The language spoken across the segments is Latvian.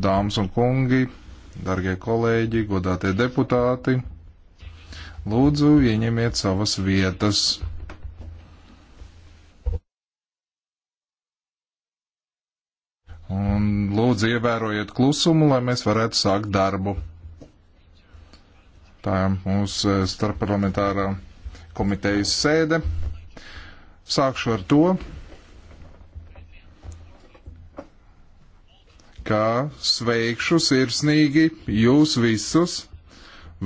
Dāmas un kungi, darbie kolēģi, godātie deputāti, lūdzu, ieņemiet savas vietas. Un lūdzu, ievērojiet klusumu, lai mēs varētu sākt darbu. Tā ir mūsu starpparlamentārā komitejas sēde. Sākšu ar to, kā sveikšu sirsnīgi jūs visus,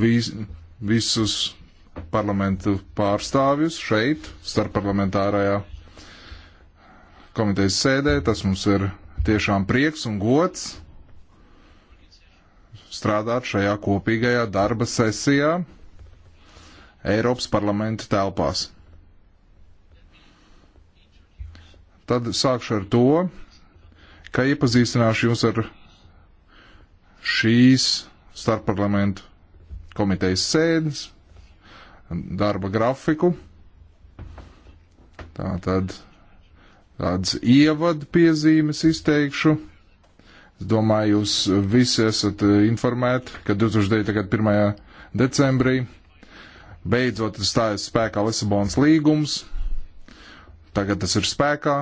vis, visus parlamentu pārstāvjus šeit, starpparlamentārajā komitejas sēdē. Tas mums ir tiešām prieks un gods strādāt šajā kopīgajā darba sesijā Eiropas parlamenta telpās. Tad sākšu ar to, kā iepazīstināšu jūs ar šīs starpparlamentu komitejas sēdes darba grafiku. Tā tad tāds ievadu piezīmes izteikšu. Es domāju, jūs visi esat informēti, ka 2001. decembrī beidzot stājas spēkā Lisabonas līgums. Tagad tas ir spēkā.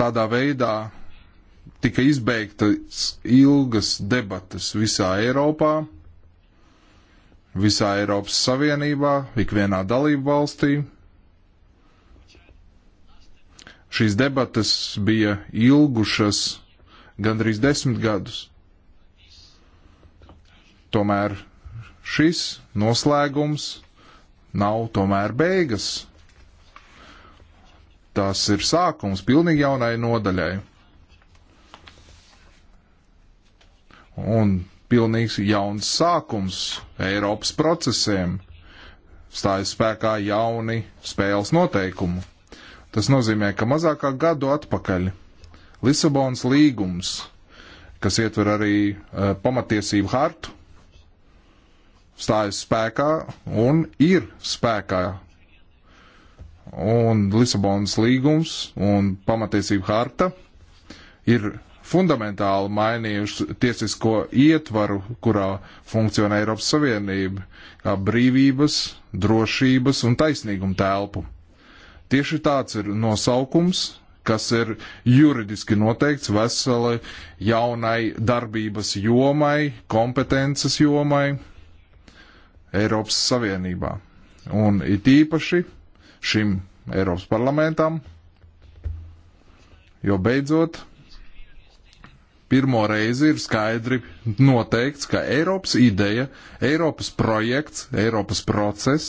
Tādā veidā tika izbeigtas ilgas debatas visā Eiropā, visā Eiropas Savienībā, ikvienā dalību valstī. Šīs debatas bija ilgušas gandrīz desmit gadus. Tomēr šis noslēgums nav tomēr beigas. Tas ir sākums pilnīgi jaunai nodaļai. Un pilnīgs jauns sākums Eiropas procesiem. Stājas spēkā jauni spēles noteikumu. Tas nozīmē, ka mazākā gadu atpakaļ Lisabonas līgums, kas ietver arī uh, pamatiesību hartu, stājas spēkā un ir spēkā un Lisabonas līgums un pamatiesību harta ir fundamentāli mainījuši tiesisko ietvaru, kurā funkcionē Eiropas Savienība, kā brīvības, drošības un taisnīguma telpu. Tieši tāds ir nosaukums, kas ir juridiski noteikts veseli jaunai darbības jomai, kompetences jomai Eiropas Savienībā. Un it īpaši šim Eiropas parlamentam, jo beidzot pirmo reizi ir skaidri noteikts, ka Eiropas ideja, Eiropas projekts, Eiropas process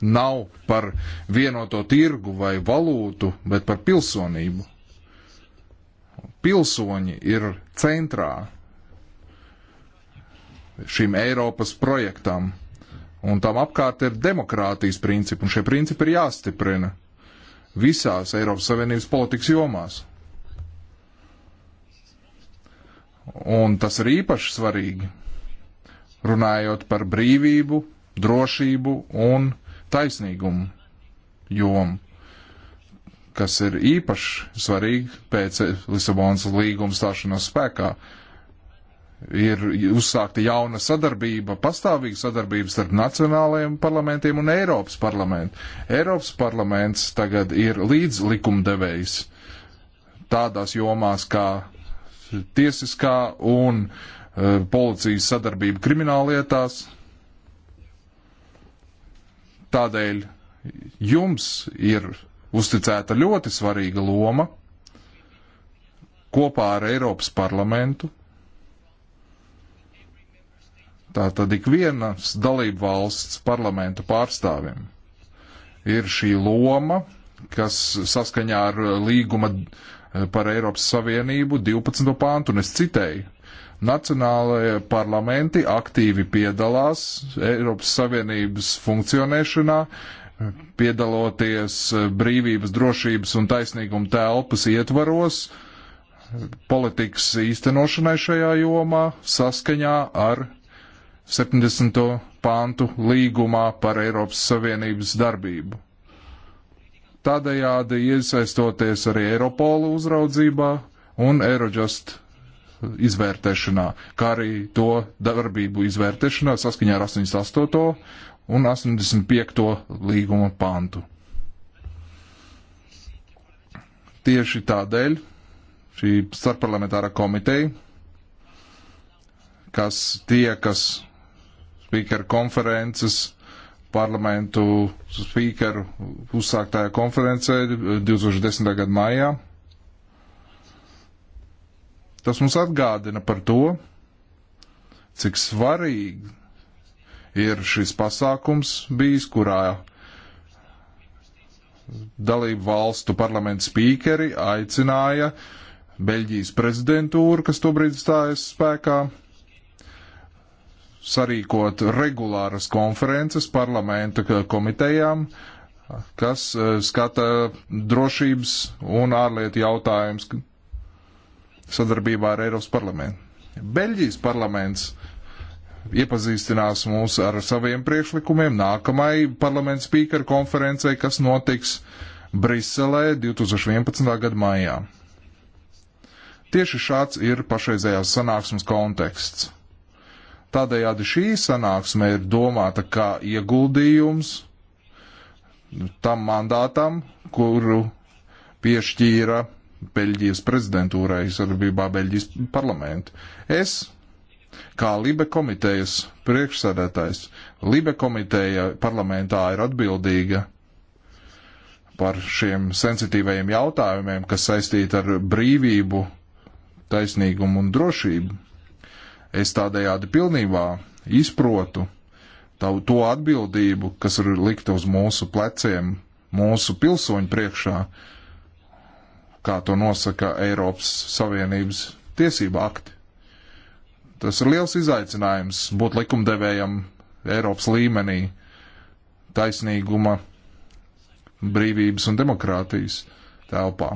nav par vienoto tirgu vai valūtu, bet par pilsonību. Pilsoņi ir centrā šīm Eiropas projektām. Un tam apkārt ir demokrātijas principi, un šie principi ir jāstiprina visās Eiropas Savienības politikas jomās. Un tas ir īpaši svarīgi, runājot par brīvību, drošību un taisnīgumu jomu, kas ir īpaši svarīgi pēc Lisabonas līguma stāšanās spēkā. Uh, ir uzsākta jauna sadarbība, pastāvīga sadarbība starp nacionālajiem parlamentiem un Eiropas parlamentu. Eiropas parlaments tagad ir līdzlikumdevējs tādās jomās kā tiesiskā un uh, policijas sadarbība krimināllietās. Tādēļ jums ir uzticēta ļoti svarīga loma kopā ar Eiropas parlamentu Tātad ik vienas dalību valsts parlamentu pārstāvim ir šī loma, kas saskaņā ar līguma eh, par Eiropas Savienību 12. pāntu, un es citēju, Nacionālajie parlamenti aktīvi piedalās Eiropas Savienības funkcionēšanā, piedaloties eh, brīvības, drošības un taisnīguma telpas ietvaros, eh, politikas īstenošanai šajā jomā saskaņā ar 70. pāntu līgumā par Eiropas Savienības darbību. Tādējādi iesaistoties arī Eiropolu uzraudzībā un Eirodžast izvērtēšanā, kā arī to darbību izvērtēšanā saskaņā ar 88. un 85. līguma pantu. Tieši tādēļ šī starpparlamentārā komiteja, kas tie, kas spīkeru konferences, parlamentu spīkeru uzsāktājā konferencē 2010. gada maijā. Tas mums atgādina par to, cik svarīgi ir šis pasākums bijis, kurā dalību valstu parlamentu spīkeri aicināja Beļģijas prezidentūru, kas tobrīd stājas spēkā, sarīkot regulāras konferences parlamenta komitejām, kas e, skata drošības un ārlietu jautājumus sadarbībā ar Eiropas parlamentu. Beļģijas parlaments iepazīstinās mūs ar saviem priekšlikumiem nākamai parlamentu spīkeru konferencei, kas notiks Briselē 2011. gada maijā. Tieši šāds ir pašreizējās sanāksmes konteksts. Tādējādi šī sanāksme ir domāta kā ieguldījums tam mandātam, kuru piešķīra Beļģijas prezidentūrai sadarbībā Beļģijas parlamentu. Es, kā Libe komitejas priekšsēdētājs, Libe komiteja parlamentā ir atbildīga par šiem sensitīvajiem jautājumiem, kas saistīti ar brīvību, taisnīgumu un drošību Es tādējādi pilnībā izprotu tavu, to atbildību, kas ir likta uz mūsu pleciem, mūsu pilsoņu priekšā, kā to nosaka Eiropas Savienības tiesība akti. Tas ir liels izaicinājums būt likumdevējam Eiropas līmenī taisnīguma, brīvības un demokrātijas telpā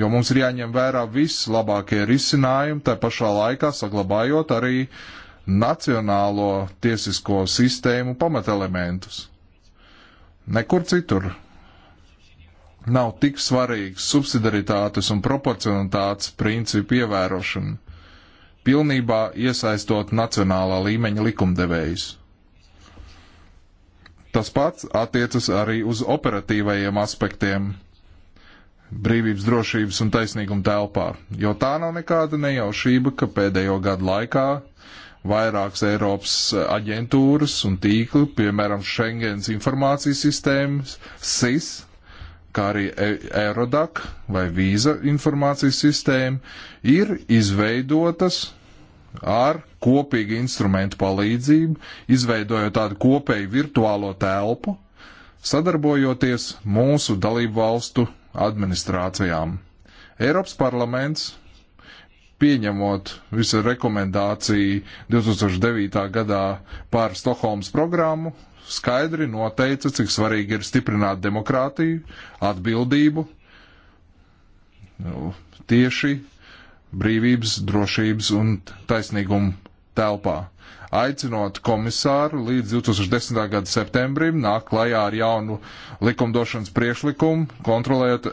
jo mums ir jāņem vērā vislabākie risinājumi, tā pašā laikā saglabājot arī nacionālo tiesisko sistēmu pamatelementus. Nekur citur nav tik svarīgs subsidiaritātes un proporcionitātes principu ievērošana, pilnībā iesaistot nacionālā līmeņa likumdevējus. Tas pats attiecas arī uz operatīvajiem aspektiem brīvības, drošības un taisnīguma telpā. Jo tā nav nekāda nejaušība, ka pēdējo gadu laikā vairākas Eiropas aģentūras un tīkli, piemēram, Schengens informācijas sistēmas, SIS, kā arī e- Eurodac vai Vīza informācijas sistēma, ir izveidotas ar kopīgu instrumentu palīdzību, izveidojot tādu kopēju virtuālo telpu, sadarbojoties mūsu dalību valstu administrācijām. Eiropas parlaments pieņemot visu rekomendāciju 2009. gadā par Stokholmas programmu, skaidri noteica, cik svarīgi ir stiprināt demokrātiju, atbildību nu, tieši brīvības, drošības un taisnīguma telpā aicinot komisāru līdz 2010. gada septembrim nāk klajā ar jaunu likumdošanas priešlikumu, kontrolēt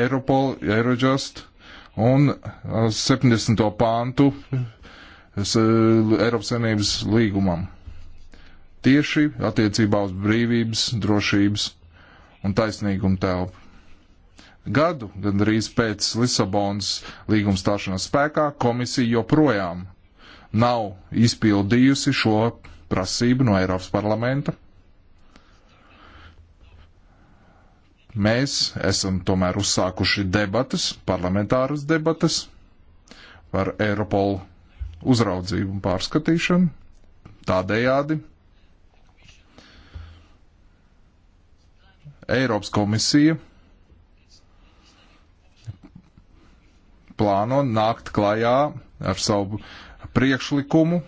Europol, Eurojust un 70. Uh, pāntu uh, Eiropas Savienības līgumam. Tieši attiecībā uz brīvības, drošības un taisnīguma telpu gadu, gandrīz pēc Lisabonas līguma stāšanās spēkā, komisija joprojām nav izpildījusi šo prasību no Eiropas parlamenta. Mēs esam tomēr uzsākuši debatas, parlamentāras debatas par Eiropolu uzraudzību un pārskatīšanu. Tādējādi Eiropas komisija plāno nākt klajā ar savu priekšlikumu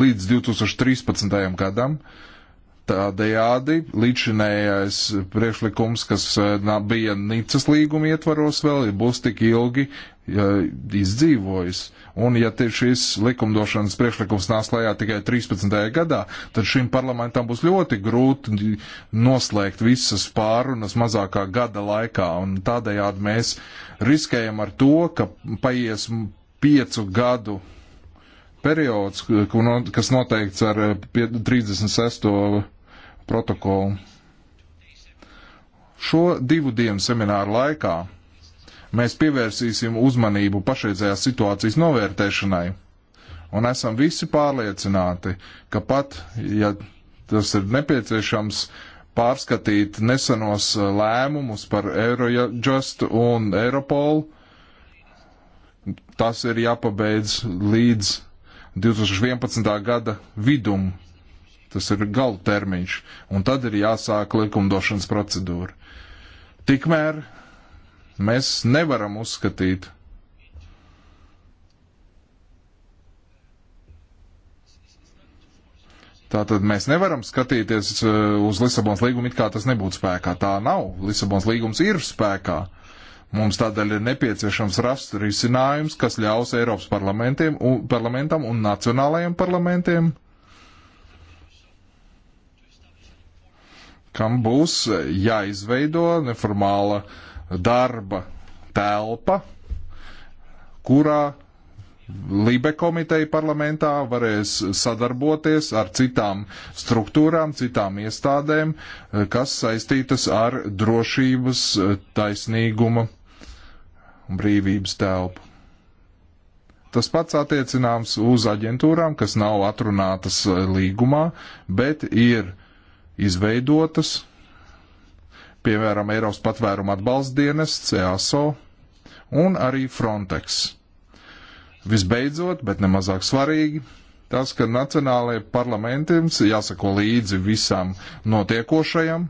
līdz 2013. gadam. Tādējādi līdzinējais priekšlikums, kas eh, bija Nicas līguma ietvaros vēl, būs tik ilgi ja, izdzīvojis. Un ja šis likumdošanas priekšlikums nāks lajā tikai 13. gadā, tad šim parlamentam būs ļoti grūti noslēgt visas pārunas mazākā gada laikā. Un tādējādi mēs riskējam ar to, ka paies piecu gadu periods, kas noteikts ar 36. Eh, protokolu. Šo divu dienu semināru laikā mēs pievērsīsim uzmanību pašreizējās situācijas novērtēšanai. Un esam visi pārliecināti, ka pat, ja tas ir nepieciešams, pārskatīt nesenos eh, lēmumus par Eurojust un Europolu, tas ir jāpabeidz līdz 2011. gada vidum. Tas ir gala termiņš, un tad ir jāsāk likumdošanas procedūra. Tikmēr mēs nevaram uzskatīt, Tātad mēs nevaram skatīties uh, uz Lisabonas līgumu, it kā tas nebūtu spēkā. Tā nav. Lisabonas līgums ir spēkā. Mums tādēļ ir nepieciešams rast risinājums, kas ļaus Eiropas un, parlamentam un nacionālajiem parlamentiem, kam būs jāizveido neformāla darba telpa, kurā Libe komiteja parlamentā varēs sadarboties ar citām struktūrām, citām iestādēm, kas saistītas ar drošības taisnīguma un brīvības telpu. Tas pats attiecināms uz aģentūrām, kas nav atrunātas eh, līgumā, bet ir izveidotas, piemēram, Eiropas patvēruma atbalsta dienests, EASO un arī Frontex. Visbeidzot, bet nemazāk svarīgi, tas, ka nacionālajiem parlamentiem jāsako līdzi visam notiekošajam.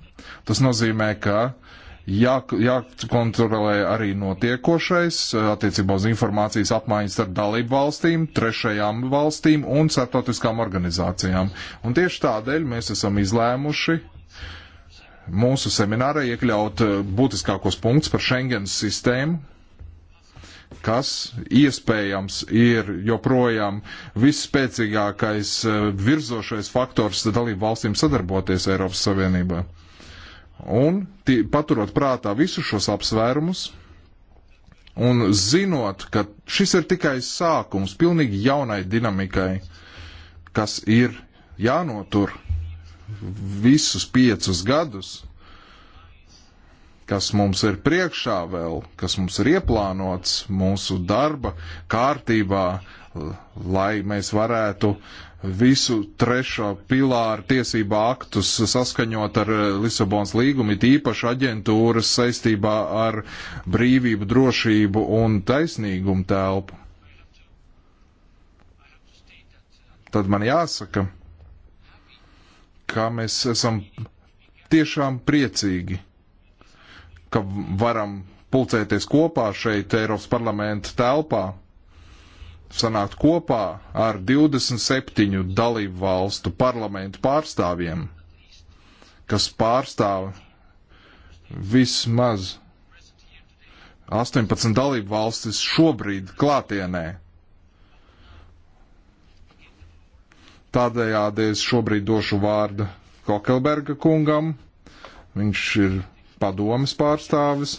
Tas nozīmē, ka uh, Jā, jākontrolē arī notiekošais eh, attiecībā uz informācijas apmaiņas ar dalību valstīm, trešajām valstīm un starptautiskām organizācijām. Un tieši tādēļ mēs esam izlēmuši mūsu seminārā iekļaut eh, būtiskākos punktus par Schengens sistēmu, kas iespējams ir joprojām visspēcīgākais eh, virzošais faktors dalību valstīm sadarboties Eiropas Savienībā. Un tie, paturot prātā visus šos apsvērumus un zinot, ka šis ir tikai sākums pilnīgi jaunai dinamikai, kas ir jānotur visus piecus gadus, kas mums ir priekšā vēl, kas mums ir ieplānots mūsu darba kārtībā, lai mēs varētu visu trešo pilāru tiesību aktus saskaņot ar eh, Lisabonas līgumu, it īpaši aģentūras saistībā ar brīvību, drošību un taisnīgumu telpu. Tad man jāsaka, ka mēs esam tiešām priecīgi ka varam pulcēties kopā šeit Eiropas parlamenta telpā, sanākt kopā ar 27 dalību valstu parlamentu pārstāvjiem, kas pārstāv vismaz 18 dalību valstis šobrīd klātienē. Tādējādi es šobrīd došu vārdu Kokelberga kungam. Viņš ir padomas pārstāvis,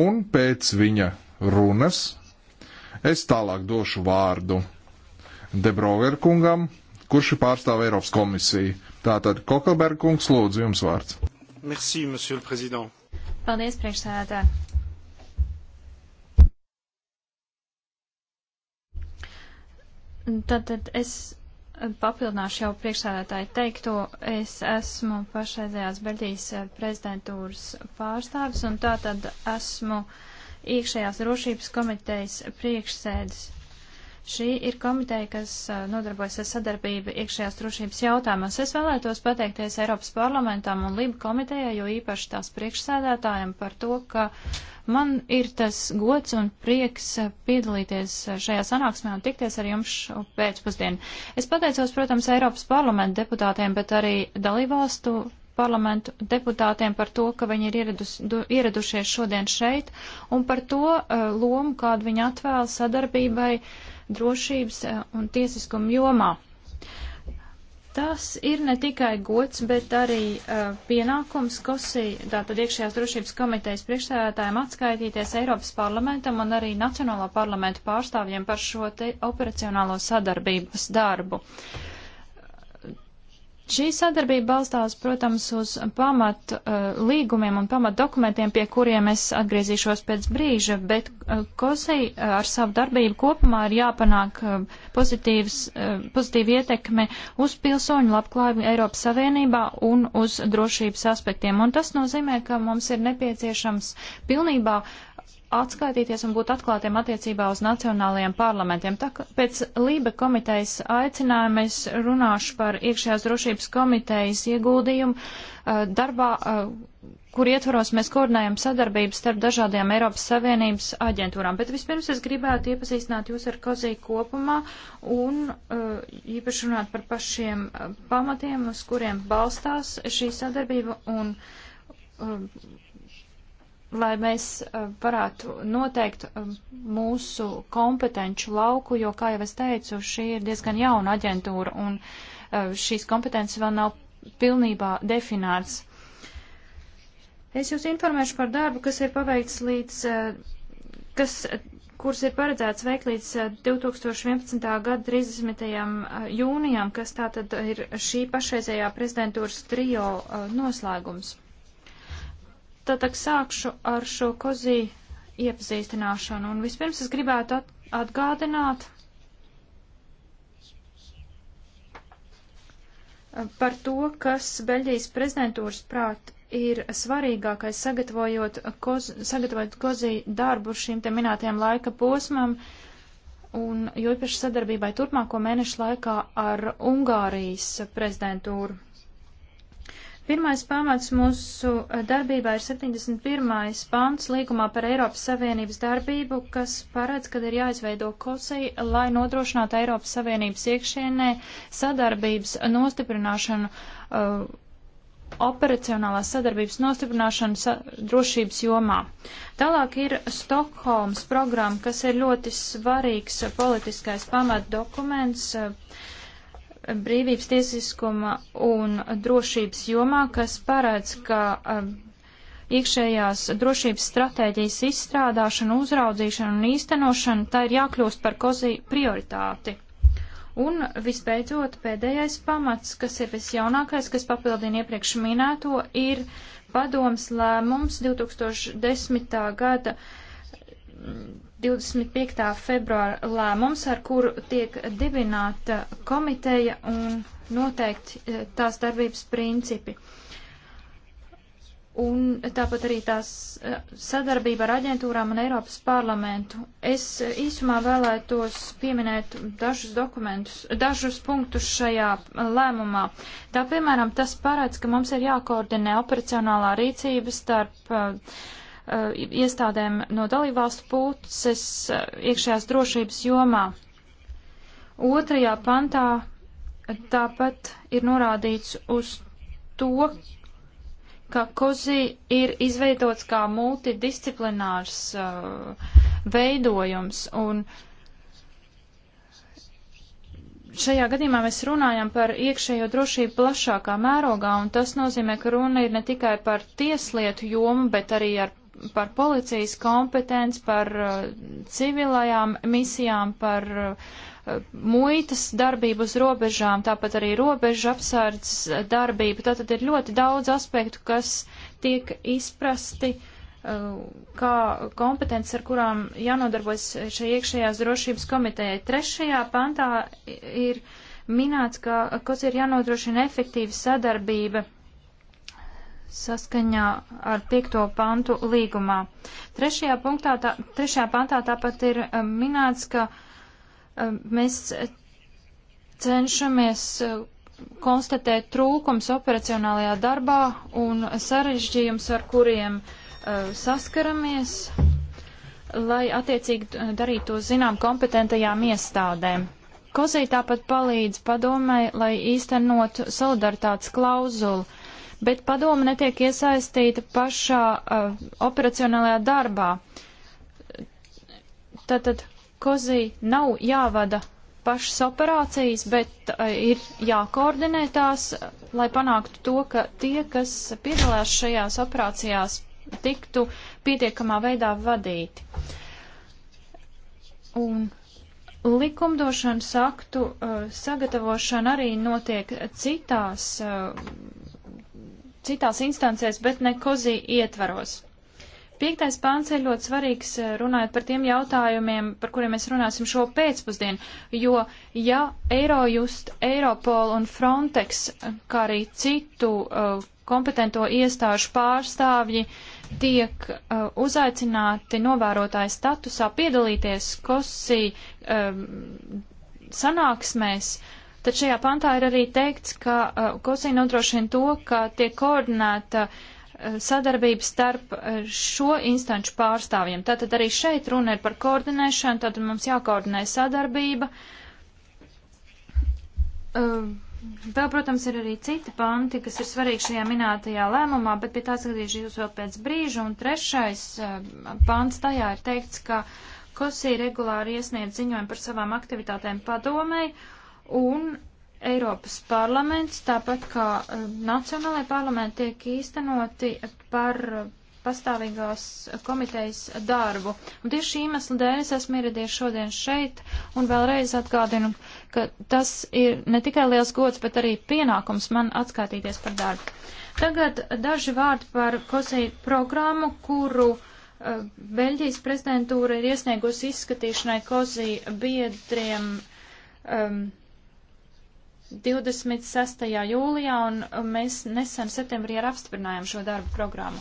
un pēc viņa runas es tālāk došu vārdu Debrover kungam, kurš pārstāv Eiropas komisiju. Tātad Kokelberg kungs, lūdzu, jums vārds. Merci, monsieur le président. Paldies, priekšsēdētāji. Tātad es papildināšu jau priekšsēdētāju teikto. Es esmu pašreizējās Beļģijas eh, prezidentūras pārstāvis un tātad esmu iekšējās drošības komitejas priekšsēdis. Šī ir komiteja, kas nodarbojas ar sadarbību iekšējās drošības jautājumos. Es vēlētos pateikties Eiropas parlamentam un Lība komitejai, jo īpaši tās priekšsēdētājiem par to, ka man ir tas gods un prieks piedalīties šajā sanāksmē un tikties ar jums pēcpusdienu. Es pateicos, protams, Eiropas parlamenta deputātiem, bet arī dalībvalstu parlamentu deputātiem par to, ka viņi ir ieradus, du, ieradušies šodien šeit un par to uh, lomu, kādu viņi atvēl sadarbībai uh, drošības eh, un tiesiskuma jomā. Tas ir ne tikai gods, bet arī uh, pienākums Kosī, tātad iekšējās drošības komitejas priekšsēdētājiem atskaitīties Eiropas parlamentam un arī Nacionālā parlamenta pārstāvjiem par šo operacionālo sadarbības darbu. Uh, Šī sadarbība balstās, protams, uz pamat uh, līgumiem un pamat dokumentiem, pie kuriem es atgriezīšos pēc brīža, bet uh, Kosei uh, ar savu darbību kopumā ir jāpanāk uh, pozitīvs, uh, pozitīva ietekme uz pilsoņu labklājību Eiropas Savienībā un uz drošības aspektiem. Un tas nozīmē, ka mums ir nepieciešams pilnībā uh, atskaitīties un būt atklātiem attiecībā uz nacionālajiem parlamentiem. Tāpēc Lībe komitejas aicinājumu es runāšu par iekšējās drošības komitejas ieguldījumu uh, darbā, uh, kur ietvaros mēs koordinējam sadarbības starp dažādajām Eiropas Savienības aģentūrām. Bet vispirms es gribētu iepazīstināt jūs ar Kozī kopumā un uh, īpaši runāt par pašiem uh, pamatiem, uz kuriem balstās šī sadarbība un uh, lai mēs eh, varētu noteikt eh, mūsu kompetenču lauku, jo, kā jau es teicu, šī ir diezgan jauna aģentūra un eh, šīs kompetences vēl nav pilnībā definētas. Es jūs informēšu par darbu, kas ir paveikts līdz, kas, kurs ir paredzēts veikt līdz 2011. gada 30. jūnijam, kas tātad ir šī pašreizējā prezidentūras trio noslēgums. Tātad sākšu ar šo kozī iepazīstināšanu. Un vispirms es gribētu at atgādināt par to, kas Beļģijas prezidentūras prāt ir svarīgākais sagatavojot, koz, sagatavojot kozī darbu šīm te minētajām laika posmam un jo īpaši sadarbībai turpmāko mēnešu laikā ar Ungārijas prezidentūru. Pirmais pamats mūsu darbībā ir 71. pants līgumā par Eiropas Savienības darbību, kas paredz, ka ir jāizveido kosei, lai nodrošinātu Eiropas Savienības iekšienē sadarbības nostiprināšanu. Uh, operacionālās sadarbības nostiprināšanu sa drošības jomā. Tālāk ir Stokholmas programma, kas ir ļoti svarīgs politiskais pamatdokuments. Uh, brīvības tiesiskuma un drošības jomā, kas paredz, ka um, iekšējās drošības stratēģijas izstrādāšana, uzraudzīšana un īstenošana, tā ir jākļūst par kozī prioritāti. Un visbeidzot, pēdējais pamats, kas ir visjaunākais, kas papildina iepriekš minēto, ir padoms lēmums 2010. gada 25. februāra lēmums, ar kuru tiek dibināta komiteja un noteikti eh, tās darbības principi. Un tāpat arī tās eh, sadarbība ar aģentūrām un Eiropas parlamentu. Es eh, īsumā vēlētos pieminēt dažus dokumentus, dažus punktus šajā lēmumā. Tā piemēram, tas parāds, ka mums ir jākoordinē operacionālā rīcība starp uh, Uh, iestādēm no dalībvalstu puses uh, iekšējās drošības jomā. Otrajā pantā tāpat ir norādīts uz to, ka Kozi ir izveidots kā multidisciplinārs uh, veidojums, un šajā gadījumā mēs runājam par iekšējo drošību plašākā mērogā, un tas nozīmē, ka runa ir ne tikai par tieslietu jomu, bet arī ar par policijas kompetenci, par uh, civilajām misijām, par uh, muitas darbību uz robežām, tāpat arī robežu apsardzes darbību. Tātad ir ļoti daudz aspektu, kas tiek izprasti uh, kā kompetences, ar kurām jānodarbojas šai iekšējās drošības komitejai. Trešajā pantā ir minēts, ka, kas ir jānodrošina efektīva sadarbība saskaņā ar piekto pantu līgumā. Trešajā, punktā, tā, trešajā pantā tāpat ir um, minēts, ka um, mēs cenšamies uh, konstatēt trūkums operacionālajā darbā un sarežģījums, ar kuriem uh, saskaramies, lai attiecīgi uh, darītu to zinām kompetentajām iestādēm. Kozī tāpat palīdz padomai, lai īstenot solidaritātes klauzulu bet padoma netiek iesaistīta pašā uh, operacionālajā darbā. Tātad Kozī nav jāvada pašas operācijas, bet uh, ir jākoordinē tās, lai panāktu to, ka tie, kas piedalās šajās operācijās, tiktu pietiekamā veidā vadīti. Un likumdošanas aktu uh, sagatavošana arī notiek citās uh, citās instancēs, bet ne kozī ietvaros. Piektais pāns ir ļoti svarīgs, eh, runājot par tiem jautājumiem, par kuriem mēs runāsim šo pēcpusdienu, jo ja Eurojust, Europol un Frontex, kā arī citu uh, kompetento iestāžu pārstāvji tiek uh, uzaicināti novērotāju statusā piedalīties kosī um, sanāksmēs, uh, Tad šajā pantā ir arī teikts, ka uh, Kosīna nodrošina to, ka tiek koordinēta uh, sadarbība starp uh, šo instanču pārstāvjiem. Tātad arī šeit runa ir par koordinēšanu, tad mums jākoordinē sadarbība. Uh, Vēl, protams, ir arī citi panti, kas ir svarīgi šajā minētajā lēmumā, bet pie tā skatīšos vēl pēc brīža. Un trešais uh, pants tajā ir teikts, ka Kosī regulāri iesniedz ziņojumu par savām aktivitātēm padomēji, un Eiropas parlaments, tāpat kā eh, nacionālajie parlamenti, tiek īstenoti par eh, pastāvīgās komitejas darbu. Un tieši šī iemesla dēļ es esmu ieradies šodien šeit un vēlreiz atgādinu, ka tas ir ne tikai liels gods, bet arī pienākums man atskaitīties par darbu. Tagad daži vārdi par Kosei programmu, kuru uh, Beļģijas prezidentūra ir iesniegusi izskatīšanai Kosei biedriem um, 26. jūlijā, un mēs nesen septembrī ar apstiprinājām šo darbu programmu.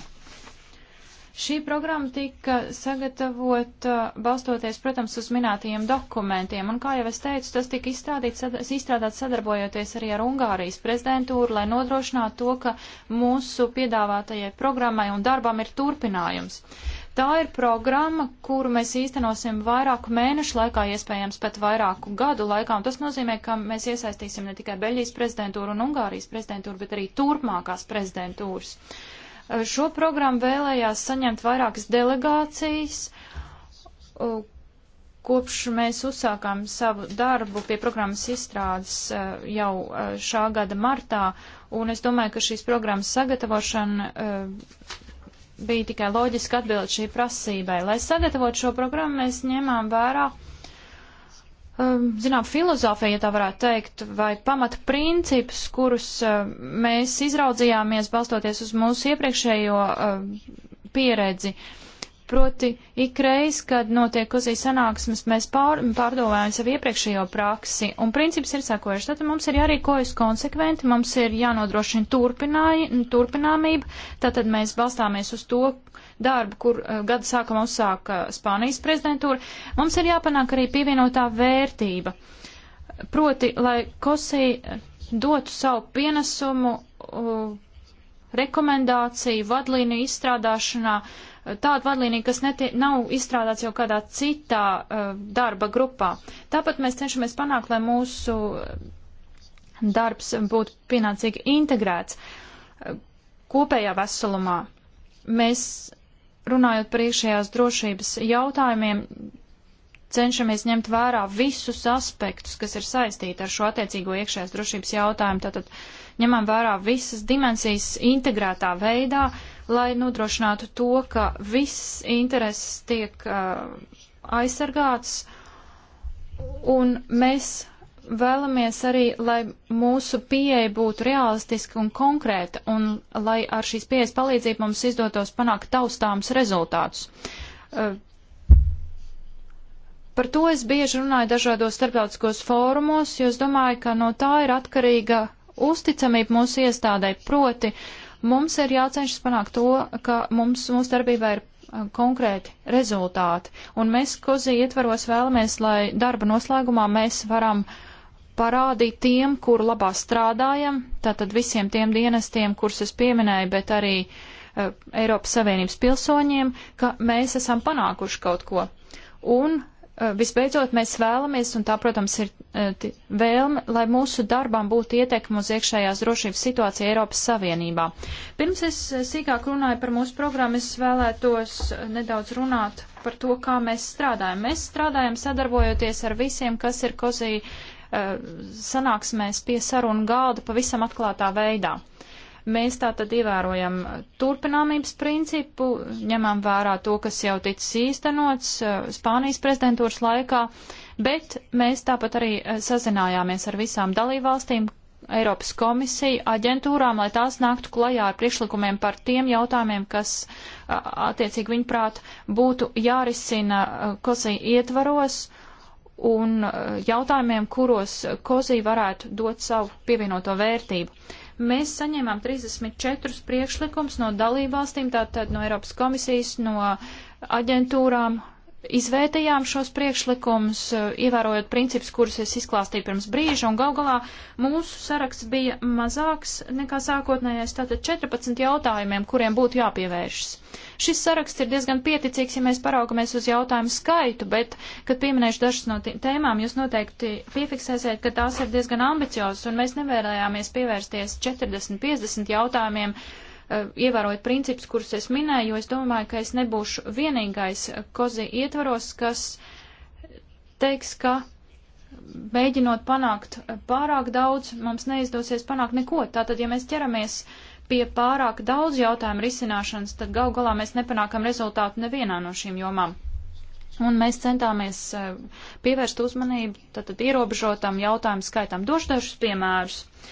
Šī programma tika sagatavota balstoties, protams, uz minētajiem dokumentiem, un, kā jau es teicu, tas tika izstrādāts izstrādāt sadarbojoties arī ar Ungārijas prezidentūru, lai nodrošinātu to, ka mūsu piedāvātajai programmai un darbam ir turpinājums. Uh, Tā ir programma, kuru mēs īstenosim vairāku mēnešu laikā, iespējams pat vairāku gadu laikā, un tas nozīmē, ka mēs iesaistīsim ne tikai Beļģijas prezidentūru un Ungārijas prezidentūru, bet arī turpmākās prezidentūras. Šo programmu vēlējās saņemt vairākas delegācijas, kopš mēs uzsākām savu darbu pie programmas izstrādes jau šā gada martā, un es domāju, ka šīs programmas sagatavošana bija tikai loģiski atbild šī prasībai. Lai sagatavotu šo programmu, mēs ņēmām vērā, um, zinām, filozofiju, ja tā varētu teikt, vai pamata principus, kurus uh, mēs izraudzījāmies balstoties uz mūsu iepriekšējo uh, pieredzi. Uh, Proti, ikreiz, kad notiek uzī sanāksmes, mēs pār, pārdomājam savu iepriekšējo praksi, un princips ir sakojuši, tad mums ir jārīkojas konsekventi, mums ir jānodrošina turpināmība, tātad mēs balstāmies uz to darbu, kur uh, gada sākumā uzsāka Spānijas prezidentūra, mums ir jāpanāk arī pievienotā vērtība. Proti, lai Kosī eh, dotu savu pienesumu, uh, rekomendāciju, vadlīniju izstrādāšanā, uh, tādu vadlīniju, kas neti, nav izstrādāts jau kādā citā uh, darba grupā. Tāpat mēs cenšamies panākt, lai mūsu darbs būtu pienācīgi integrēts uh, kopējā veselumā. Mēs, runājot par iekšējās drošības jautājumiem, cenšamies ņemt vērā visus aspektus, kas ir saistīti ar šo attiecīgo iekšējās drošības jautājumu. Tātad ņemam vērā visas dimensijas integrētā veidā, uh, lai nodrošinātu to, ka viss intereses tiek uh, aizsargāts, un mēs vēlamies arī, lai mūsu pieeja būtu realistiska un konkrēta, un lai ar šīs pieejas palīdzību mums izdotos panākt taustāms rezultātus. Uh, Par to es bieži runāju dažādos starptautiskos fórumos, jo es domāju, ka no tā ir atkarīga uzticamība mūsu iestādē, proti Mums ir jācenšas panākt to, ka mums, mūsu darbībā ir uh, konkrēti rezultāti, un mēs kozī ietvaros vēlamies, lai darba noslēgumā mēs varam parādīt tiem, kur labā strādājam, tātad visiem tiem dienestiem, kurus es pieminēju, bet arī uh, Eiropas Savienības pilsoņiem, ka mēs esam panākuši kaut ko. Un Eh, visbeidzot, mēs vēlamies, un tā, protams, ir eh, vēlme, lai mūsu darbām būtu ietekme uz iekšējās drošības situāciju Eiropas Savienībā. Pirms es eh, sīkāk runāju par mūsu programmu, es vēlētos nedaudz runāt par to, kā mēs strādājam. Mēs strādājam sadarbojoties ar visiem, kas ir kozī sanāksmēs pie sarunu galda pavisam atklātā veidā. Uh, Mēs tā tad ievērojam turpināmības principu, ņemam vērā to, kas jau ticis īstenots eh, Spānijas prezidentūras laikā, bet mēs tāpat arī eh, sazinājāmies ar visām dalībvalstīm, Eiropas komisiju, aģentūrām, lai tās nāktu klajā ar priekšlikumiem par tiem jautājumiem, kas attiecīgi viņuprāt būtu jārisina kosī ietvaros un jautājumiem, kuros kozī varētu dot savu pievienoto vērtību. Mēs saņēmām 34 priekšlikums no dalībvalstīm, tātad no Eiropas komisijas, no aģentūrām izvērtējām šos priekšlikumus, eh, ievērojot principus, kurus es izklāstīju pirms brīža, un gal galā mūsu saraksts bija mazāks nekā sākotnējais, tātad 14 jautājumiem, kuriem būtu jāpievēršas. Šis saraksts ir diezgan pieticīgs, ja mēs paraugamies uz jautājumu skaitu, bet, kad pieminēšu dažas no tēmām, jūs noteikti piefiksēsiet, ka tās ir diezgan ambiciozas, un mēs nevēlējāmies pievērsties 40-50 jautājumiem, uh, Eh, ievērojot principus, kurus es minēju, jo es domāju, ka es nebūšu vienīgais kozi ietvaros, kas teiks, ka mēģinot panākt pārāk daudz, mums neizdosies panākt neko. Tātad, ja mēs ķeramies pie pārāk daudz jautājumu risināšanas, tad gal galā mēs nepanākam rezultātu nevienā no šīm jomām. Un mēs centāmies eh, pievērst uzmanību tātad ierobežotam jautājumu skaitam. Došu dažus piemērus. Uh,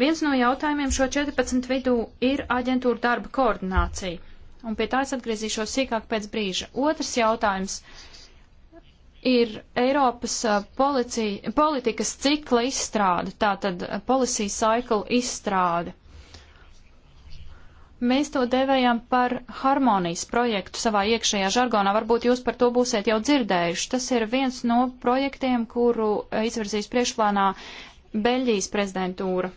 Viens no jautājumiem šo 14 vidū ir aģentūra darba koordinācija, un pie tā es atgriezīšos sīkāk pēc brīža. Otrs jautājums ir Eiropas policija, politikas cikla izstrāde, tātad policy cycle izstrāde. Mēs to devējam par harmonijas projektu savā iekšējā žargonā. Varbūt jūs par to būsiet jau dzirdējuši. Tas ir viens no projektiem, kuru izvirzīs priekšplānā Beļģijas prezidentūra.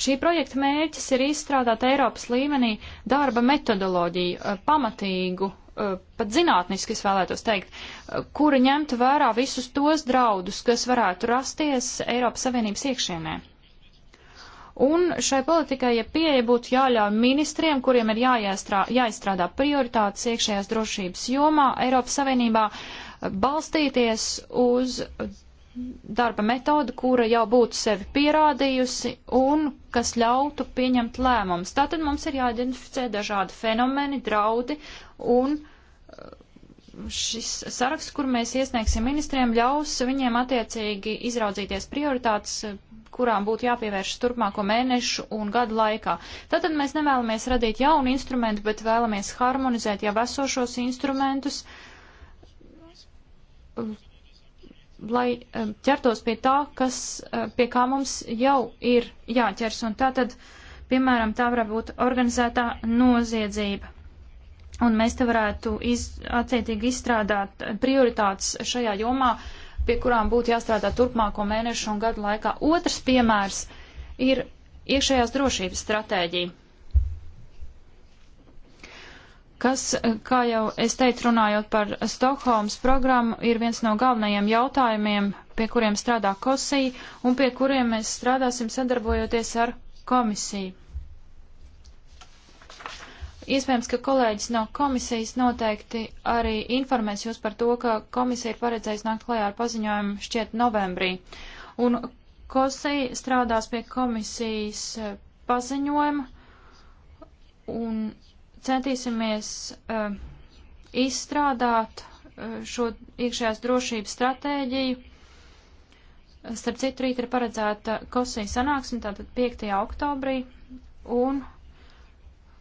Šī projekta mērķis ir izstrādāt Eiropas līmenī darba metodoloģiju, eh, pamatīgu, eh, pat zinātniski es vēlētos teikt, eh, kura ņemtu vērā visus tos draudus, kas varētu rasties Eiropas Savienības iekšienē. Un šai politikai, ja pieeja būtu jāļauj ministriem, kuriem ir jāiestrā, jāizstrādā prioritātes iekšējās drošības jomā Eiropas Savienībā, balstīties uz darba metoda, kura jau būtu sevi pierādījusi un kas ļautu pieņemt lēmumus. Tātad mums ir jāidentificē dažādi fenomeni, draudi un uh, šis saraksts, kur mēs iesniegsim ministriem, ļaus viņiem attiecīgi izraudzīties prioritātes, uh, kurām būtu jāpievērš turpmāko mēnešu un gadu laikā. Tātad mēs nevēlamies radīt jaunu instrumentu, bet vēlamies harmonizēt jau esošos instrumentus lai um, ķertos pie tā, kas, uh, pie kā mums jau ir jāķers. Un tā tad, piemēram, tā varētu būt organizētā noziedzība. Un mēs te varētu iz, attiecīgi izstrādāt uh, prioritātes šajā jomā, pie kurām būtu jāstrādā turpmāko mēnešu un gadu laikā. Otrs piemērs ir iekšējās drošības stratēģija kas, eh, kā jau es teicu, runājot par Stokholmas programmu, ir viens no galvenajiem jautājumiem, pie kuriem strādā Kosī un pie kuriem mēs strādāsim sadarbojoties ar komisiju. Iespējams, ka kolēģis no komisijas noteikti arī informēs jūs par to, ka komisija ir paredzējusi nākt klajā ar paziņojumu šķiet novembrī. Un Kosī strādās pie komisijas eh, paziņojuma un centīsimies uh, izstrādāt uh, šo iekšējās drošības stratēģiju. Starp citu, rīt ir paredzēta Kosija sanāksme, tātad 5. oktobrī, un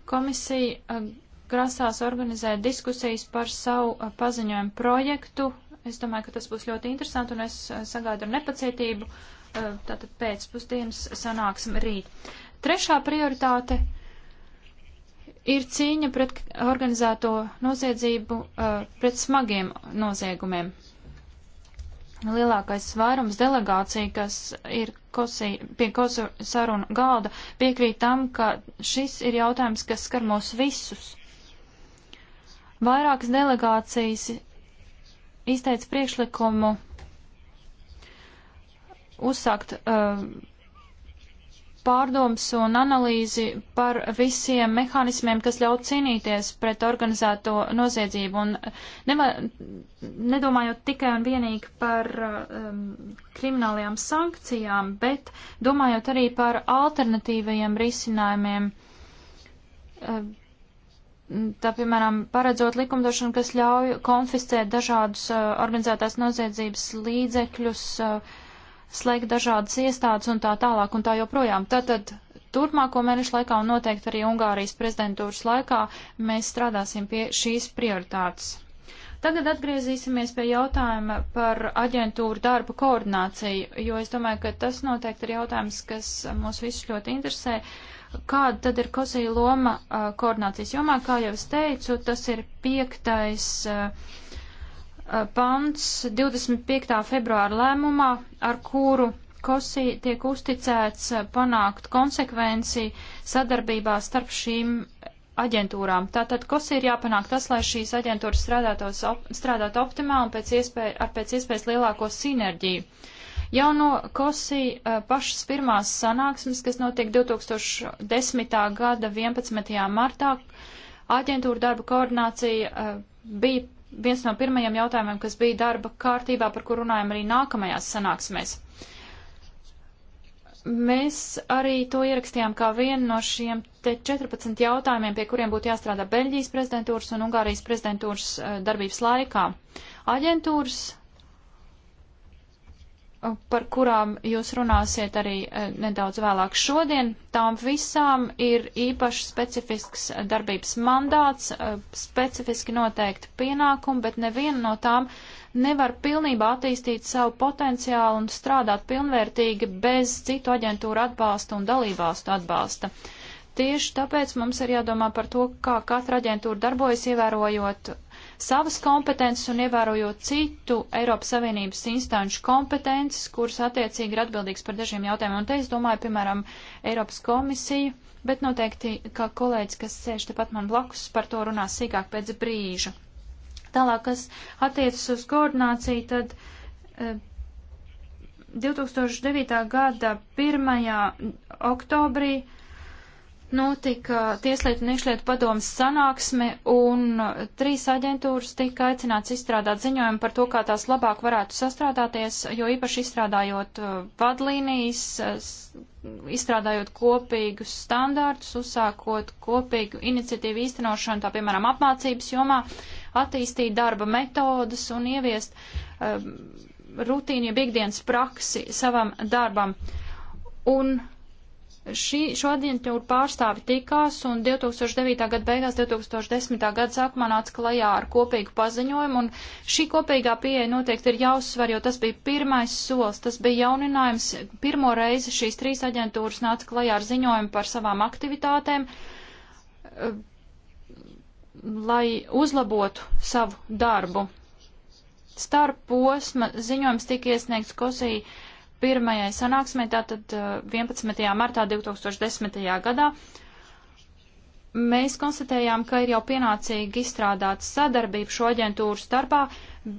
komisija eh, grasās organizēt diskusijas par savu paziņojumu projektu. Es domāju, ka tas būs ļoti interesanti, un es sagaidu ar nepacietību tātad pēcpusdienas sanāksme rīt. Trešā prioritāte ir cīņa pret organizēto noziedzību, pret smagiem noziegumiem. Lielākais vairums delegācija, kas ir kosī, pie kosu sarunu galda, piekrīt tam, ka šis ir jautājums, kas skar mūs visus. Vairākas delegācijas izteica priekšlikumu uzsākt uh, pārdomas un analīzi par visiem mehānismiem, kas ļauj cīnīties pret organizēto noziedzību un neva, nedomājot tikai un vienīgi par um, kriminālajām sankcijām, bet domājot arī par alternatīvajiem risinājumiem. Um, tā piemēram, paredzot likumdošanu, kas ļauj konfiscēt dažādus uh, organizētās noziedzības līdzekļus, uh, slēgt dažādas iestādes un tā tālāk un tā joprojām. Tātad turpmāko mēnešu laikā un noteikti arī Ungārijas prezidentūras laikā mēs strādāsim pie šīs prioritātes. Tagad atgriezīsimies pie jautājuma par aģentūru darbu koordināciju, jo es domāju, ka tas noteikti ir jautājums, kas mūs visus ļoti interesē. Kāda tad ir kosīja loma koordinācijas jomā? Kā jau es teicu, tas ir piektais uh, Eh, pants 25. februāra lēmumā, ar kuru Kosī tiek uzticēts eh, panākt konsekvenci sadarbībā starp šīm aģentūrām. Tātad Kosī ir jāpanāk tas, lai šīs aģentūras op, strādātu optimāli un pēc iespēja, ar pēc iespējas lielāko sinerģiju. Jau no Kosī eh, pašas pirmās sanāksmes, kas notiek 2010. gada 11. martā, aģentūra darba koordinācija bija viens no pirmajiem jautājumiem, kas bija darba kārtībā, par kur runājam arī nākamajās sanāksmēs. Mēs arī to ierakstījām kā vienu no šiem te 14 jautājumiem, pie kuriem būtu jāstrādā Beļģijas prezidentūras un Ungārijas prezidentūras eh, darbības laikā. Aģentūras par kurām jūs runāsiet arī eh, nedaudz vēlāk šodien. Tām visām ir īpaši specifisks darbības mandāts, eh, specifiski noteikti pienākumi, bet neviena no tām nevar pilnībā attīstīt savu potenciālu un strādāt pilnvērtīgi bez citu aģentūru atbalsta un dalībvalstu atbalsta. Tieši tāpēc mums ir jādomā par to, kā katra aģentūra darbojas, ievērojot savas kompetences un ievērojot citu Eiropas Savienības instanču kompetences, kuras attiecīgi ir atbildīgs par dažiem jautājumiem. Un te es domāju, piemēram, Eiropas komisiju, bet noteikti, ka kolēģis, kas sēž tepat man blakus, par to runās sīkāk pēc brīža. Tālāk, kas attiecas uz koordināciju, tad e, eh, 2009. gada 1. oktobrī notika Tieslietu un iekšlietu padomas sanāksme, un trīs aģentūras tika aicināts izstrādāt ziņojumu par to, kā tās labāk varētu sastrādāties, jo īpaši izstrādājot uh, vadlīnijas, izstrādājot kopīgus standārtus, uzsākot kopīgu iniciatīvu īstenošanu, tā piemēram apmācības jomā, attīstīt darba metodas un ieviest uh, rutīnu, ja ikdienas praksi savam darbam. Un Šī, šo aģentūru pārstāvi tikās un 2009. gada beigās, 2010. gada sākumā nāca klajā ar kopīgu paziņojumu, un šī kopīgā pieeja noteikti ir jāuzsver, jo tas bija pirmais solis, tas bija jauninājums. Pirmo reizi šīs trīs aģentūras nāca klajā ar ziņojumu par savām aktivitātēm, eh, lai uzlabotu savu darbu. Starp posma ziņojums tika iesniegts Kosija pirmajai sanāksmē, tātad 11. Uh, martā 2010. gadā, mēs konstatējām, ka ir jau pienācīgi izstrādāta sadarbība šo aģentūru starpā,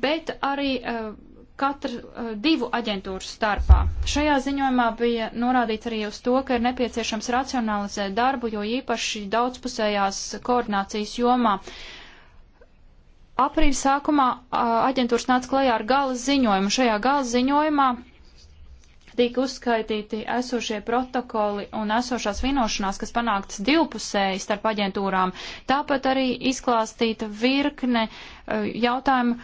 bet arī uh, katru uh, divu aģentūru starpā. Šajā ziņojumā bija norādīts arī uz to, ka ir nepieciešams racionalizēt darbu, jo īpaši daudzpusējās koordinācijas jomā. Aprīļa sākumā uh, aģentūras nāca klajā ar gala ziņojumu. Šajā gala ziņojumā tika uzskaitīti esošie protokoli un esošās vienošanās, kas panāktas divpusēji starp aģentūrām. Tāpat arī izklāstīta virkne eh, jautājumu,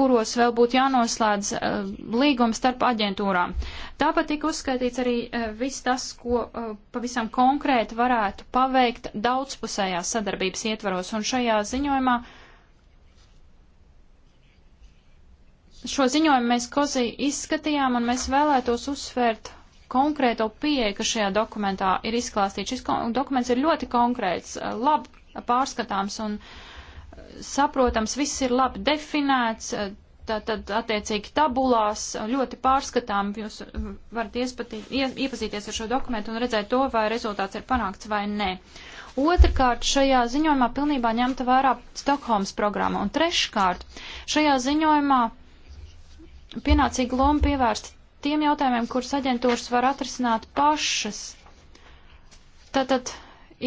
kuros vēl būtu jānoslēdz eh, līgums starp aģentūrām. Tāpat tika uzskaitīts arī eh, viss tas, ko pavisam konkrēti varētu paveikt daudzpusējās sadarbības ietvaros, un šajā ziņojumā uh, šo ziņojumu mēs kozī izskatījām, un mēs vēlētos uzsvērt konkrēto pieeju, kas šajā dokumentā ir izklāstīts. Šis dokuments ir ļoti konkrēts, labi pārskatāms un saprotams, viss ir labi definēts, tātad attiecīgi tabulās, ļoti pārskatām, jūs varat iespatīt, iepazīties ar šo dokumentu un redzēt to, vai rezultāts ir panākts vai nē. Otrakārt, šajā ziņojumā pilnībā ņemta vērā Stokholmas programma. Un treškārt, šajā ziņojumā pienācīga loma pievērsta tiem jautājumiem, kurus aģentūras var atrisināt pašas. Tātad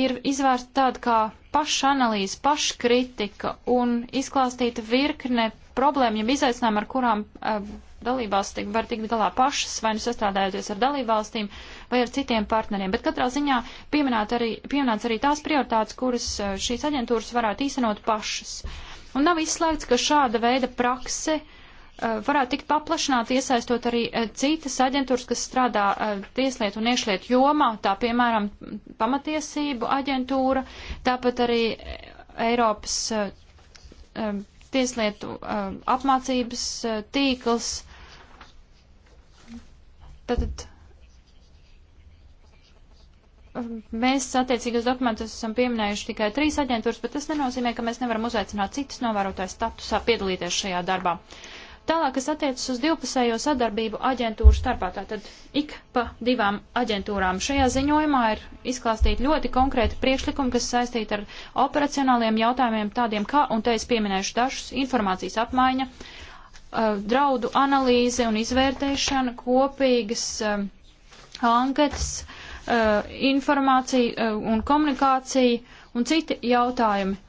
ir izvērsta tāda kā pašanalīze, paškritika un izklāstīta virkne problēmu, ja izaicinājumu, ar kurām uh, eh, dalībvalsts tik, var tikt galā pašas, vai nu sastrādājoties ar dalībvalstīm, vai ar citiem partneriem. Bet katrā ziņā pieminēt arī, pieminēts arī tās prioritātes, kuras eh, šīs aģentūras varētu īstenot pašas. Un nav izslēgts, ka šāda veida prakse uh, Uh, varētu tikt paplašināti, iesaistot arī uh, citas aģentūras, kas strādā uh, tieslietu un iešlietu jomā, tā piemēram pamatiesību aģentūra, tāpat arī Eiropas um, tieslietu apmācības tīkls. Tātad um, mēs attiecīgos dokumentus esam pieminējuši tikai trīs aģentūras, bet tas nenozīmē, ka mēs nevaram uzaicināt citas novērotājas statusā piedalīties šajā darbā. Uh, Tālāk, kas attiecas uz divpusējo sadarbību aģentūru starpā, tātad ik pa divām aģentūrām. Šajā ziņojumā ir izklāstīti ļoti konkrēti priekšlikumi, kas saistīti ar operacionāliem jautājumiem, tādiem kā, un te es pieminēšu dažus, informācijas apmaiņa, eh, draudu analīze un izvērtēšana, kopīgas eh, anketas, eh, informācija un komunikācija un citi jautājumi.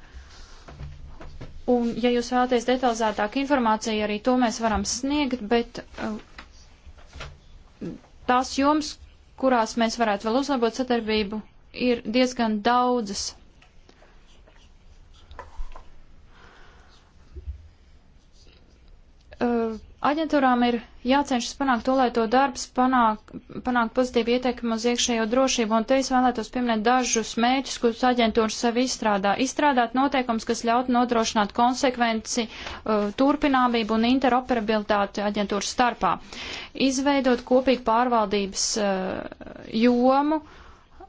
Un, ja jūs vēlaties detalizētāku informāciju, arī to mēs varam sniegt, bet uh, tās joms, kurās mēs varētu vēl uzlabot sadarbību, ir diezgan daudzas. Uh, Aģentūrām ir jācenšas panākt to, lai to darbs panāk, panāk pozitīvu ietekmi uz iekšējo drošību, un te es vēlētos pieminēt dažus mēķus, kurus aģentūras sev izstrādā. Izstrādāt noteikums, kas ļautu nodrošināt konsekvenci, uh, turpināmību un interoperabilitāti aģentūras starpā. Izveidot kopīgu pārvaldības uh, jomu,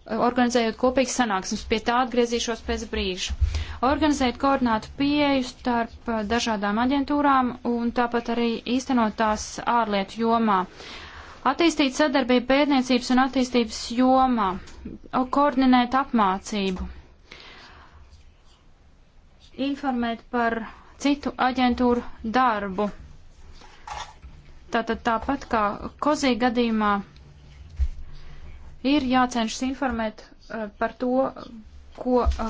organizējot kopīgas sanāksmes. Pie tā atgriezīšos pēc brīža. Organizēt koordinātu pieeju starp uh, dažādām aģentūrām un tāpat arī īstenot tās ārlietu jomā. Attīstīt sadarbību pētniecības un attīstības jomā, koordinēt apmācību, informēt par citu aģentūru darbu. Tātad tāpat kā kozī gadījumā Ir jācenšas informēt uh, par to, ko uh,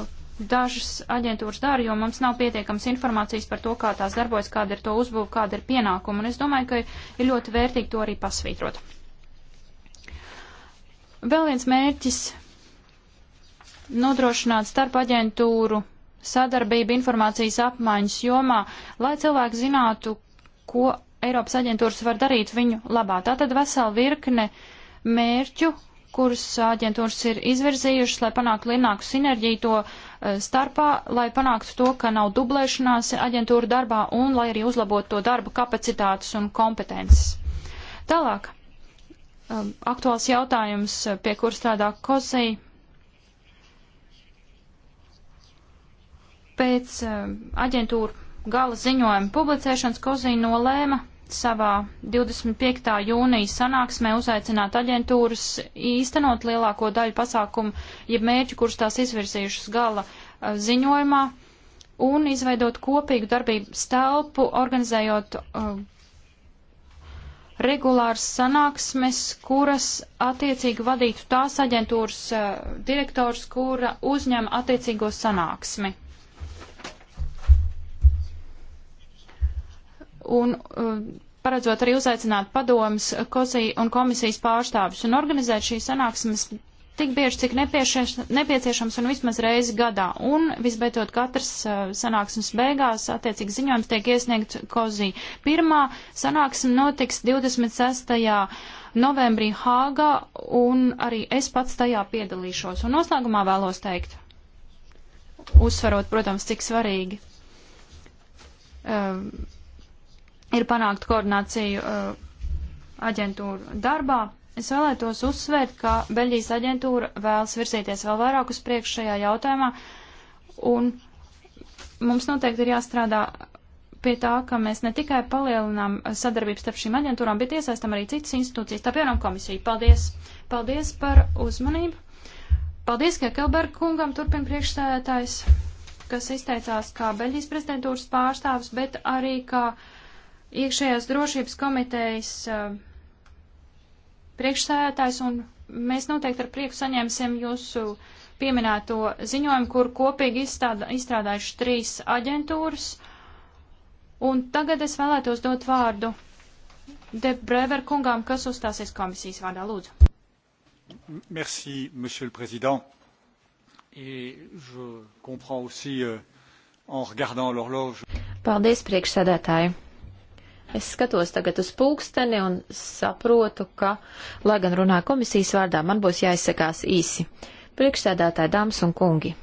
dažas aģentūras dara, jo mums nav pietiekams informācijas par to, kā tās darbojas, kāda ir to uzbūve, kāda ir pienākuma. Un es domāju, ka ir ļoti vērtīgi to arī pasvītrot. Vēl viens mērķis - nodrošināt starp aģentūru sadarbību informācijas apmaiņas jomā, lai cilvēki zinātu, ko Eiropas aģentūras var darīt viņu labā. Tātad vesela virkne mērķu, kurus aģentūras ir izvirzījušas, lai panāktu lielāku sinerģiju to e, starpā, lai panāktu to, ka nav dublēšanās aģentūra darbā un lai arī uzlabotu to darba kapacitātes un kompetences. Tālāk, e, aktuāls jautājums, pie kur strādā Kosei. Pēc e, aģentūra gala ziņojuma publicēšanas Kosei nolēma savā 25. jūnija sanāksmē uzaicināt aģentūras īstenot lielāko daļu pasākumu, jeb mērķu, kurus tās izvirzījušas gala eh, ziņojumā, un izveidot kopīgu darbību stelpu, organizējot uh, regulāras sanāksmes, kuras attiecīgi vadītu tās aģentūras uh, direktors, kura uzņem attiecīgo sanāksmi. un uh, paredzot arī uzaicināt padomus uh, un komisijas pārstāvjus un organizēt šīs sanāksmes tik bieži, cik nepieciešams un vismaz reizi gadā. Un visbeidzot katras uh, sanāksmes beigās attiecīgi ziņojums tiek iesniegts kozī. Pirmā sanāksme notiks 26. novembrī Hāgā un arī es pats tajā piedalīšos. Un noslēgumā vēlos teikt, uzsvarot, protams, cik svarīgi. Um, ir panākt koordināciju uh, aģentūru darbā. Es vēlētos uzsvērt, ka Beļģijas aģentūra vēlas virzīties vēl vairāk uz priekšu šajā jautājumā, un mums noteikti ir jāstrādā pie tā, ka mēs ne tikai palielinām sadarbību starp šīm aģentūrām, bet iesaistam arī citas institūcijas, tā piemēram komisija. Paldies! Paldies par uzmanību! Paldies, ka Kelberg kungam turpina priekšstādātājs, kas izteicās kā Beļģijas prezidentūras pārstāvs, bet arī kā. Ka iekšējās drošības komitejas eh, priekšsēdētājs, un mēs noteikti ar prieku saņemsim jūsu pieminēto ziņojumu, kur kopīgi izstādā, izstrādājuši trīs aģentūras. Un tagad es vēlētos dot vārdu Debrever kungām, kas uzstāsies komisijas vārdā. Lūdzu. Merci, monsieur le président. Et je comprends aussi euh, en regardant l'horloge. Paldies, priekšsēdētāji. Es skatos tagad uz pulksteni un saprotu, ka, lai gan runāju komisijas vārdā, man būs jāizsakās īsi. Priekšsēdētāji, dāmas un kungi.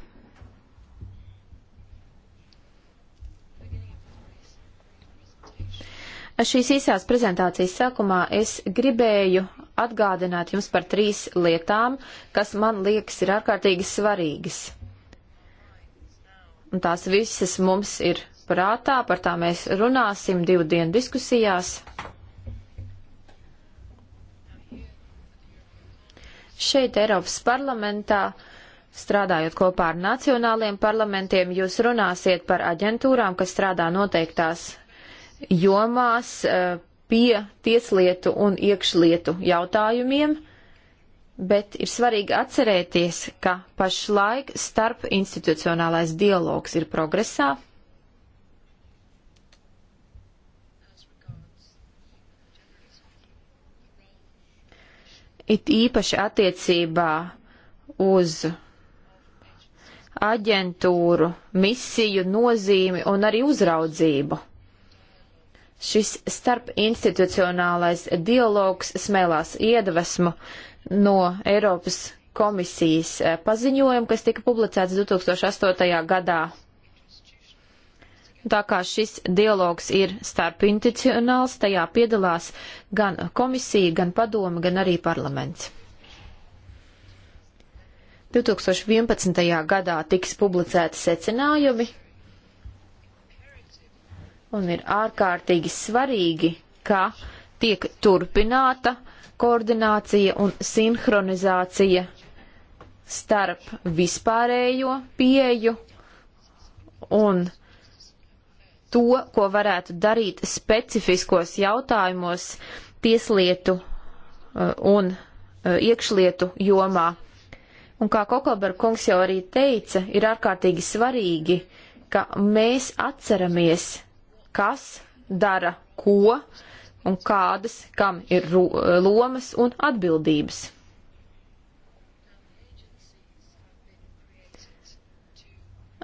Šīs īsās prezentācijas sākumā es gribēju atgādināt jums par trīs lietām, kas man liekas ir ārkārtīgi svarīgas. Un tās visas mums ir prātā, par tā mēs runāsim divu dienu diskusijās. Šeit Eiropas parlamentā, strādājot kopā ar nacionāliem parlamentiem, jūs runāsiet par aģentūrām, kas strādā noteiktās jomās eh, pie tieslietu un iekšlietu jautājumiem bet ir svarīgi atcerēties, ka pašlaik starp institucionālais dialogs ir progresā. it īpaši attiecībā uz aģentūru, misiju, nozīmi un arī uzraudzību. Šis starpinstitucionālais dialogs smēlās iedvesmu no Eiropas komisijas eh, paziņojuma, kas tika publicēts 2008. gadā. Tā kā šis dialogs ir starpinstitucionāls, tajā piedalās gan komisija, gan padome, gan arī parlaments. 2011. gadā tiks publicēti secinājumi, un ir ārkārtīgi svarīgi, ka tiek turpināta koordinācija un sinhronizācija starp vispārējo pieju un to, ko varētu darīt specifiskos jautājumos tieslietu uh, un uh, iekšlietu jomā. Un kā Kokobar kungs jau arī teica, ir ārkārtīgi svarīgi, ka mēs atceramies, kas dara ko un kādas, kam ir lomas un atbildības.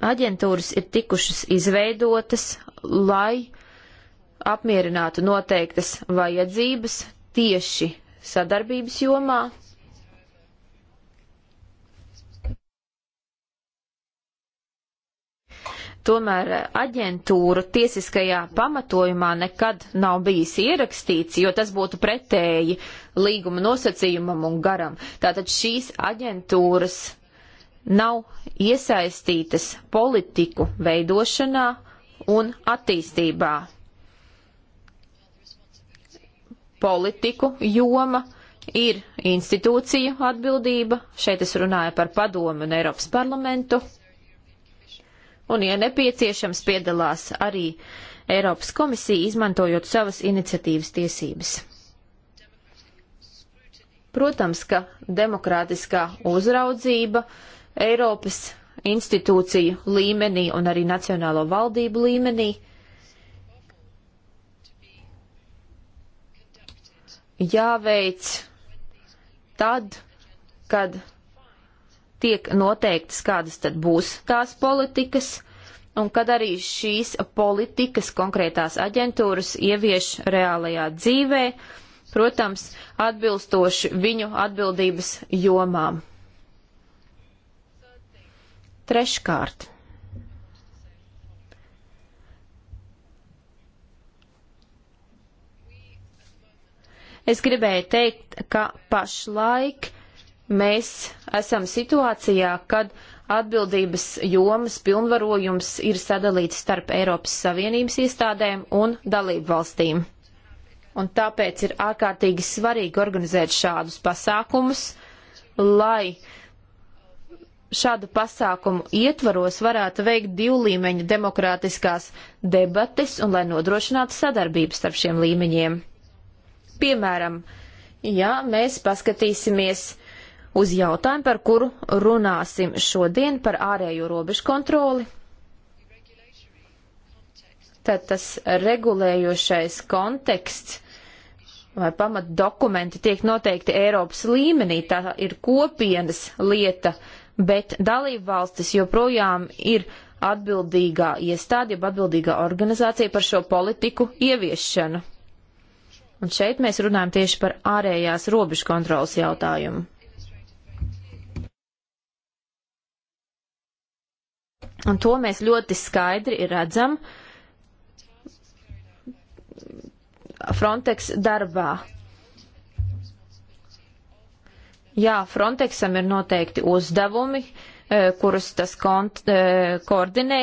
Aģentūras ir tikušas izveidotas, lai apmierinātu noteiktas vajadzības tieši sadarbības jomā. Tomēr aģentūra tiesiskajā pamatojumā nekad nav bijis ierakstīts, jo tas būtu pretēji līguma nosacījumam un garam. Tātad šīs aģentūras nav iesaistītas politiku veidošanā un attīstībā. Politiku joma ir institūciju atbildība, šeit es runāju par padomu un Eiropas parlamentu, un, ja nepieciešams, piedalās arī Eiropas komisija, izmantojot savas iniciatīvas tiesības. Protams, ka demokrātiskā uzraudzība uh, Eiropas institūciju līmenī un arī nacionālo valdību līmenī. Jāveic tad, kad tiek noteiktas, kādas tad būs tās politikas, un kad arī šīs politikas konkrētās aģentūras ievieš reālajā dzīvē, protams, atbilstoši viņu atbildības jomām. Treškārt. Es gribēju teikt, ka pašlaik mēs esam situācijā, kad atbildības jomas pilnvarojums ir sadalīts starp Eiropas Savienības iestādēm un dalību valstīm. Un tāpēc ir ārkārtīgi svarīgi organizēt šādus pasākumus, lai uh, šādu pasākumu ietvaros varētu veikt divu līmeņu demokrātiskās debates un lai nodrošinātu sadarbību starp šiem līmeņiem. Piemēram, ja mēs paskatīsimies uz jautājumu, par kuru runāsim šodien par ārējo robežu kontroli, tad tas regulējošais konteksts vai pamatdokumenti tiek noteikti Eiropas līmenī, tā ir kopienas lieta. Uh, bet dalība valstis joprojām ir atbildīgā iestāde, jeb atbildīgā organizācija par šo politiku ieviešanu. Un šeit mēs runājam tieši par ārējās robežu kontrolas jautājumu. Un to mēs ļoti skaidri redzam Frontex darbā. Jā, Frontexam ir noteikti uzdevumi, e, kurus tas kont, e, koordinē,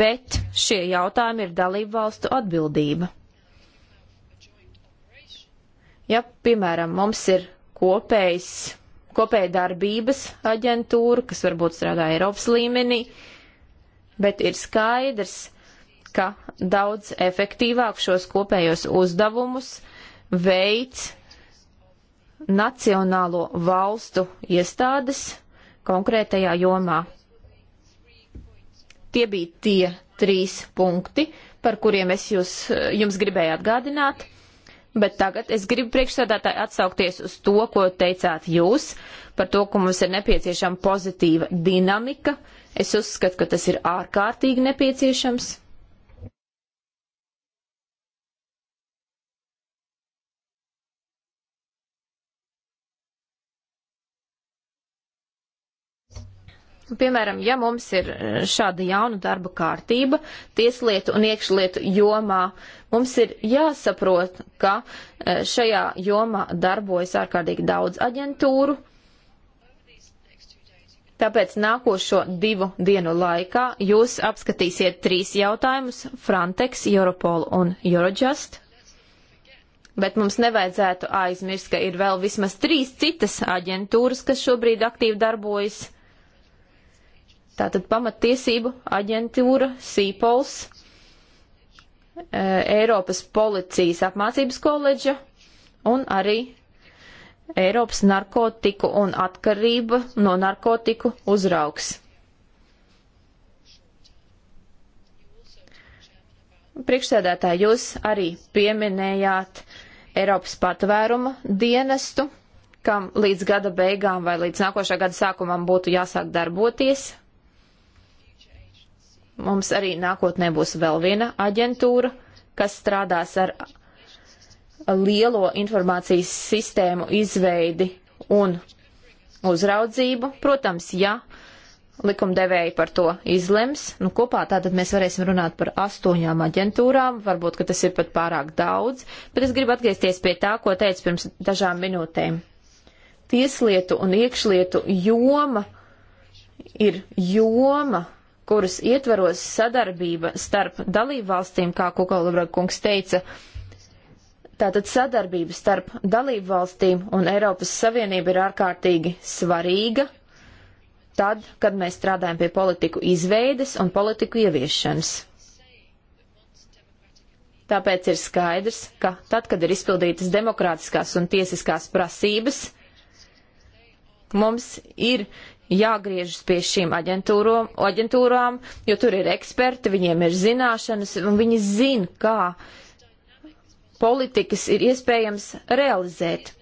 bet šie jautājumi ir dalību valstu atbildība. Ja, piemēram, mums ir kopējs, kopēja darbības aģentūra, kas varbūt strādā Eiropas līmenī, bet ir skaidrs, ka daudz efektīvāk šos kopējos uzdevumus veids nacionālo valstu iestādes konkrētajā jomā. Tie bija tie trīs punkti, par kuriem es jūs, jums gribēju atgādināt, bet tagad es gribu priekšsēdētāji atsaukties uz to, ko teicāt jūs, par to, ka mums ir nepieciešama pozitīva dinamika. Es uzskatu, ka tas ir ārkārtīgi nepieciešams. Nu, piemēram, ja mums ir e, šāda jauna darba kārtība tieslietu un iekšlietu jomā, mums ir jāsaprot, ka e, šajā jomā darbojas ārkārtīgi daudz aģentūru. Tāpēc nākošo divu dienu laikā jūs apskatīsiet trīs jautājumus - Frontex, Europol un Eurojust. Bet mums nevajadzētu aizmirst, ka ir vēl vismaz trīs citas aģentūras, kas šobrīd aktīvi darbojas Tātad pamatiesību aģentūra Sīpols, e, Eiropas policijas apmācības koledža un arī Eiropas narkotiku un atkarība no narkotiku uzraugs. Priekšsēdētāji, jūs arī pieminējāt Eiropas patvēruma dienestu, kam līdz gada beigām vai līdz nākošā gada sākumam būtu jāsāk darboties, Mums arī nākotnē būs vēl viena aģentūra, kas strādās ar lielo informācijas sistēmu izveidi un uzraudzību. Protams, ja likumdevēji par to izlems, nu kopā tātad mēs varēsim runāt par astoņām aģentūrām, varbūt, ka tas ir pat pārāk daudz, bet es gribu atgriezties pie tā, ko teicu pirms dažām minūtēm. Tieslietu un iekšlietu joma ir joma, kuras ietveros sadarbība starp dalībvalstīm, kā Kukalubra kungs teica, tātad sadarbība starp dalībvalstīm un Eiropas Savienību ir ārkārtīgi svarīga tad, kad mēs strādājam pie politiku izveides un politiku ieviešanas. Tāpēc ir skaidrs, ka tad, kad ir izpildītas demokrātiskās un tiesiskās prasības, mums ir jāgriežas pie šīm aģentūrām, jo tur ir eksperti, viņiem ir zināšanas, un viņi zina, kā politikas ir iespējams realizēt.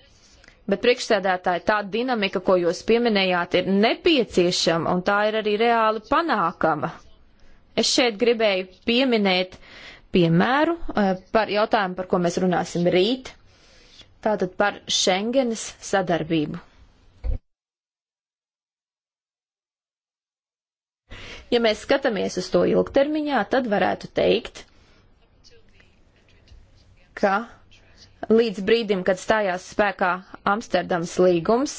Bet priekšsēdētāji, tā dinamika, ko jūs pieminējāt, ir nepieciešama, un tā ir arī reāli panākama. Es šeit gribēju pieminēt piemēru eh, par jautājumu, par ko mēs runāsim rīt, tātad par Schengenes sadarbību. Ja mēs skatāmies uz to ilgtermiņā, tad varētu teikt, ka līdz brīdim, kad stājās spēkā Amsterdams līgums,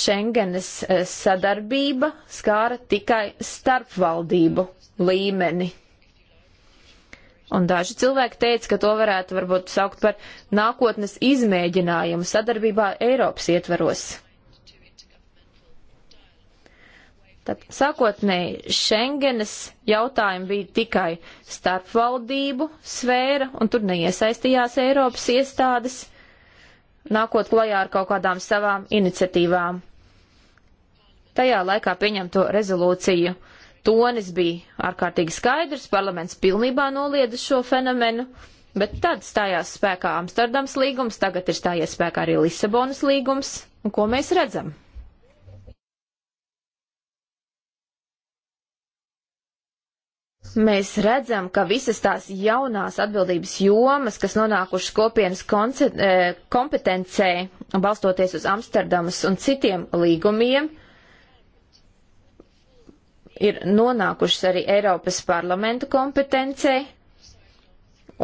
Schengenes eh, sadarbība skāra tikai starpvaldību līmeni. Un daži cilvēki teica, ka to varētu varbūt saukt par nākotnes izmēģinājumu sadarbībā Eiropas ietvaros. Tad sākotnēji Schengenes jautājumi bija tikai starpvaldību sfēra, un tur neiesaistījās Eiropas iestādes, nākot klajā ar kaut kādām savām iniciatīvām. Tajā laikā pieņemto rezolūciju tonis bija ārkārtīgi skaidrs, parlaments pilnībā noliedza šo fenomenu, bet tad stājās spēkā Amsterdams līgums, tagad ir stājies spēkā arī Lisabonas līgums, un ko mēs redzam? Mēs redzam, ka visas tās jaunās atbildības jomas, kas nonākušas kopienas e, kompetencē, balstoties uz Amsterdamas un citiem līgumiem, ir nonākušas arī Eiropas parlamenta kompetencē,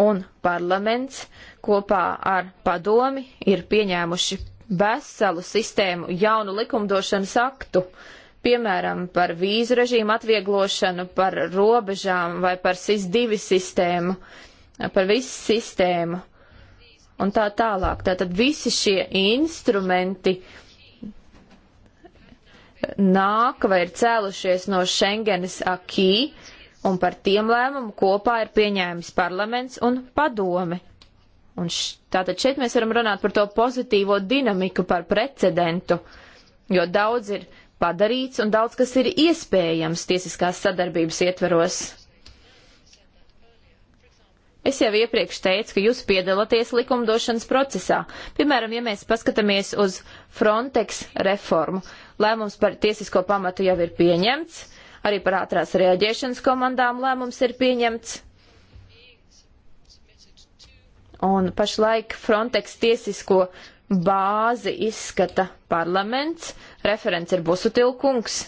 un parlaments kopā ar padomi ir pieņēmuši veselu sistēmu jaunu likumdošanas aktu. Uh, piemēram, par vīzu režīmu atvieglošanu, par robežām vai par SIS-2 sistēmu, par visu sistēmu un tā tālāk. Tātad visi šie instrumenti nāk vai ir cēlušies no Schengenes akī, un par tiem lēmumu kopā ir pieņēmis parlaments un padome. Un š, tātad šeit mēs varam runāt par to pozitīvo dinamiku, par precedentu, jo daudz ir padarīts un daudz kas ir iespējams tiesiskās sadarbības ietveros. Es jau iepriekš teicu, ka jūs piedalāties likumdošanas procesā. Piemēram, ja mēs paskatāmies uz Frontex reformu, lēmums par tiesisko pamatu jau ir pieņemts, arī par ātrās reaģēšanas komandām lēmums ir pieņemts. Un pašlaik Frontex tiesisko uh, bāzi izskata parlaments, referents ir Busutilkungs.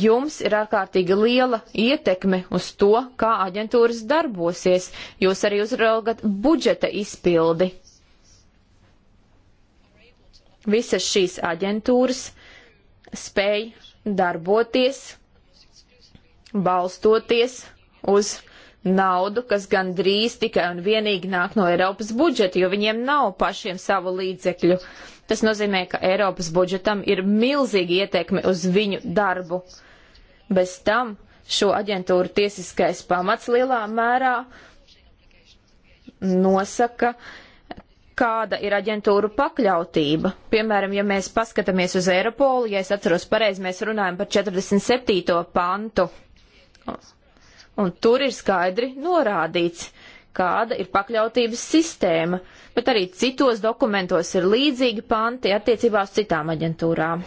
Jums ir ārkārtīgi liela ietekme uz to, kā aģentūras darbosies. Jūs arī uzraugat budžeta izpildi. Visas šīs aģentūras spēj darboties, balstoties uz naudu, kas gan drīz tikai un vienīgi nāk no Eiropas budžeta, jo viņiem nav pašiem savu līdzekļu. Tas nozīmē, ka Eiropas budžetam ir milzīgi ietekme uz viņu darbu. Bez tam šo aģentūru tiesiskais pamats lielā mērā nosaka, kāda ir aģentūru pakļautība. Piemēram, ja mēs paskatāmies uz Eiropolu, ja es atceros pareizi, mēs runājam par 47. pantu Un tur ir skaidri norādīts, kāda ir pakļautības sistēma, bet arī citos dokumentos ir līdzīgi panti attiecībā uz citām aģentūrām.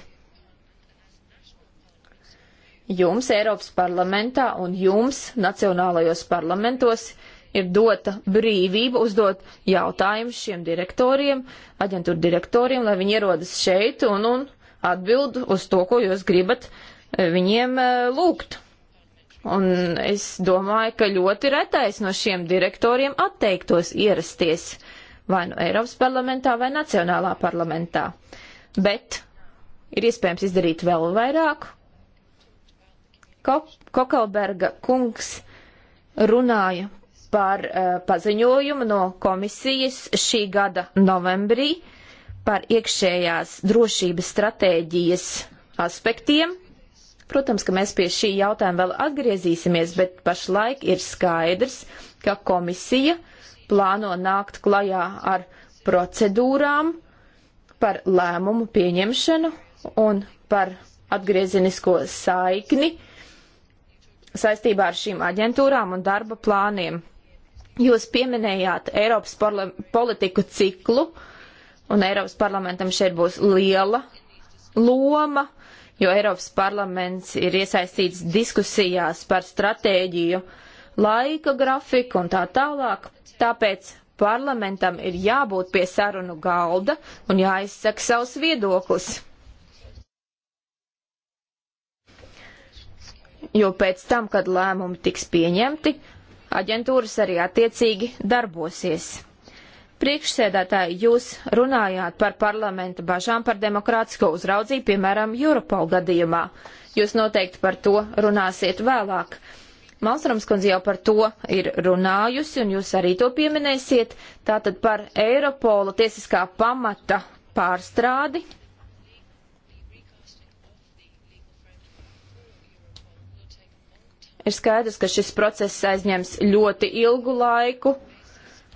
Jums Eiropas parlamentā un jums nacionālajos parlamentos ir dota brīvība uzdot jautājumus šiem direktoriem, aģentūra direktoriem, lai viņi ierodas šeit un, un atbild uz to, ko jūs gribat eh, viņiem eh, lūgt. Un es domāju, ka ļoti retais no šiem direktoriem atteiktos ierasties vai nu no Eiropas parlamentā vai Nacionālā parlamentā. Bet ir iespējams izdarīt vēl vairāk. Kop Kokalberga kungs runāja par uh, paziņojumu no komisijas šī gada novembrī par iekšējās drošības stratēģijas aspektiem Protams, ka mēs pie šī jautājuma vēl atgriezīsimies, bet pašlaik ir skaidrs, ka komisija plāno nākt klajā ar procedūrām par lēmumu pieņemšanu un par atgriezenisko saikni saistībā ar šīm aģentūrām un darba plāniem. Jūs pieminējāt Eiropas politiku ciklu, un Eiropas parlamentam šeit būs liela loma. Uh, jo Eiropas parlaments ir iesaistīts diskusijās par stratēģiju, laika grafiku un tā tālāk. Tāpēc parlamentam ir jābūt pie sarunu galda un jāizsaka savs viedoklis. Jo pēc tam, kad lēmumi tiks pieņemti, aģentūras arī attiecīgi darbosies. Priekšsēdētāji, jūs runājāt par parlamenta bažām par demokrātisko uzraudzību, piemēram, Europol gadījumā. Jūs noteikti par to runāsiet vēlāk. Malstrums kundze jau par to ir runājusi, un jūs arī to pieminēsiet, tātad par Eiropola tiesiskā pamata pārstrādi. Ir skaidrs, ka šis process aizņems ļoti ilgu laiku,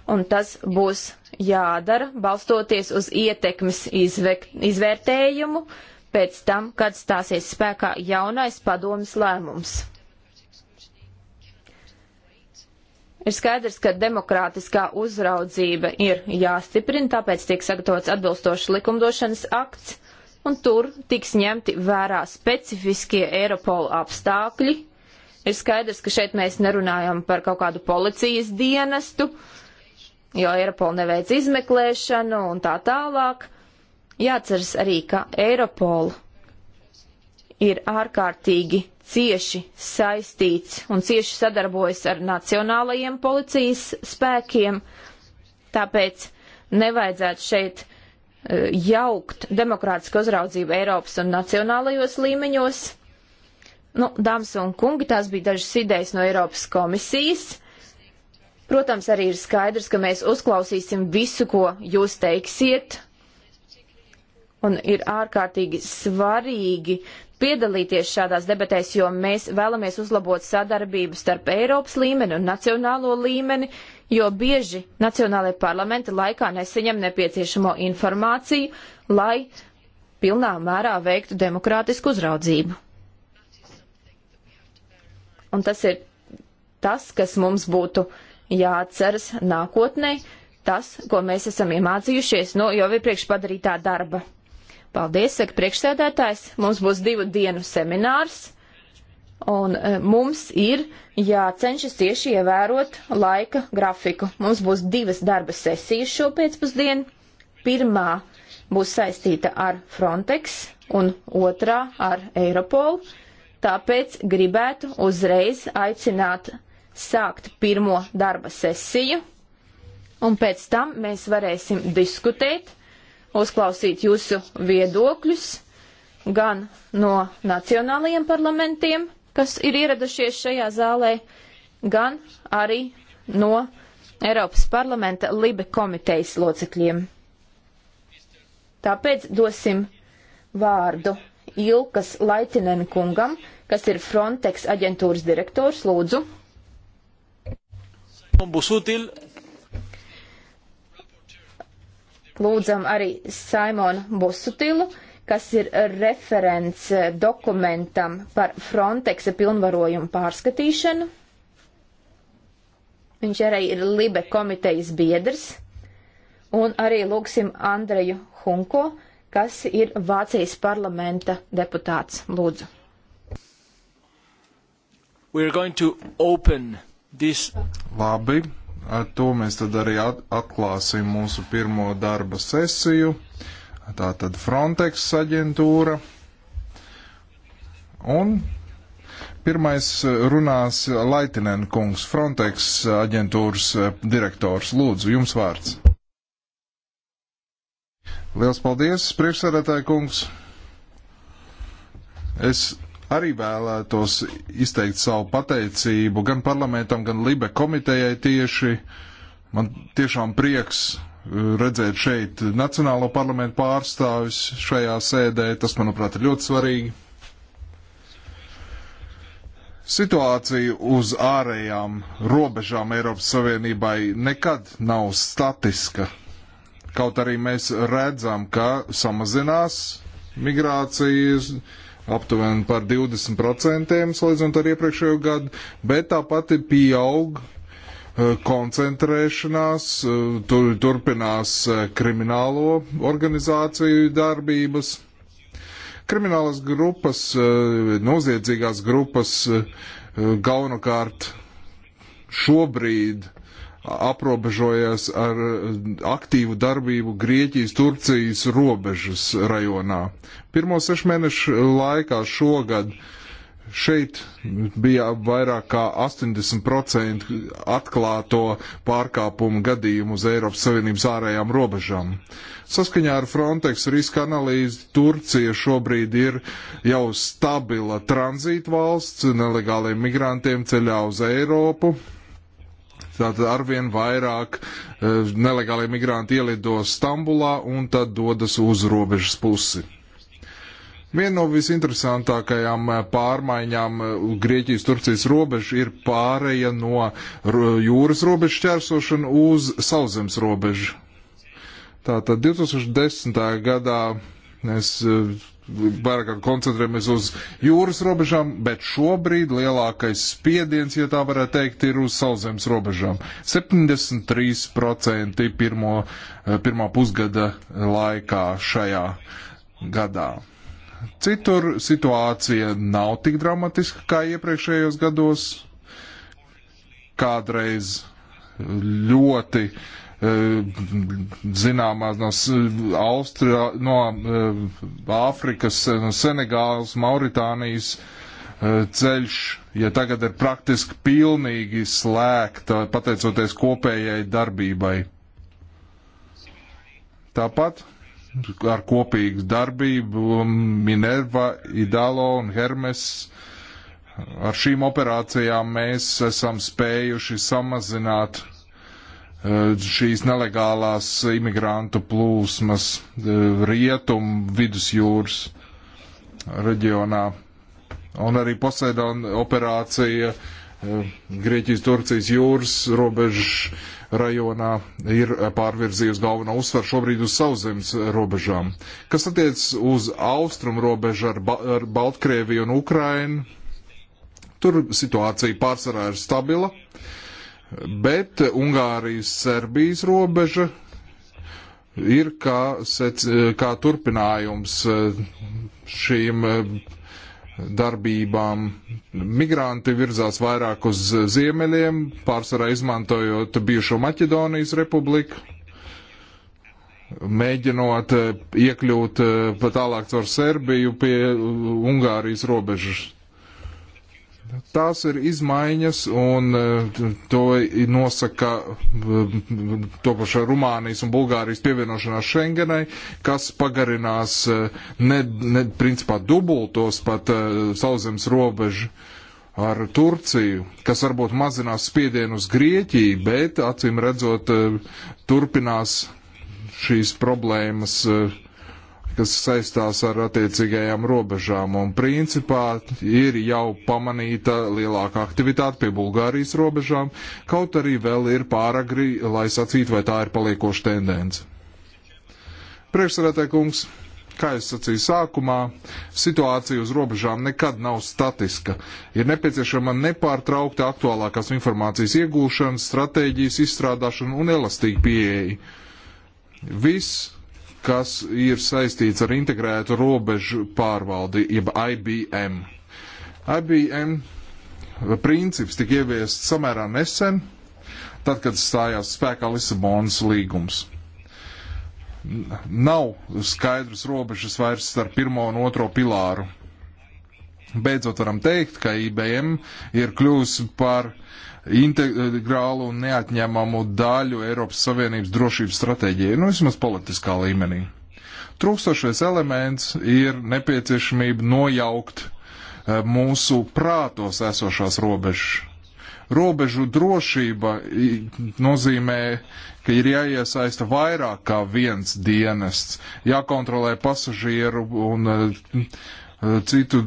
un tas būs jādara balstoties uz ietekmes izvek, izvērtējumu pēc tam, kad stāsies spēkā jaunais padomas lēmums. Ir skaidrs, ka demokrātiskā uzraudzība ir jāstiprina, tāpēc tiek sagatavots atbilstošs likumdošanas akts, un tur tiks ņemti vērā specifiskie Eiropola apstākļi. Ir skaidrs, ka šeit mēs nerunājam par kaut kādu policijas dienestu, uh, jo Eiropola neveic izmeklēšanu un tā tālāk. Jāceras arī, ka Eiropola ir ārkārtīgi cieši saistīts un cieši sadarbojas ar nacionālajiem policijas spēkiem, tāpēc nevajadzētu šeit e, jaukt demokrātisku uzraudzību Eiropas un nacionālajos līmeņos. Nu, dāmas un kungi, tās bija dažas idejas no Eiropas komisijas. Protams, arī ir skaidrs, ka mēs uzklausīsim visu, ko jūs teiksiet, un ir ārkārtīgi svarīgi piedalīties šādās debatēs, jo mēs vēlamies uzlabot sadarbību starp Eiropas līmeni un nacionālo līmeni, jo bieži nacionālajie parlamenti laikā nesaņem nepieciešamo informāciju, lai pilnā mērā veiktu demokrātisku uzraudzību. Un tas ir tas, kas mums būtu jāatceras nākotnē tas, ko mēs esam iemācījušies no jau iepriekš padarītā darba. Paldies, saka priekšsēdētājs. Mums būs divu dienu seminārs, un e, mums ir jācenšas tieši ievērot laika grafiku. Mums būs divas darba sesijas šo pēcpusdienu. Pirmā būs saistīta ar Frontex un otrā ar Eiropolu. Tāpēc gribētu uzreiz aicināt sākt pirmo darba sesiju, un pēc tam mēs varēsim diskutēt, uzklausīt jūsu viedokļus gan no nacionālajiem parlamentiem, kas ir ieradušies šajā zālē, gan arī no Eiropas parlamenta Libe komitejas locekļiem. Tāpēc dosim vārdu Ilkas Laitinēna kungam, kas ir Frontex aģentūras direktors, lūdzu būs util. Lūdzam arī Saimonu Busutilu, kas ir referents eh, dokumentam par Frontexa pilnvarojumu pārskatīšanu. Viņš arī ir Libe komitejas biedrs. Un arī lūgsim Andreju Hunko, kas ir Vācijas parlamenta deputāts. Lūdzu. We're going to open This... Labi, ar to mēs tad arī atklāsim mūsu pirmo darba sesiju. Tā tad Frontex aģentūra. Un pirmais runās Laitinen kungs, Frontex aģentūras direktors. Lūdzu, jums vārds. Liels paldies, priekšsēdētāji kungs. Es arī vēlētos izteikt savu pateicību gan parlamentam, gan Libe komitejai tieši. Man tiešām prieks uh, redzēt šeit Nacionālo parlamentu pārstāvis šajā sēdē. Tas, manuprāt, ir ļoti svarīgi. Situācija uz ārējām robežām Eiropas Savienībai nekad nav statiska. Kaut arī mēs redzam, ka samazinās migrācijas, uh, aptuveni par 20% salīdzinot ar iepriekšējo gadu, bet tāpat pieaug e, koncentrēšanās, e, tur, turpinās e, kriminālo organizāciju darbības. Kriminālas grupas, noziedzīgās grupas galvenokārt šobrīd aprobežojas ar eh, aktīvu darbību Grieķijas, Turcijas robežas rajonā. Pirmo sešu mēnešu laikā šogad šeit bija vairāk kā 80% atklāto pārkāpumu gadījumu uz Eiropas Savienības ārējām robežām. Saskaņā ar Frontex riska analīzi Turcija šobrīd ir jau stabila tranzītvalsts nelegāliem migrantiem ceļā uz Eiropu Tātad arvien vairāk eh, nelegālie migranti ielido Stambulā un tad dodas uz robežas pusi. Viena no visinteresantākajām eh, pārmaiņām eh, Grieķijas-Turcijas robežu ir pāreja no jūras robežu šķērsošana uz sauszemes robežu. Tātad 2010. gadā mēs vairāk koncentrējamies uz jūras robežām, bet šobrīd lielākais spiediens, ja tā varētu teikt, ir uz sauszemes robežām. 73% pirmo, eh, pirmā pusgada laikā šajā gadā. Citur situācija nav tik dramatiska kā iepriekšējos gados. Kādreiz ļoti uh, Eh, zināmās no, Austrā, no eh, Āfrikas, no Senegālas, Mauritānijas eh, ceļš, ja tagad ir praktiski pilnīgi slēgta, pateicoties kopējai darbībai. Tāpat ar kopīgu darbību Minerva, Idalo un Hermes ar šīm operācijām mēs esam spējuši samazināt uh, Eh, šīs nelegālās imigrantu plūsmas eh, rietumu vidusjūras reģionā. Un arī Poseidona operācija eh, Grieķijas-Turcijas jūras robežas rajonā ir pārvirzījusi galveno uzsvaru šobrīd uz sauszemes robežām. Kas attiec uz austrumu robežu ar, ba ar Baltkrieviju un Ukrainu, tur situācija pārsvarā ir stabila. Uh, bet Ungārijas-Serbijas robeža ir kā, sec, kā turpinājums eh, šīm eh, darbībām. Migranti virzās vairāk uz ziemeļiem, pārsvarā izmantojot bijušo Maķedonijas republiku, mēģinot eh, iekļūt pat tālāk caur Serbiju pie Ungārijas robežas. Tās ir izmaiņas, un eh, to nosaka eh, topošā Rumānijas un Bulgārijas pievienošanās Schengenai, kas pagarinās eh, ne, ne principā dubultos pat sauzemes robežu ar Turciju, kas varbūt mazinās spiedienu uz Grieķiju, bet acīm redzot turpinās šīs problēmas uh, kas saistās ar attiecīgajām robežām. Un principā ir jau pamanīta lielāka aktivitāte pie Bulgārijas robežām, kaut arī vēl ir pāragri, lai sacītu, vai tā ir paliekoša tendence. Priekšsarētāj kungs, kā es sacīju sākumā, situācija uz robežām nekad nav statiska. Ir nepieciešama nepārtraukta aktuālākās informācijas iegūšana, stratēģijas izstrādāšana un elastīga pieeja. Viss kas ir saistīts ar integrētu robežu pārvaldi, jeb IBM. IBM princips tika ieviests samērā nesen, tad, kad stājās spēkā Lisabonas līgums. Nav skaidrs robežas vairs starp pirmo un otro pilāru. Beidzot varam teikt, ka IBM ir kļūst par uh, integrālu un neatņemamu daļu Eiropas Savienības drošības stratēģijai, nu vismaz politiskā līmenī. Trūkstošais elements ir nepieciešamība nojaukt eh, mūsu prātos esošās robežas. Robežu drošība nozīmē, ka ir jāiesaista vairāk kā viens dienests, jākontrolē pasažieru un eh, citu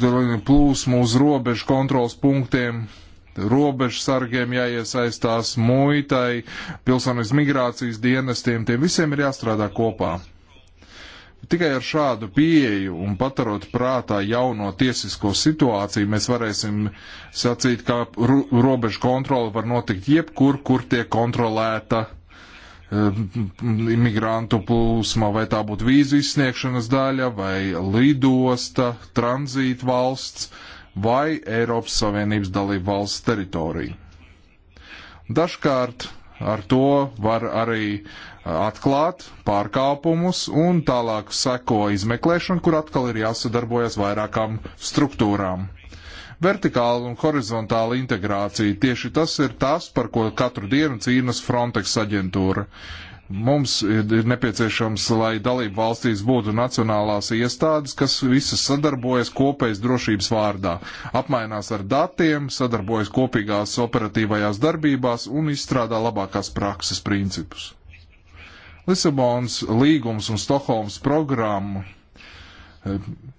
plūsmu uz robežu kontrols punktiem, robežsargiem jāiesaistās, muitai, pilsonības migrācijas dienestiem, tiem visiem ir jāstrādā kopā. Tikai ar šādu pieeju un paturot prātā jauno tiesisko situāciju, mēs varēsim sacīt, ka robežu kontrole var notikt jebkur, kur tiek kontrolēta eh, imigrantu plūsma, vai tā būtu vīzu izsniegšanas daļa, vai lidosta, tranzīta valsts, vai Eiropas Savienības dalību valsts teritoriju. Dažkārt ar to var arī atklāt pārkāpumus un tālāk seko izmeklēšana, kur atkal ir jāsadarbojas vairākām struktūrām. Vertikāla un horizontāla integrācija tieši tas ir tas, par ko katru dienu cīnas Frontex aģentūra. Mums ir nepieciešams, lai dalību valstīs būtu nacionālās iestādes, kas visas sadarbojas kopējas drošības vārdā, apmainās ar datiem, sadarbojas kopīgās operatīvajās darbībās un izstrādā labākās prakses principus. Lisabons līgums un Stokholmas programma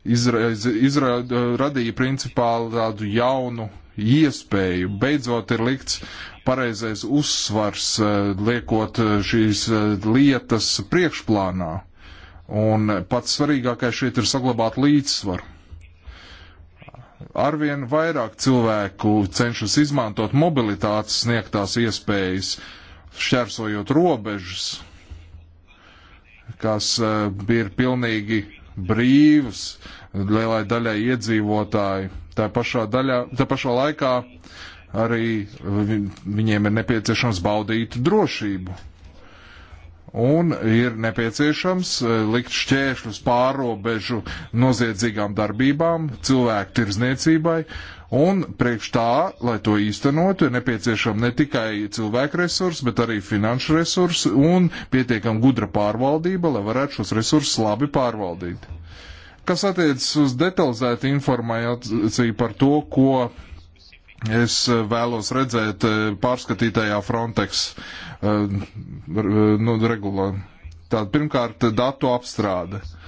izra, izra, uh, radīja principā tādu jaunu iespēju. Beidzot ir likts pareizais uzsvars, uh, liekot uh, šīs lietas priekšplānā. Un pats svarīgākais šeit ir saglabāt līdzsvaru. Arvien vairāk cilvēku cenšas izmantot mobilitātes sniegtās iespējas, šķērsojot robežas, kas ir pilnīgi brīvs lielai daļai iedzīvotāji. Tā pašā, daļā, tā pašā laikā arī viņiem ir nepieciešams baudīt drošību. Un ir nepieciešams e, likt šķēršļus pārobežu noziedzīgām darbībām, cilvēku tirzniecībai Un priekš tā, lai to īstenotu, ir nepieciešama ne tikai cilvēku resursi, bet arī finanšu resursi un pietiekam gudra pārvaldība, lai varētu šos resursus labi pārvaldīt. Kas attiecas uz detalizētu informāciju par to, ko es vēlos redzēt eh, pārskatītajā Frontex eh, eh, nu, regulā. Tātad pirmkārt datu apstrāde. Uh,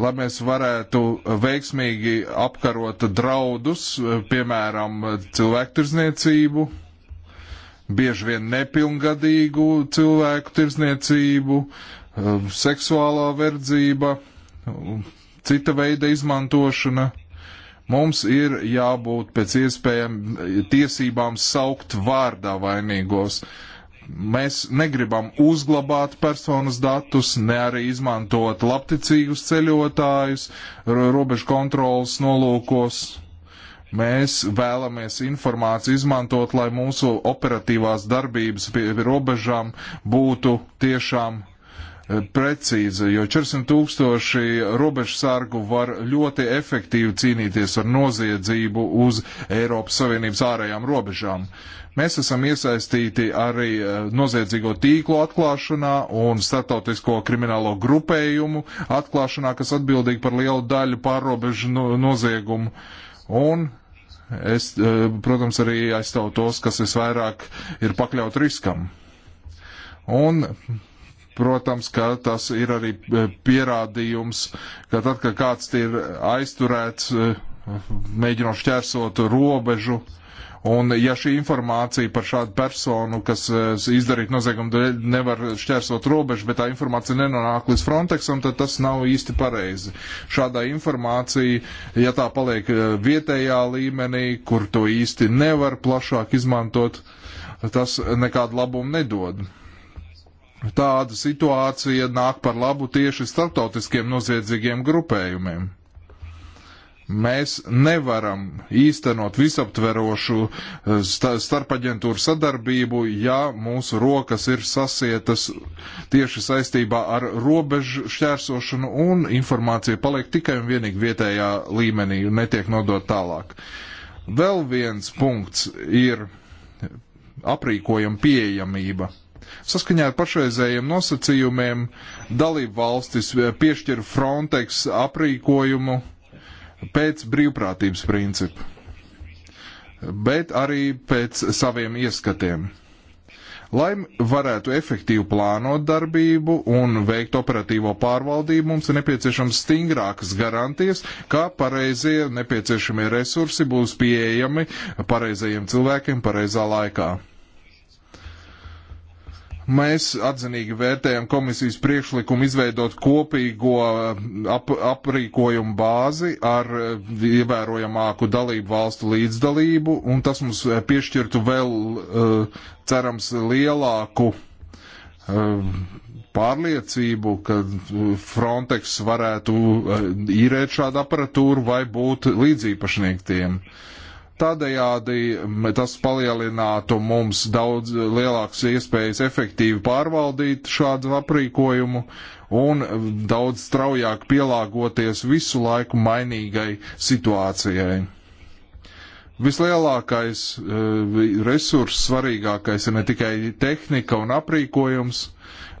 lai mēs varētu veiksmīgi apkarot draudus, piemēram, cilvēktirzniecību, bieži vien nepilngadīgu cilvēku tirzniecību, um, seksuālā verdzība, um, cita veida izmantošana. Mums ir jābūt pēc iespējām tiesībām saukt vārdā vainīgos. Uh, Mēs negribam uzglabāt personas datus, ne arī izmantot labticīgus ceļotājus, robežu kontrolas nolūkos. Mēs vēlamies informāciju izmantot, lai mūsu operatīvās darbības pie robežām būtu tiešām precīza, jo 400 tūkstoši robežsargu var ļoti efektīvi cīnīties ar noziedzību uz Eiropas Savienības ārējām robežām. Mēs esam iesaistīti arī eh, noziedzīgo tīklu atklāšanā un startautisko kriminālo grupējumu atklāšanā, kas atbildīgi par lielu daļu pārrobežu noziegumu. Un es, eh, protams, arī aizstāvu tos, kas visvairāk ir pakļaut riskam. Un Protams, ka tas ir arī e, pierādījums, ka tad, kad kāds ir aizturēts, e, mēģinot šķērsot robežu, un ja šī informācija par šādu personu, kas e, izdarīt noziegumu dēļ, nevar šķērsot robežu, bet tā informācija nenonāk līdz Frontexam, tad tas nav īsti pareizi. Šādā informācija, ja tā paliek vietējā līmenī, kur to īsti nevar plašāk izmantot, tas nekādu labumu nedod tāda situācija nāk par labu tieši starptautiskiem noziedzīgiem grupējumiem. Mēs nevaram īstenot visaptverošu eh, starpaģentūru sadarbību, ja mūsu rokas ir sasietas tieši saistībā ar robežu šķērsošanu un informācija paliek tikai un vienīgi vietējā līmenī un netiek nodot tālāk. Vēl viens punkts ir aprīkojuma pieejamība Saskaņā ar pašreizējiem nosacījumiem dalību valstis eh, piešķir Frontex aprīkojumu pēc brīvprātības principa, bet arī pēc saviem ieskatiem. Lai varētu efektīvi plānot darbību un veikt operatīvo pārvaldību, mums ir nepieciešams stingrākas garantijas, kā pareizie nepieciešamie resursi būs pieejami pareizajiem cilvēkiem pareizā laikā. Mēs atzinīgi vērtējam komisijas priekšlikumu izveidot kopīgo eh, ap, aprīkojumu bāzi ar eh, ievērojamāku dalību valstu līdzdalību, un tas mums eh, piešķirtu vēl, cerams, lielāku pārliecību, ka Frontex varētu īrēt šādu aparatūru vai būt līdzīpašniekiem tiem. Uh, Tādējādi tas palielinātu mums daudz lielākas iespējas efektīvi pārvaldīt šādu aprīkojumu un daudz straujāk pielāgoties visu laiku mainīgai situācijai. Vislielākais eh, resurs, svarīgākais ir ne tikai tehnika un aprīkojums,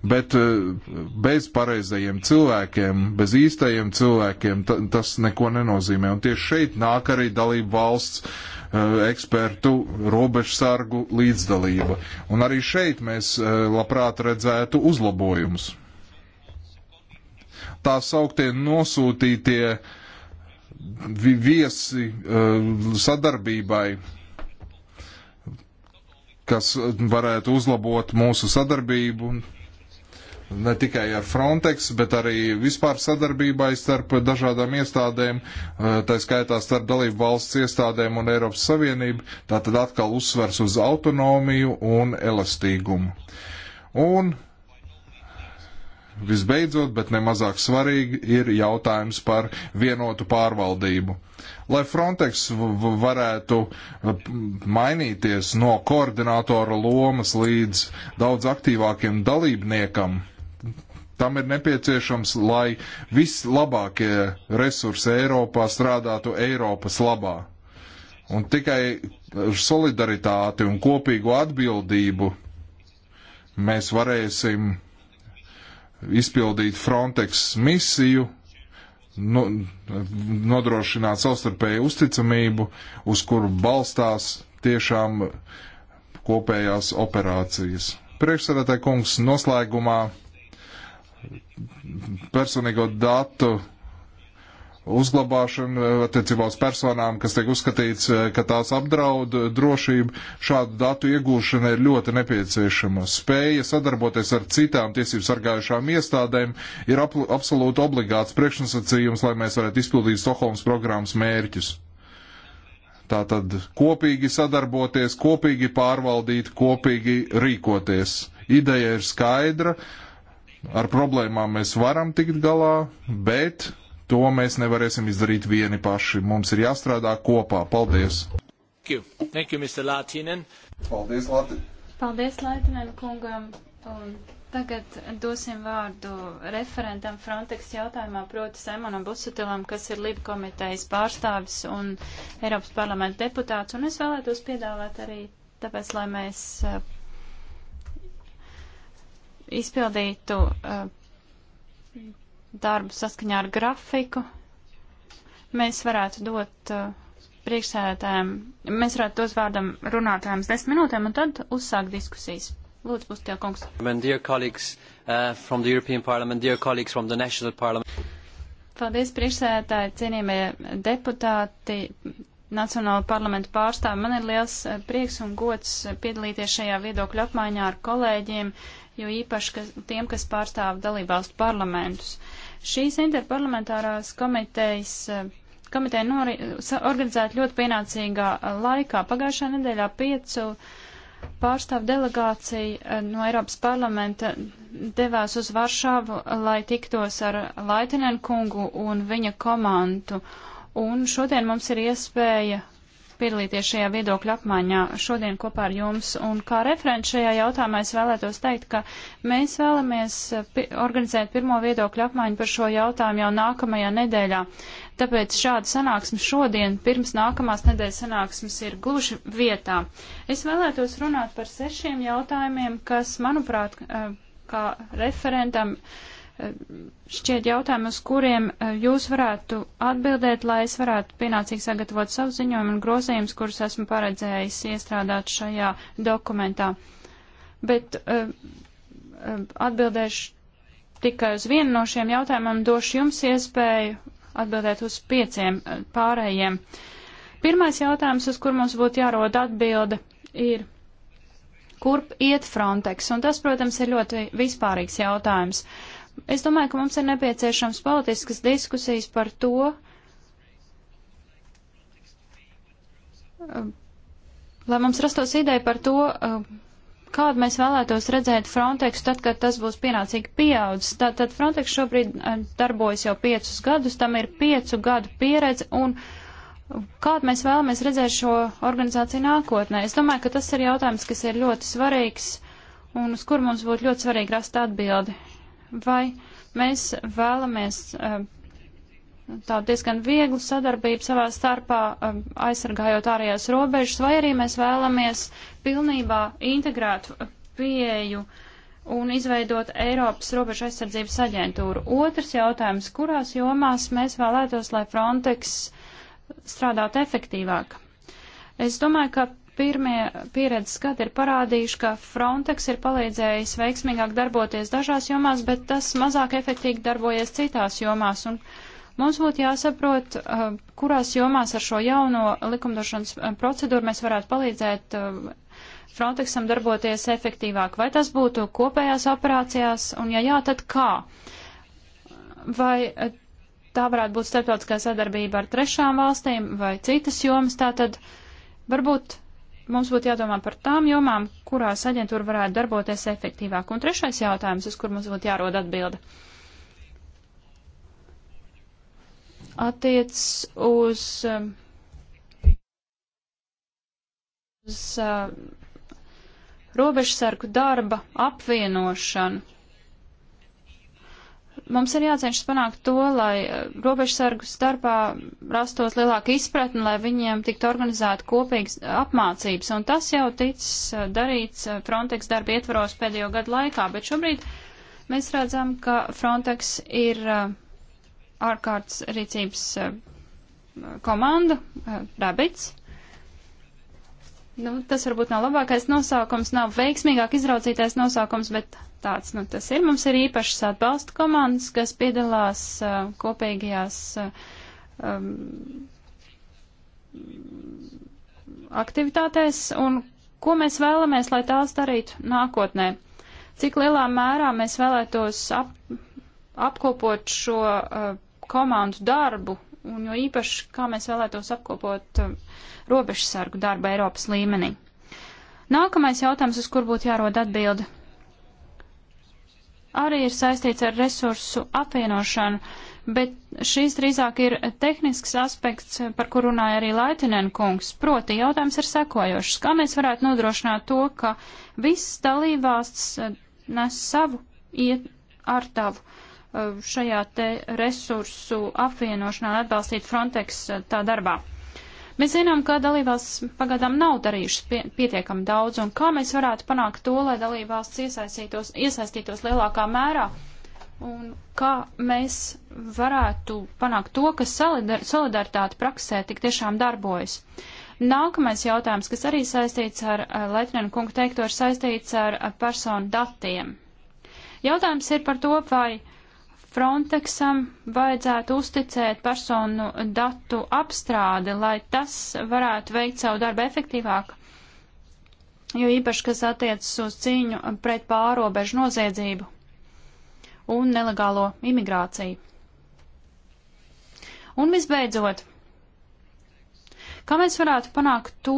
bet eh, bez pareizajiem cilvēkiem, bez īstajiem cilvēkiem tas neko nenozīmē. Un tieši šeit nāk arī dalību valsts eh, ekspertu, robežsargu līdzdalība. Un arī šeit mēs eh, labprāt redzētu uzlabojumus. Tā sauktie nosūtītie viesi sadarbībai kas varētu uzlabot mūsu sadarbību ne tikai ar Frontex, bet arī vispār sadarbībai starp dažādām iestādēm, eh, tā skaitā starp dalību valsts iestādēm un Eiropas Savienību. Tā tad atkal uzsvers uz autonomiju un elastīgumu. Un visbeidzot, bet nemazāk svarīgi, ir jautājums par vienotu pārvaldību. Lai Frontex varētu eh, mainīties no koordinātora lomas līdz daudz aktīvākiem dalībniekam, Tam ir nepieciešams, lai vislabākie resursi Eiropā strādātu Eiropas labā. Un tikai ar solidaritāti un kopīgu atbildību mēs varēsim izpildīt Frontex misiju, nu, nodrošināt savstarpēju uzticamību, uz kuru balstās tiešām kopējās operācijas. Priekšsēdētāji kungs noslēgumā personīgo datu uzglabāšanu attiecībā uz personām, kas tiek uzskatīts, eh, ka tās apdraud drošību, šādu datu iegūšana ir ļoti nepieciešama. Spēja sadarboties ar citām tiesību sargājušām iestādēm ir absolūti obligāts priekšnosacījums, lai mēs varētu izpildīt Stokholmas programmas mērķus. Tātad kopīgi sadarboties, kopīgi pārvaldīt, kopīgi rīkoties. Ideja ir skaidra, uh, Ar problēmām mēs varam tikt galā, bet to mēs nevarēsim izdarīt vieni paši. Mums ir jāstrādā kopā. Paldies! Thank you. Thank you, Mr. Latinen. Paldies, Latinen. Paldies, Latinen kungam. Un tagad dosim vārdu referentam Frontex jautājumā, proti Simonam Busutilam, kas ir Lība komitejas pārstāvis un Eiropas parlamenta deputāts. Un es vēlētos piedāvāt arī tāpēc, lai mēs izpildītu uh, darbu saskaņā ar grafiku, mēs varētu dot uh, priekšsēdētājiem, mēs varētu dos vārdam runātājiem desmit minūtēm un tad uzsākt diskusijas. Lūdzu, Pustie kungs. Dear colleagues uh, from the European Parliament, dear colleagues from the National Parliament. Paldies, priekšsēdētāji, cienījamie deputāti, Nacionāla parlamenta pārstāvi. Man ir liels prieks un gods piedalīties šajā viedokļu apmaiņā ar kolēģiem. Uh, jo īpaši kas, tiem, kas pārstāv dalībvalstu parlamentus. Šīs interparlamentārās komitejas eh, komiteja nori, organizēta ļoti pienācīgā eh, laikā. Pagājušā nedēļā piecu pārstāvu delegācija eh, no Eiropas parlamenta devās uz Varšavu, lai tiktos ar Laitinen kungu un viņa komandu. Un šodien mums ir iespēja piedalīties šajā viedokļa apmaiņā šodien kopā ar jums. Un kā referents šajā jautājumā es vēlētos teikt, ka mēs vēlamies eh, organizēt pirmo viedokļu apmaiņu par šo jautājumu jau nākamajā nedēļā. Tāpēc šāda sanāksme šodien pirms nākamās nedēļas sanāksmes ir gluži vietā. Es vēlētos runāt par sešiem jautājumiem, kas, manuprāt, eh, kā referentam. Uh, šķiet jautājumi, uz kuriem eh, jūs varētu atbildēt, lai es varētu pienācīgi sagatavot savu ziņojumu un grozījumus, kurus esmu paredzējis iestrādāt šajā dokumentā. Bet uh, atbildēšu tikai uz vienu no šiem jautājumiem, došu jums iespēju atbildēt uz pieciem pārējiem. Pirmais jautājums, uz kur mums būtu jārod atbilde, ir kurp iet Frontex? Un tas, protams, ir ļoti vispārīgs jautājums. Uh, Es domāju, ka mums ir nepieciešams politiskas diskusijas par to, um, lai mums rastos ideja par to, um, kādu mēs vēlētos redzēt Frontex, tad, kad tas būs pienācīgi pieaudzis. Tātad Frontex šobrīd um, darbojas jau piecus gadus, tam ir piecu gadu pieredze un kādu mēs vēlamies redzēt šo organizāciju nākotnē. Es domāju, ka tas ir jautājums, kas ir ļoti svarīgs un uz kur mums būtu ļoti svarīgi rast atbildi vai mēs vēlamies eh, tādu diezgan vieglu sadarbību savā starpā, eh, aizsargājot ārējās robežas, vai arī mēs vēlamies pilnībā integrētu eh, pieeju un izveidot Eiropas robežu aizsardzības aģentūru. Otrs jautājums, kurās jomās mēs vēlētos, lai Frontex strādātu efektīvāk? Es domāju, ka Pirmie pieredzes gadi ir parādījuši, ka Frontex ir palīdzējis veiksmīgāk darboties dažās jomās, bet tas mazāk efektīgi darbojas citās jomās. Un mums būtu jāsaprot, uh, kurās jomās ar šo jauno likumdošanas uh, procedūru mēs varētu palīdzēt uh, Frontexam darboties efektīvāk. Vai tas būtu kopējās operācijās, un ja jā, tad kā? Vai tā varētu būt starptautiskā sadarbība ar trešām valstīm vai citas jomas? Tātad varbūt mums būtu jādomā par tām jomām, kurās aģentūra varētu darboties efektīvāk. Un trešais jautājums, uz kur mums būtu jārod atbilde, attiec uz, um, uz um, robežsargu darba apvienošanu. Mums ir jācenšas panākt to, lai eh, robežsargu starpā rastos lielāka izpratne, lai viņiem tiktu organizēta kopīgas apmācības, un tas jau ticis eh, darīts eh, Frontex darba ietvaros pēdējo gadu laikā, bet šobrīd mēs redzam, ka Frontex ir ārkārtas rīcības komanda, Rabits, Nu, tas varbūt nav labākais nosaukums, nav veiksmīgāk izraucītais nosaukums, bet tāds nu, tas ir. Mums ir īpašas atbalsta komandas, kas piedalās uh, kopīgajās uh, um, aktivitātēs un ko mēs vēlamies, lai tās darītu nākotnē. Cik lielā mērā mēs vēlētos ap, apkopot šo uh, komandu darbu un jo īpaši, kā mēs vēlētos apkopot um, robežsargu darbu Eiropas līmenī. Nākamais jautājums, uz kur būtu jārod atbildi, arī ir saistīts ar resursu apvienošanu, bet šīs drīzāk ir tehnisks aspekts, par kur runāja arī Laitinen kungs. Proti, jautājums ir sekojošs. Kā mēs varētu nodrošināt to, ka viss dalībvalsts uh, nes savu iet ar tavu? Uh, šajā te resursu apvienošanā atbalstīt Frontex uh, tā darbā. Mēs zinām, ka dalībās pagadām nav darījušas pie, pietiekami daudz, un kā mēs varētu panākt to, lai dalībvalsts iesaistītos, iesaistītos lielākā mērā, un kā mēs varētu panākt to, ka solidar, solidaritāte praksē tik tiešām darbojas. Nākamais jautājums, kas arī saistīts ar Leitnēnu kungu teikto, ir saistīts ar personu datiem. Jautājums ir par to, vai Frontexam vajadzētu uzticēt personu datu apstrādi, lai tas varētu veikt savu darbu efektīvāk, jo īpaši, kas attiecas uz cīņu pret pārobežu noziedzību un nelegālo imigrāciju. Un visbeidzot, kā mēs varētu panākt to,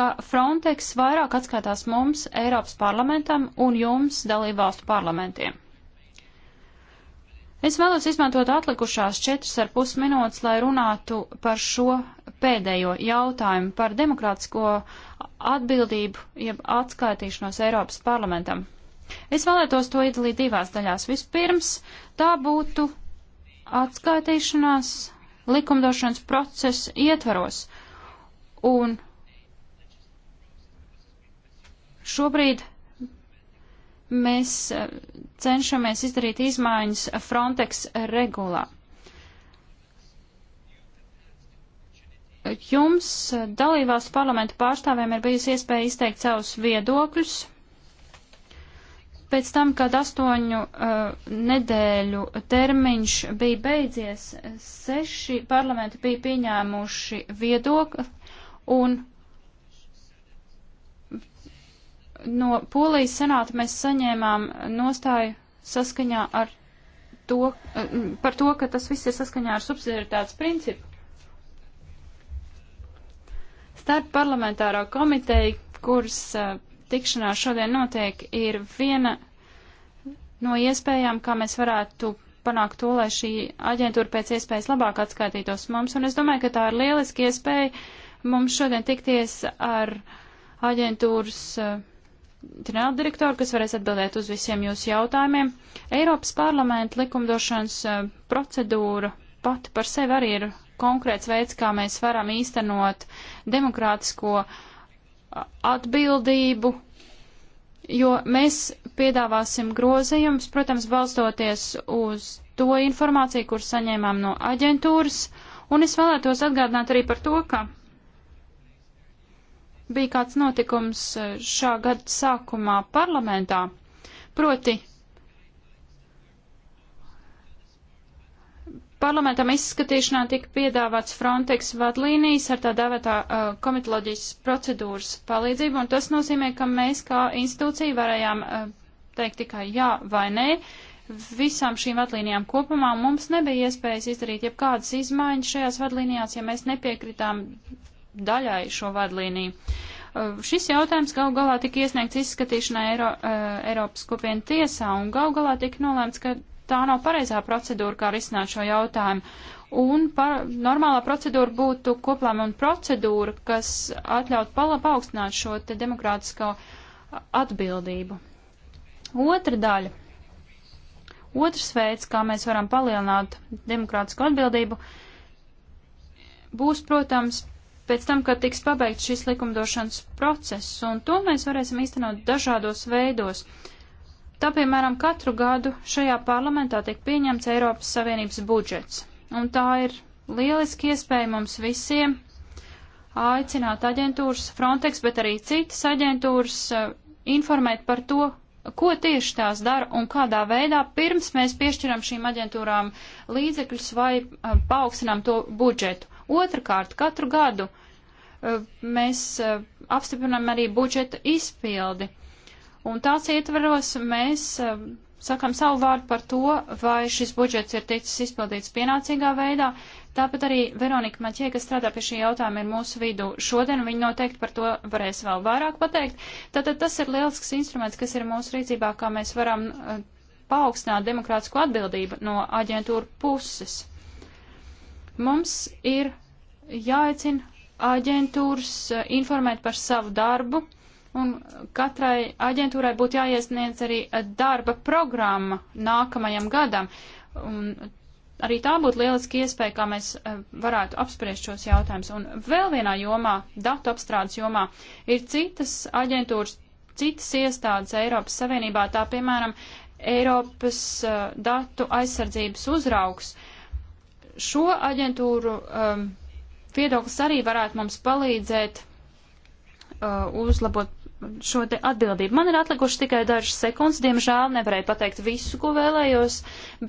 ka Frontex vairāk atskaitās mums, Eiropas parlamentam un jums, dalībvalstu parlamentiem? Es vēlos izmantot atlikušās četras ar pus minūtes, lai runātu par šo pēdējo jautājumu par demokrātisko atbildību, jeb atskaitīšanos Eiropas parlamentam. Es vēlētos to iedalīt divās daļās. Vispirms tā būtu atskaitīšanās likumdošanas procesa ietvaros. Un šobrīd mēs eh, cenšamies izdarīt izmaiņas Frontex regulā. Jums, eh, dalībās parlamentu pārstāvēm, ir bijusi iespēja izteikt savus viedokļus. Pēc tam, kad astoņu uh, nedēļu termiņš bija beidzies, seši parlamenti bija pieņēmuši viedokli un no Polijas senāta mēs saņēmām nostāju saskaņā ar to, eh, par to, ka tas viss ir saskaņā ar subsidiaritātes principu. Starp parlamentārā komiteja, kuras eh, tikšanās šodien notiek, ir viena no iespējām, kā mēs varētu panākt to, lai šī aģentūra pēc iespējas labāk atskaitītos mums. Un es domāju, ka tā ir lieliski iespēja mums šodien tikties ar aģentūras uh, ģenerāldirektoru, kas varēs atbildēt uz visiem jūsu jautājumiem. Eiropas parlamenta likumdošanas eh, procedūra pati par sevi arī ir konkrēts veids, kā mēs varam īstenot demokrātisko eh, atbildību, jo mēs piedāvāsim grozījumus, protams, balstoties uz to informāciju, kur saņēmām no aģentūras, un es vēlētos atgādināt arī par to, ka bija kāds notikums eh, šā gada sākumā parlamentā, proti parlamentam izskatīšanā tika piedāvāts Frontex vadlīnijas ar tā dēvētā uh, komitoloģijas procedūras palīdzību, un tas nozīmē, ka mēs kā institūcija varējām uh, teikt tikai jā vai nē. Visām šīm vadlīnijām kopumā mums nebija iespējas izdarīt jebkādas izmaiņas šajās vadlīnijās, ja mēs nepiekritām daļai šo vadlīniju. Uh, šis jautājums gal galā tika iesniegts izskatīšanai Eiro, uh, Eiropas kopienu tiesā un gal galā tika nolēmts, ka tā nav pareizā procedūra, kā risināt šo jautājumu. Un par, normālā procedūra būtu koplēmuma procedūra, kas atļaut paaugstināt šo te demokrātisko atbildību. Otra daļa. Otrs veids, kā mēs varam palielināt demokrātisko atbildību, būs, protams, pēc tam, kad tiks pabeigts šis likumdošanas process, un to mēs varēsim īstenot dažādos veidos. Tā, piemēram, katru gadu šajā parlamentā tiek pieņemts Eiropas Savienības budžets, un tā ir lieliski iespēja mums visiem aicināt aģentūras Frontex, bet arī citas aģentūras eh, informēt par to, ko tieši tās dara un kādā veidā pirms mēs piešķiram šīm aģentūrām līdzekļus vai eh, paaugstinām to budžetu. Otrakārt, katru gadu mēs e, apstiprinām arī budžeta izpildi. Un tāds ietvaros mēs e, sakam savu vārdu par to, vai šis budžets ir ticis izpildīts pienācīgā veidā. Tāpat arī Veronika Maķie, kas strādā pie šī jautājuma, ir mūsu vidū šodien, viņa noteikti par to varēs vēl vairāk pateikt. Tātad tas ir lielisks instruments, kas ir mūsu rīcībā, kā mēs varam e, paaugstināt demokrātisko atbildību no aģentūra puses. Mums ir jāaicina aģentūras eh, informēt par savu darbu, un katrai aģentūrai būtu jāiesniedz arī eh, darba programma nākamajam gadam. Un arī tā būtu lieliski iespēja, kā mēs eh, varētu apspriest šos jautājumus. Un vēl vienā jomā, datu apstrādes jomā, ir citas aģentūras, citas iestādes Eiropas Savienībā, tā piemēram Eiropas datu aizsardzības uzraugs. Šo aģentūru um, viedoklis arī varētu mums palīdzēt uh, uzlabot šo te atbildību. Man ir atlikuši tikai dažas sekundes, diemžēl nevarēju pateikt visu, ko vēlējos,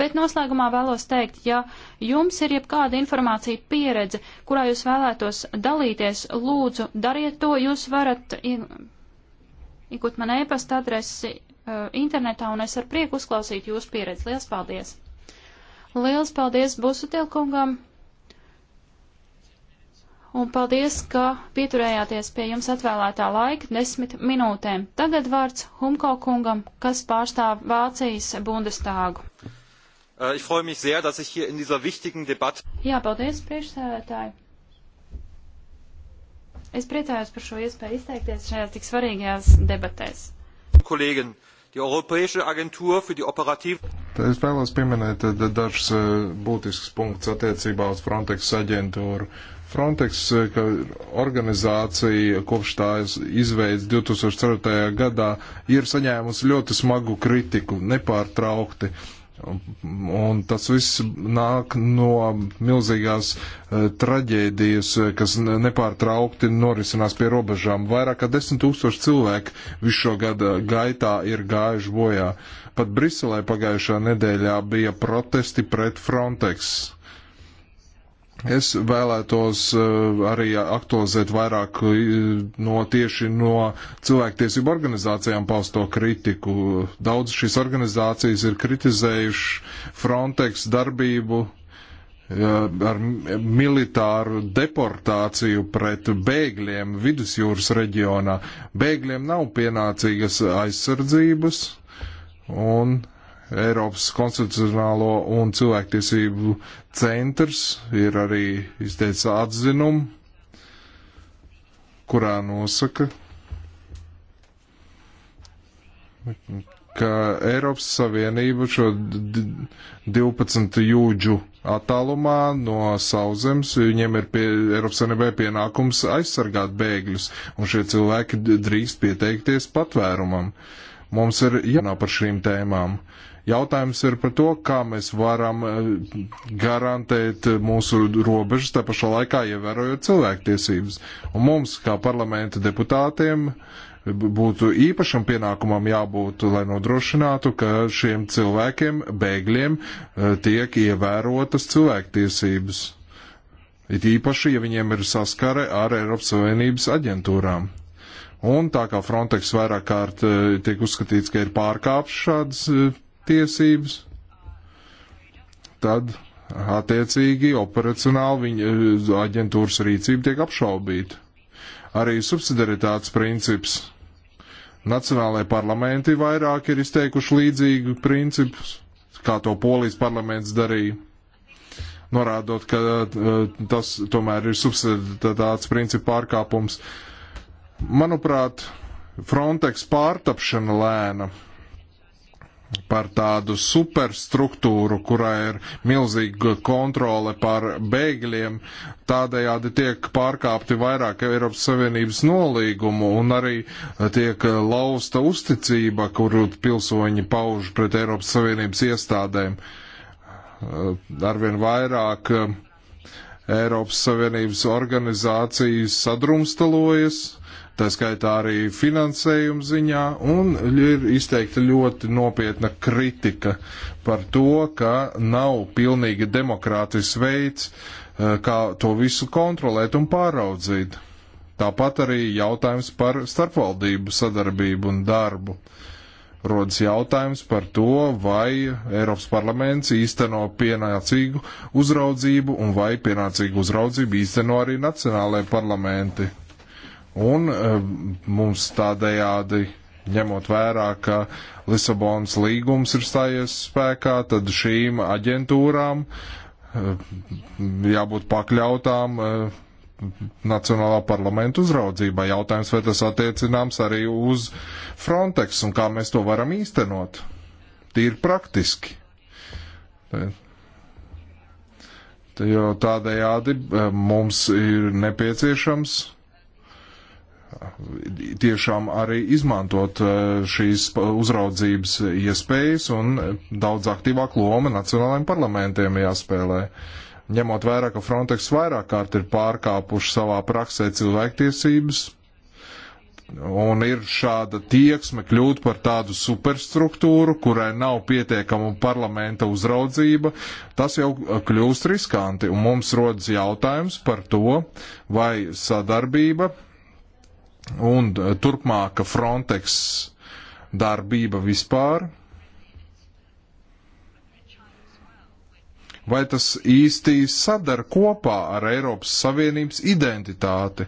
bet noslēgumā vēlos teikt, ja jums ir jebkāda informācija pieredze, kurā jūs vēlētos dalīties, lūdzu, dariet to, jūs varat iegūt man e-pasta adresi uh, internetā un es ar prieku uzklausītu jūsu pieredzi. Lielas paldies! Lielas paldies Busutilkungam! un paldies, ka pieturējāties pie jums atvēlētā laika desmit minūtēm. Tagad vārds Humko kungam, kas pārstāv Vācijas Bundestāgu. Uh, ich freue mich sehr, dass ich hier in dieser wichtigen Debatte. Jā, paldies, priekšsēdētāji. Es priecājos par šo iespēju izteikties šajās tik svarīgajās debatēs. Kolēģin, die Europäische Agentur für die operative. Es vēlos pieminēt dažus äh, būtiskus punktus attiecībā uz Frontex aģentūru. Uh, Frontex eh, organizācija kopš tā izveids 2004. gadā ir saņēmusi ļoti smagu kritiku nepārtraukti. Un tas viss nāk no milzīgās eh, traģēdijas, eh, kas nepārtraukti norisinās pie robežām. Vairāk kā desmit tūkstoši cilvēku visu šo gadu gaitā ir gājuši bojā. Pat Briselē pagājušā nedēļā bija protesti pret Frontex Es vēlētos eh, arī aktualizēt vairāk eh, no tieši no cilvēktiesību organizācijām pausto kritiku. Daudz šīs organizācijas ir kritizējuši Frontex darbību eh, ar militāru deportāciju pret bēgļiem vidusjūras reģionā. Bēgļiem nav pienācīgas aizsardzības un Eiropas konstitucionālo un cilvēktiesību centrs ir arī izteicis atzinumu, kurā nosaka, ka Eiropas Savienība šo 12 jūdžu attālumā no sauzemes, viņiem ir pie, Eiropas Savienībai pienākums aizsargāt bēgļus, un šie cilvēki drīkst pieteikties patvērumam. Mums ir jānāk par šīm tēmām. Uh, Jautājums ir par to, kā mēs varam eh, garantēt eh, mūsu robežas, tā pašā laikā ievērojot cilvēktiesības. Un mums, kā parlamenta deputātiem, būtu īpašam pienākumam jābūt, lai nodrošinātu, ka šiem cilvēkiem, bēgļiem, eh, tiek ievērotas cilvēktiesības. It īpaši, ja viņiem ir saskare ar Eiropas Savienības aģentūrām. Un tā kā Frontex vairāk kārt tiek uzskatīts, ka ir pārkāpts šādas tiesības, tad attiecīgi operacionāli viņa eh, aģentūras rīcība tiek apšaubīta. Arī subsidiaritātes princips. Nacionālajie parlamenti vairāk ir izteikuši līdzīgu principus, kā to polijas parlaments darīja, norādot, ka eh, tas tomēr ir subsidiaritātes principu pārkāpums. Manuprāt, Frontex pārtapšana lēna par tādu superstruktūru, kurā ir milzīga kontrole pār bēgļiem. Tādējādi tiek pārkāpti vairāk Eiropas Savienības nolīgumu un arī tiek lausta uzticība, kuru pilsoņi pauž pret Eiropas Savienības iestādēm. Arvien vairāk Eiropas Savienības organizācijas sadrumstalojas tā skaitā arī finansējuma ziņā, un ir izteikta ļoti nopietna kritika par to, ka nav pilnīgi demokrātisks veids, eh, kā to visu kontrolēt un pāraudzīt. Tāpat arī jautājums par starpvaldību sadarbību un darbu. Rodas jautājums par to, vai Eiropas parlaments īsteno pienācīgu uzraudzību un vai pienācīgu uzraudzību īsteno arī nacionālajie parlamenti. Un e, mums tādējādi, ņemot vērā, ka Lisabonas līgums ir stājies spēkā, tad šīm aģentūrām e, jābūt pakļautām e, Nacionālā parlamenta uzraudzībā. Jautājums, vai tas attiecināms arī uz Frontex un kā mēs to varam īstenot. Tīri praktiski. Jo tādējādi mums ir nepieciešams tiešām arī izmantot eh, šīs uzraudzības iespējas un eh, daudz aktīvāk loma nacionālajiem parlamentiem jāspēlē. Ņemot vērā, ka Frontex vairāk kārt ir pārkāpuši savā praksē cilvēktiesības un ir šāda tieksme kļūt par tādu superstruktūru, kurai nav pietiekama parlamenta uzraudzība, tas jau eh, kļūst riskanti un mums rodas jautājums par to, vai sadarbība un eh, turpmāka Frontex darbība vispār. Vai tas īsti sadara kopā ar Eiropas Savienības identitāti,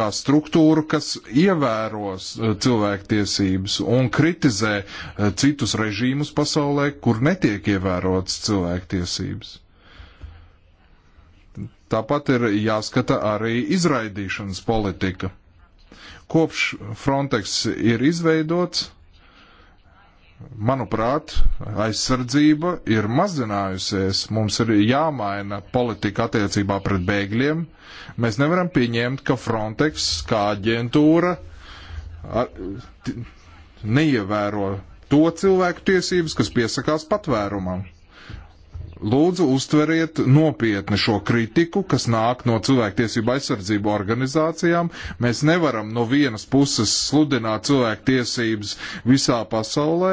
kā struktūru, kas ievēros eh, cilvēktiesības un kritizē eh, citus režīmus pasaulē, kur netiek ievērotas cilvēktiesības? Tāpat ir jāskata arī izraidīšanas politika. Kopš Frontex ir izveidots, manuprāt, aizsardzība ir mazinājusies. Mums ir jāmaina politika attiecībā pret bēgļiem. Mēs nevaram pieņemt, ka Frontex kā aģentūra neievēro to cilvēku tiesības, kas piesakās patvērumam. Lūdzu, uztveriet nopietni šo kritiku, kas nāk no cilvēktiesību aizsardzību organizācijām. Mēs nevaram no vienas puses sludināt cilvēktiesības visā pasaulē,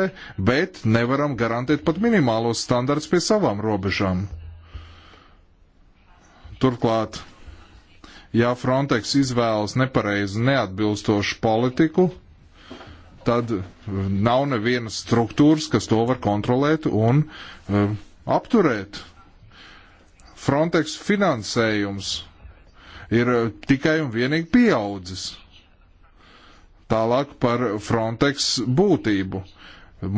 bet nevaram garantēt pat minimālos standarts pie savām robežām. Turklāt, ja Frontex izvēlas nepareizi neatbilstošu politiku, tad nav nevienas struktūras, kas to var kontrolēt un uh, apturēt. Frontex finansējums ir eh, tikai un vienīgi pieaudzis. Tālāk par Frontex būtību.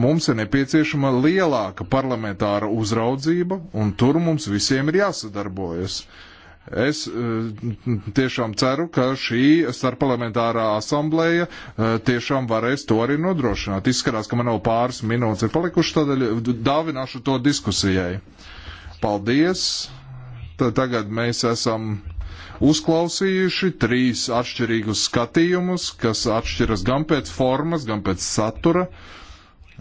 Mums ir nepieciešama lielāka parlamentāra uzraudzība, un tur mums visiem ir jāsadarbojas. Uh, Es eh, tiešām ceru, ka šī starpparlamentārā asambleja eh, tiešām varēs to arī nodrošināt. Izskatās, ka man vēl pāris minūtes ir palikušas, tādēļ dāvināšu to diskusijai. Paldies! Tad tagad mēs esam uzklausījuši trīs atšķirīgus skatījumus, kas atšķiras gan pēc formas, gan pēc satura. Uh,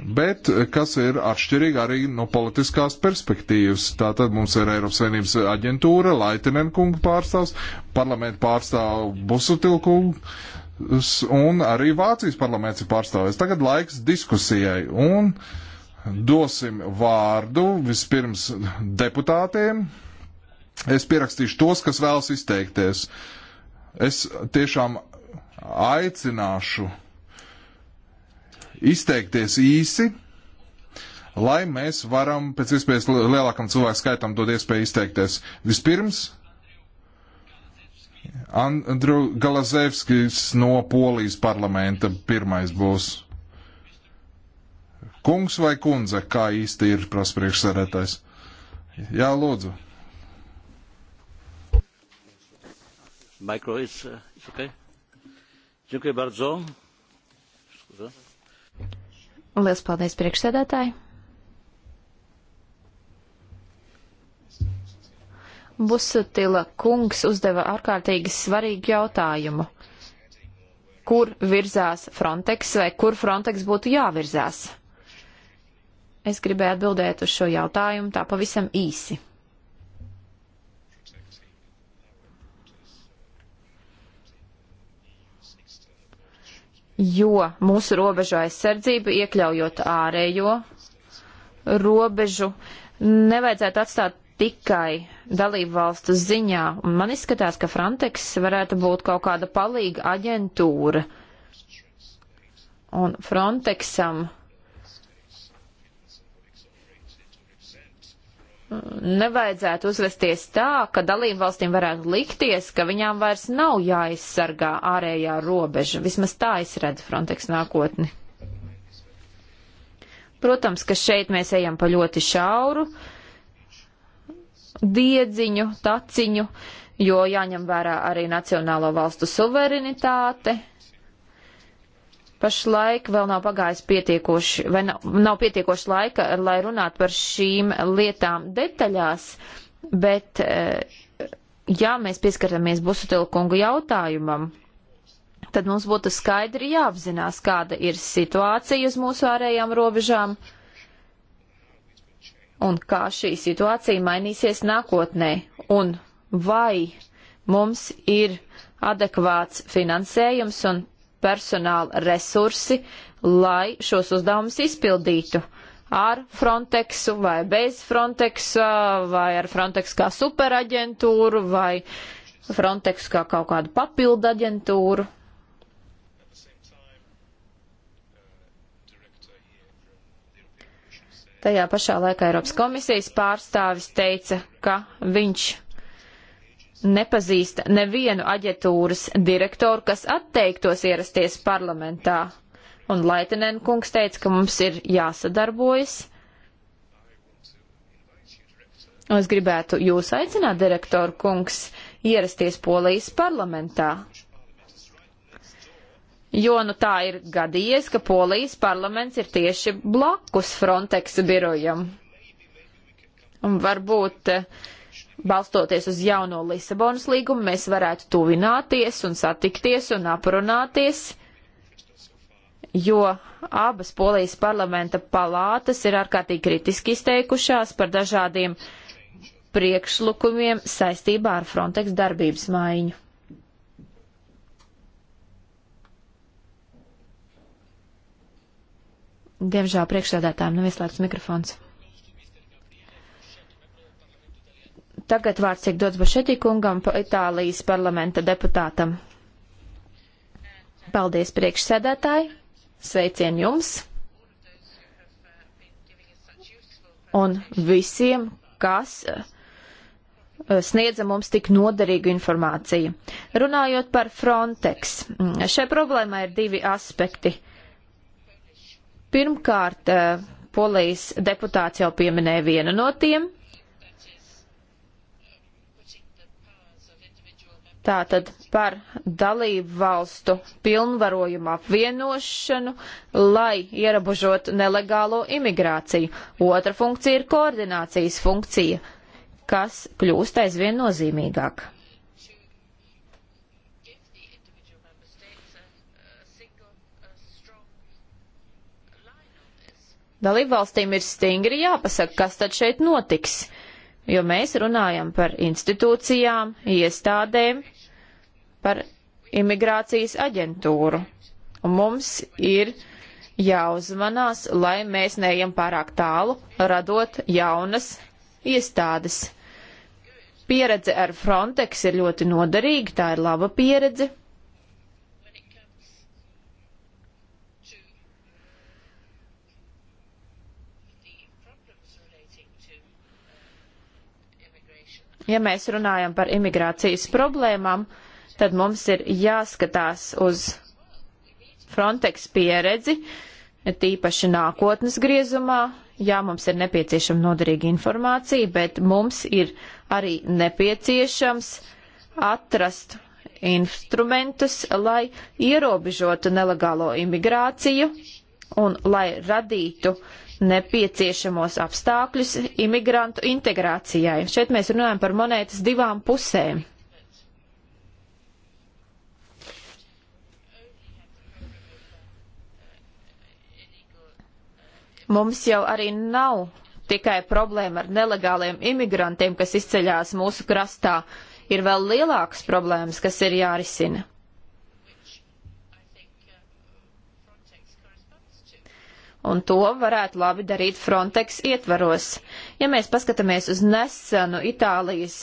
Bet eh, kas ir atšķirīgi arī no politiskās perspektīvas? Tātad mums ir Eiropas Savienības aģentūra, Laitinenkunga pārstāvs, parlamenta pārstāv Busutilkungs un arī Vācijas parlaments ir pārstāvies. Tagad laiks diskusijai un dosim vārdu vispirms deputātiem. Es pierakstīšu tos, kas vēlas izteikties. Es tiešām aicināšu izteikties īsi, lai mēs varam pēc iespējas lielākam cilvēku skaitam dot iespēju izteikties. Vispirms Andru Galazevskis no Polijas parlamenta pirmais būs. Kungs vai kundze, kā īsti ir praspriekšsarētais? Jā, lūdzu. Mikro is, uh, is okay. Dziękuję bardzo. Lielas paldies priekšsēdētāji! Busutila kungs uzdeva ārkārtīgi svarīgu jautājumu. Kur virzās Frontex vai kur Frontex būtu jāvirzās? Es gribēju atbildēt uz šo jautājumu tā pavisam īsi. jo mūsu robežu aizsardzība, iekļaujot ārējo robežu, nevajadzētu atstāt tikai dalību valstu ziņā. Un man izskatās, ka Frontex varētu būt kaut kāda palīga aģentūra. Un Frontexam nevajadzētu uzvesties tā, ka dalību valstīm varētu likties, ka viņām vairs nav jāaizsargā ārējā robeža. Vismaz tā es redzu Frontex nākotni. Protams, ka šeit mēs ejam pa ļoti šauru diedziņu, taciņu, jo jāņem vērā arī nacionālo valstu suverenitāte, Pašlaik vēl nav pagājis pietiekoši, vai nav, nav pietiekoši laika, lai runātu par šīm lietām detaļās, bet, eh, ja mēs pieskaramies Busutilkungu jautājumam, tad mums būtu skaidri jāapzinās, kāda ir situācija uz mūsu ārējām robežām un kā šī situācija mainīsies nākotnē, un vai mums ir adekvāts finansējums un personāla resursi, lai šos uzdevumus izpildītu ar Frontexu vai bez Frontexa, vai ar Frontex kā superaģentūru, vai Frontex kā kaut kādu papildu aģentūru. Tajā pašā laikā Eiropas komisijas pārstāvis teica, ka viņš nepazīst nevienu aģentūras direktoru, kas atteiktos ierasties parlamentā. Un Laitinen kungs teica, ka mums ir jāsadarbojas. Un es gribētu jūs aicināt, direktoru kungs, ierasties Polijas parlamentā. Jo nu tā ir gadījies, ka Polijas parlaments ir tieši blakus Frontex birojam. Un varbūt uh, balstoties uz jauno Lisabonas līgumu, mēs varētu tuvināties un satikties un aprunāties, jo abas polijas parlamenta palātas ir ārkārtīgi kritiski izteikušās par dažādiem priekšlikumiem saistībā ar Frontex darbības maiņu. Diemžēl priekšsēdētājiem nav ieslēgts mikrofons. Tagad vārds tiek dots Bašetī kungam, Itālijas parlamenta deputātam. Paldies priekšsēdētāji, sveicien jums un visiem, kas eh, sniedza mums tik noderīgu informāciju. Runājot par Frontex, mm, šai problēmai ir divi aspekti. Pirmkārt, eh, polijas deputāts jau pieminēja vienu no tiem Tātad par dalību valstu pilnvarojumu apvienošanu, lai ierobežotu nelegālo imigrāciju. Otra funkcija ir koordinācijas funkcija, kas kļūst aizvien nozīmīgāk. Dalībvalstīm ir stingri jāpasaka, kas tad šeit notiks. Uh, jo mēs runājam par institūcijām, iestādēm, par imigrācijas aģentūru. Un mums ir jāuzmanās, lai mēs neejam pārāk tālu, radot jaunas iestādes. Pieredze ar Frontex ir ļoti noderīga, tā ir laba pieredze, Ja mēs runājam par imigrācijas problēmām, tad mums ir jāskatās uz Frontex pieredzi, tīpaši nākotnes griezumā. Jā, mums ir nepieciešama noderīga informācija, bet mums ir arī nepieciešams atrast instrumentus, lai ierobežotu nelegālo imigrāciju un lai radītu uh, nepieciešamos apstākļus imigrantu integrācijai. Šeit mēs runājam par monētas divām pusēm. Mums jau arī nav tikai problēma ar nelegāliem imigrantiem, kas izceļās mūsu krastā. Ir vēl lielākas problēmas, kas ir jārisina. un to varētu labi darīt Frontex ietvaros. Ja mēs paskatāmies uz nesenu Itālijas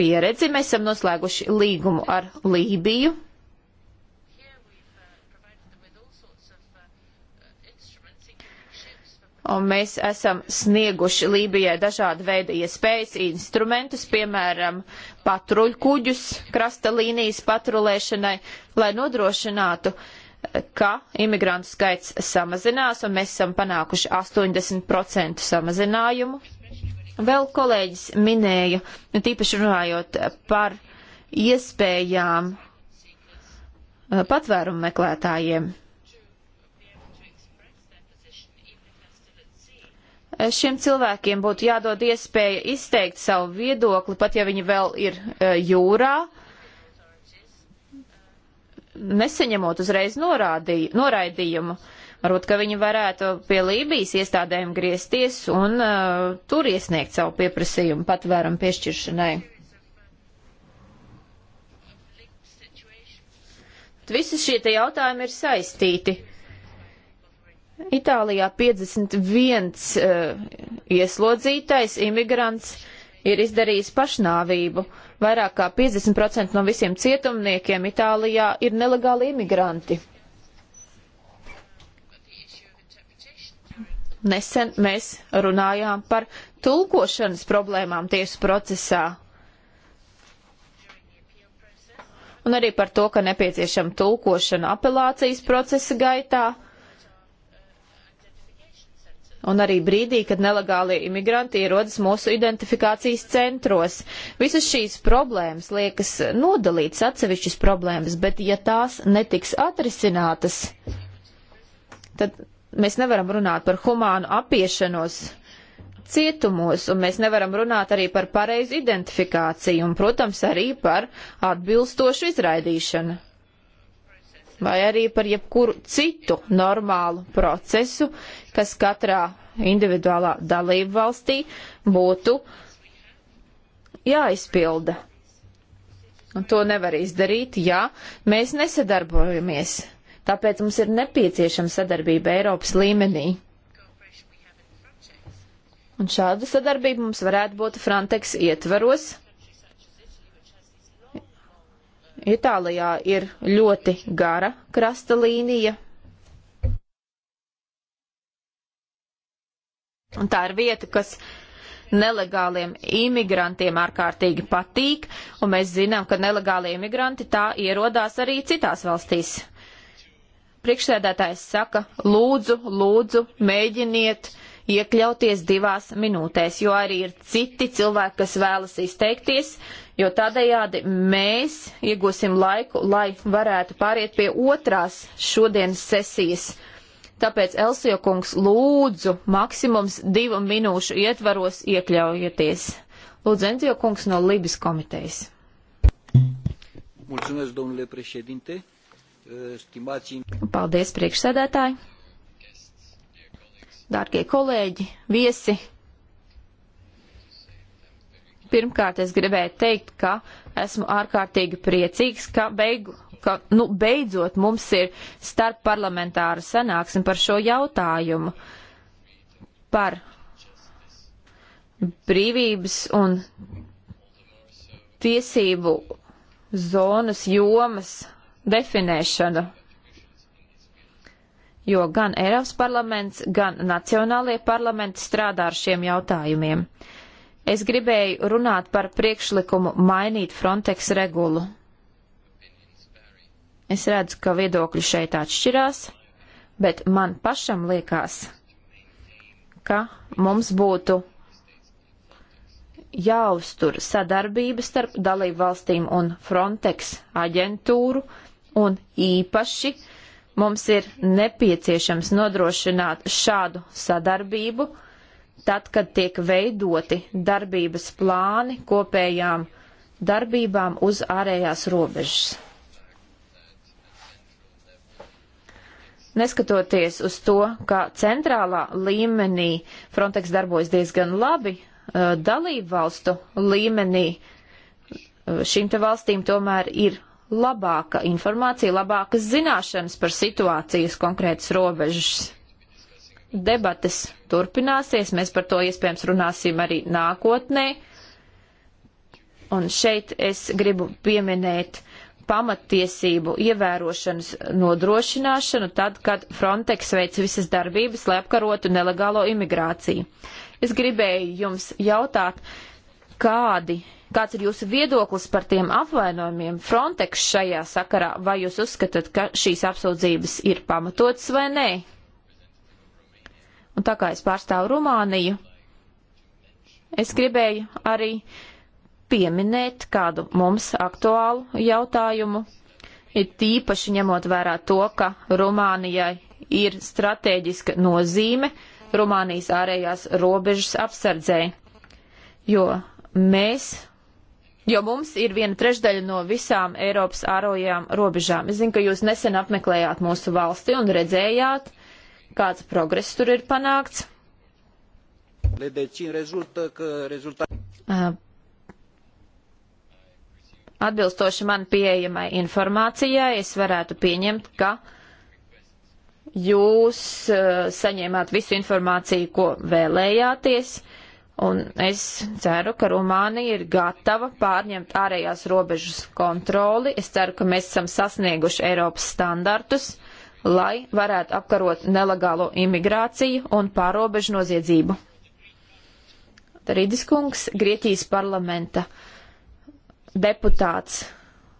pieredzi, mēs esam noslēguši līgumu ar Lībiju. Un mēs esam snieguši Lībijai dažādu veidu iespējas, instrumentus, piemēram, patruļkuģus, krasta līnijas patrulēšanai, lai nodrošinātu, uh, ka imigrantu skaits samazinās, un mēs esam panākuši 80% samazinājumu. Vēl kolēģis minēja, nu, tīpaši runājot par iespējām eh, patvērumu meklētājiem. Eh, šiem cilvēkiem būtu jādod iespēja izteikt savu viedokli, pat ja viņi vēl ir eh, jūrā, nesaņemot uzreiz norādīju, noraidījumu. Varbūt, ka viņi varētu pie Lībijas iestādēm griezties un uh, tur iesniegt savu pieprasījumu patvērumu piešķiršanai. Visi šie jautājumi ir saistīti. Itālijā 51 uh, ieslodzītais imigrants ir izdarījis pašnāvību. Vairāk kā 50% no visiem cietumniekiem Itālijā ir nelegāli imigranti. Nesen mēs runājām par tulkošanas problēmām tiesu procesā. Un arī par to, ka nepieciešama tulkošana apelācijas procesa gaitā un arī brīdī, kad nelegālie imigranti ierodas mūsu identifikācijas centros. Visas šīs problēmas liekas nodalītas atsevišķas problēmas, bet ja tās netiks atrisinātas, tad mēs nevaram runāt par humānu apiešanos cietumos, un mēs nevaram runāt arī par pareizu identifikāciju, un, protams, arī par atbilstošu izraidīšanu vai arī par jebkuru citu normālu procesu, kas katrā individuālā dalību valstī būtu jāizpilda. Un to nevar izdarīt, ja mēs nesadarbojamies. Tāpēc mums ir nepieciešama sadarbība Eiropas līmenī. Un šāda sadarbība mums varētu būt Frontex ietvaros, Itālijā ir ļoti gara krasta līnija. Un tā ir vieta, kas nelegāliem imigrantiem ārkārtīgi patīk, un mēs zinām, ka nelegāli imigranti tā ierodās arī citās valstīs. Priekšsēdētājs saka, lūdzu, lūdzu, mēģiniet iekļauties divās minūtēs, jo arī ir citi cilvēki, kas vēlas izteikties, jo tādējādi mēs iegūsim laiku, lai varētu pāriet pie otrās šodienas sesijas. Tāpēc, Elsijo kungs, lūdzu, maksimums divu minūšu ietvaros iekļaujieties. Lūdzu, Enzio kungs no Libijas komitejas. Mulțumesc, domnule președinte, stimați... Paldies, priekšsēdētāji! Dārgie kolēģi, viesi, Pirmkārt, es gribēju teikt, ka esmu ārkārtīgi priecīgs, ka, beigu, ka nu, beidzot mums ir starpparlamentāra sanāksme par šo jautājumu par brīvības un tiesību zonas jomas definēšanu. Jo gan Eiropas parlaments, gan nacionālie parlamenti strādā ar šiem jautājumiem. Uh, Es gribēju runāt par priekšlikumu mainīt Frontex regulu. Es redzu, ka viedokļi šeit atšķirās, bet man pašam liekas, ka mums būtu jāuztur sadarbība starp dalību valstīm un Frontex aģentūru, un īpaši mums ir nepieciešams nodrošināt šādu sadarbību, uh, tad, kad tiek veidoti darbības plāni kopējām darbībām uz ārējās robežas. Neskatoties uz to, ka centrālā līmenī Frontex darbojas diezgan labi, eh, dalību valstu līmenī eh, šīm te valstīm tomēr ir labāka informācija, labākas zināšanas par situācijas konkrētas robežas debates turpināsies, mēs par to iespējams runāsim arī nākotnē. Un šeit es gribu pieminēt pamattiesību ievērošanas nodrošināšanu tad, kad Frontex veic visas darbības, lai apkarotu nelegālo imigrāciju. Es gribēju jums jautāt, kādi, kāds ir jūsu viedoklis par tiem apvainojumiem Frontex šajā sakarā, vai jūs uzskatāt, ka šīs apsūdzības ir pamatotas vai nē? Un tā kā es pārstāvu Rumāniju, es gribēju arī pieminēt kādu mums aktuālu jautājumu, ir tīpaši ņemot vērā to, ka Rumānijai ir strateģiska nozīme Rumānijas ārējās robežas apsardzē, jo mēs, jo mums ir viena trešdaļa no visām Eiropas ārējām robežām. Es zinu, ka jūs nesen apmeklējāt mūsu valsti un redzējāt, uh, kāds progress tur ir panākts. Atbilstoši man pieejamai informācijai, es varētu pieņemt, ka jūs saņēmāt visu informāciju, ko vēlējāties, un es ceru, ka Rumānija ir gatava pārņemt ārējās robežas kontroli. Es ceru, ka mēs esam sasnieguši Eiropas standartus lai varētu apkarot nelegālo imigrāciju un pārobežu noziedzību. Rīdis kungs, Grieķijas parlamenta deputāts.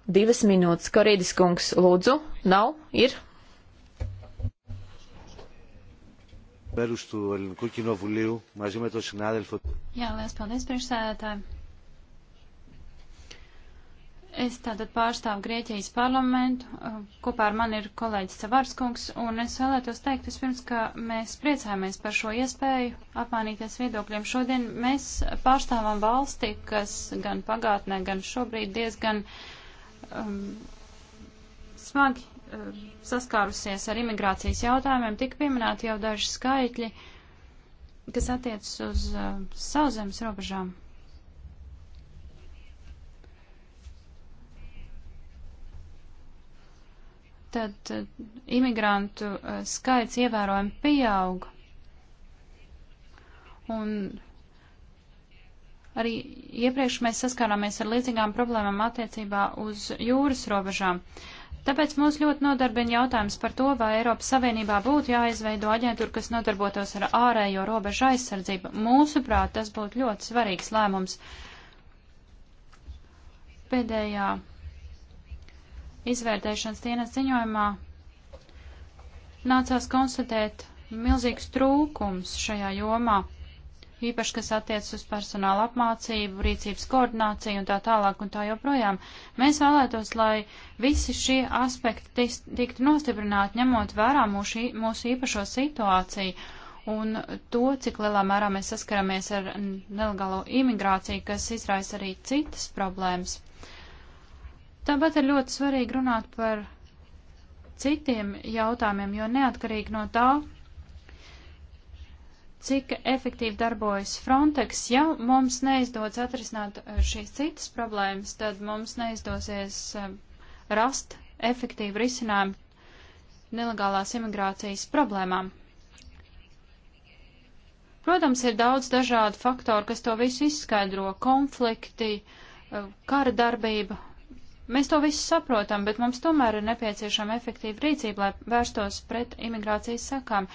Divas minūtes. Korīdis kungs, lūdzu. Nav? Ir? Jā, liels paldies priekšsēdētāji. Es tātad pārstāvu Grieķijas parlamentu, uh, kopā ar mani ir kolēģis Cavarskungs, un es vēlētos teikt vispirms, ka mēs priecājamies par šo iespēju apmainīties viedokļiem. Šodien mēs pārstāvam valsti, kas gan pagātnē, gan šobrīd diezgan um, smagi um, saskārusies ar imigrācijas jautājumiem. Tik pieminēti jau daži skaitļi, kas attiecas uz uh, sauzemes robežām. tad imigrantu uh, skaits ievērojami pieauga. Un arī iepriekš mēs saskārāmies ar līdzīgām problēmām attiecībā uz jūras robežām. Tāpēc mūs ļoti nodarbina jautājums par to, vai Eiropas Savienībā būtu jāizveido aģentūra, kas nodarbotos ar ārējo robežu aizsardzību. Mūsuprāt, tas būtu ļoti svarīgs lēmums. Pēdējā izvērtēšanas dienas ziņojumā nācās konstatēt milzīgs trūkums šajā jomā, īpaši, kas attiec uz personāla apmācību, rīcības koordināciju un tā tālāk un tā joprojām. Mēs vēlētos, lai visi šie aspekti tiktu nostiprināti, ņemot vērā mūsu, mūsu īpašo situāciju un to, cik lielā mērā mēs saskaramies ar nelegālo imigrāciju, kas izraisa arī citas problēmas. Tāpat ir ļoti svarīgi runāt par citiem jautājumiem, jo neatkarīgi no tā, cik efektīvi darbojas Frontex, ja mums neizdodas atrisināt eh, šīs citas problēmas, tad mums neizdosies eh, rast efektīvu risinājumu nelegālās imigrācijas problēmām. Protams, ir daudz dažādu faktoru, kas to visu izskaidro - konflikti, eh, kara darbība Mēs to visu saprotam, bet mums tomēr ir nepieciešama efektīva rīcība, lai vērstos pret imigrācijas sakām.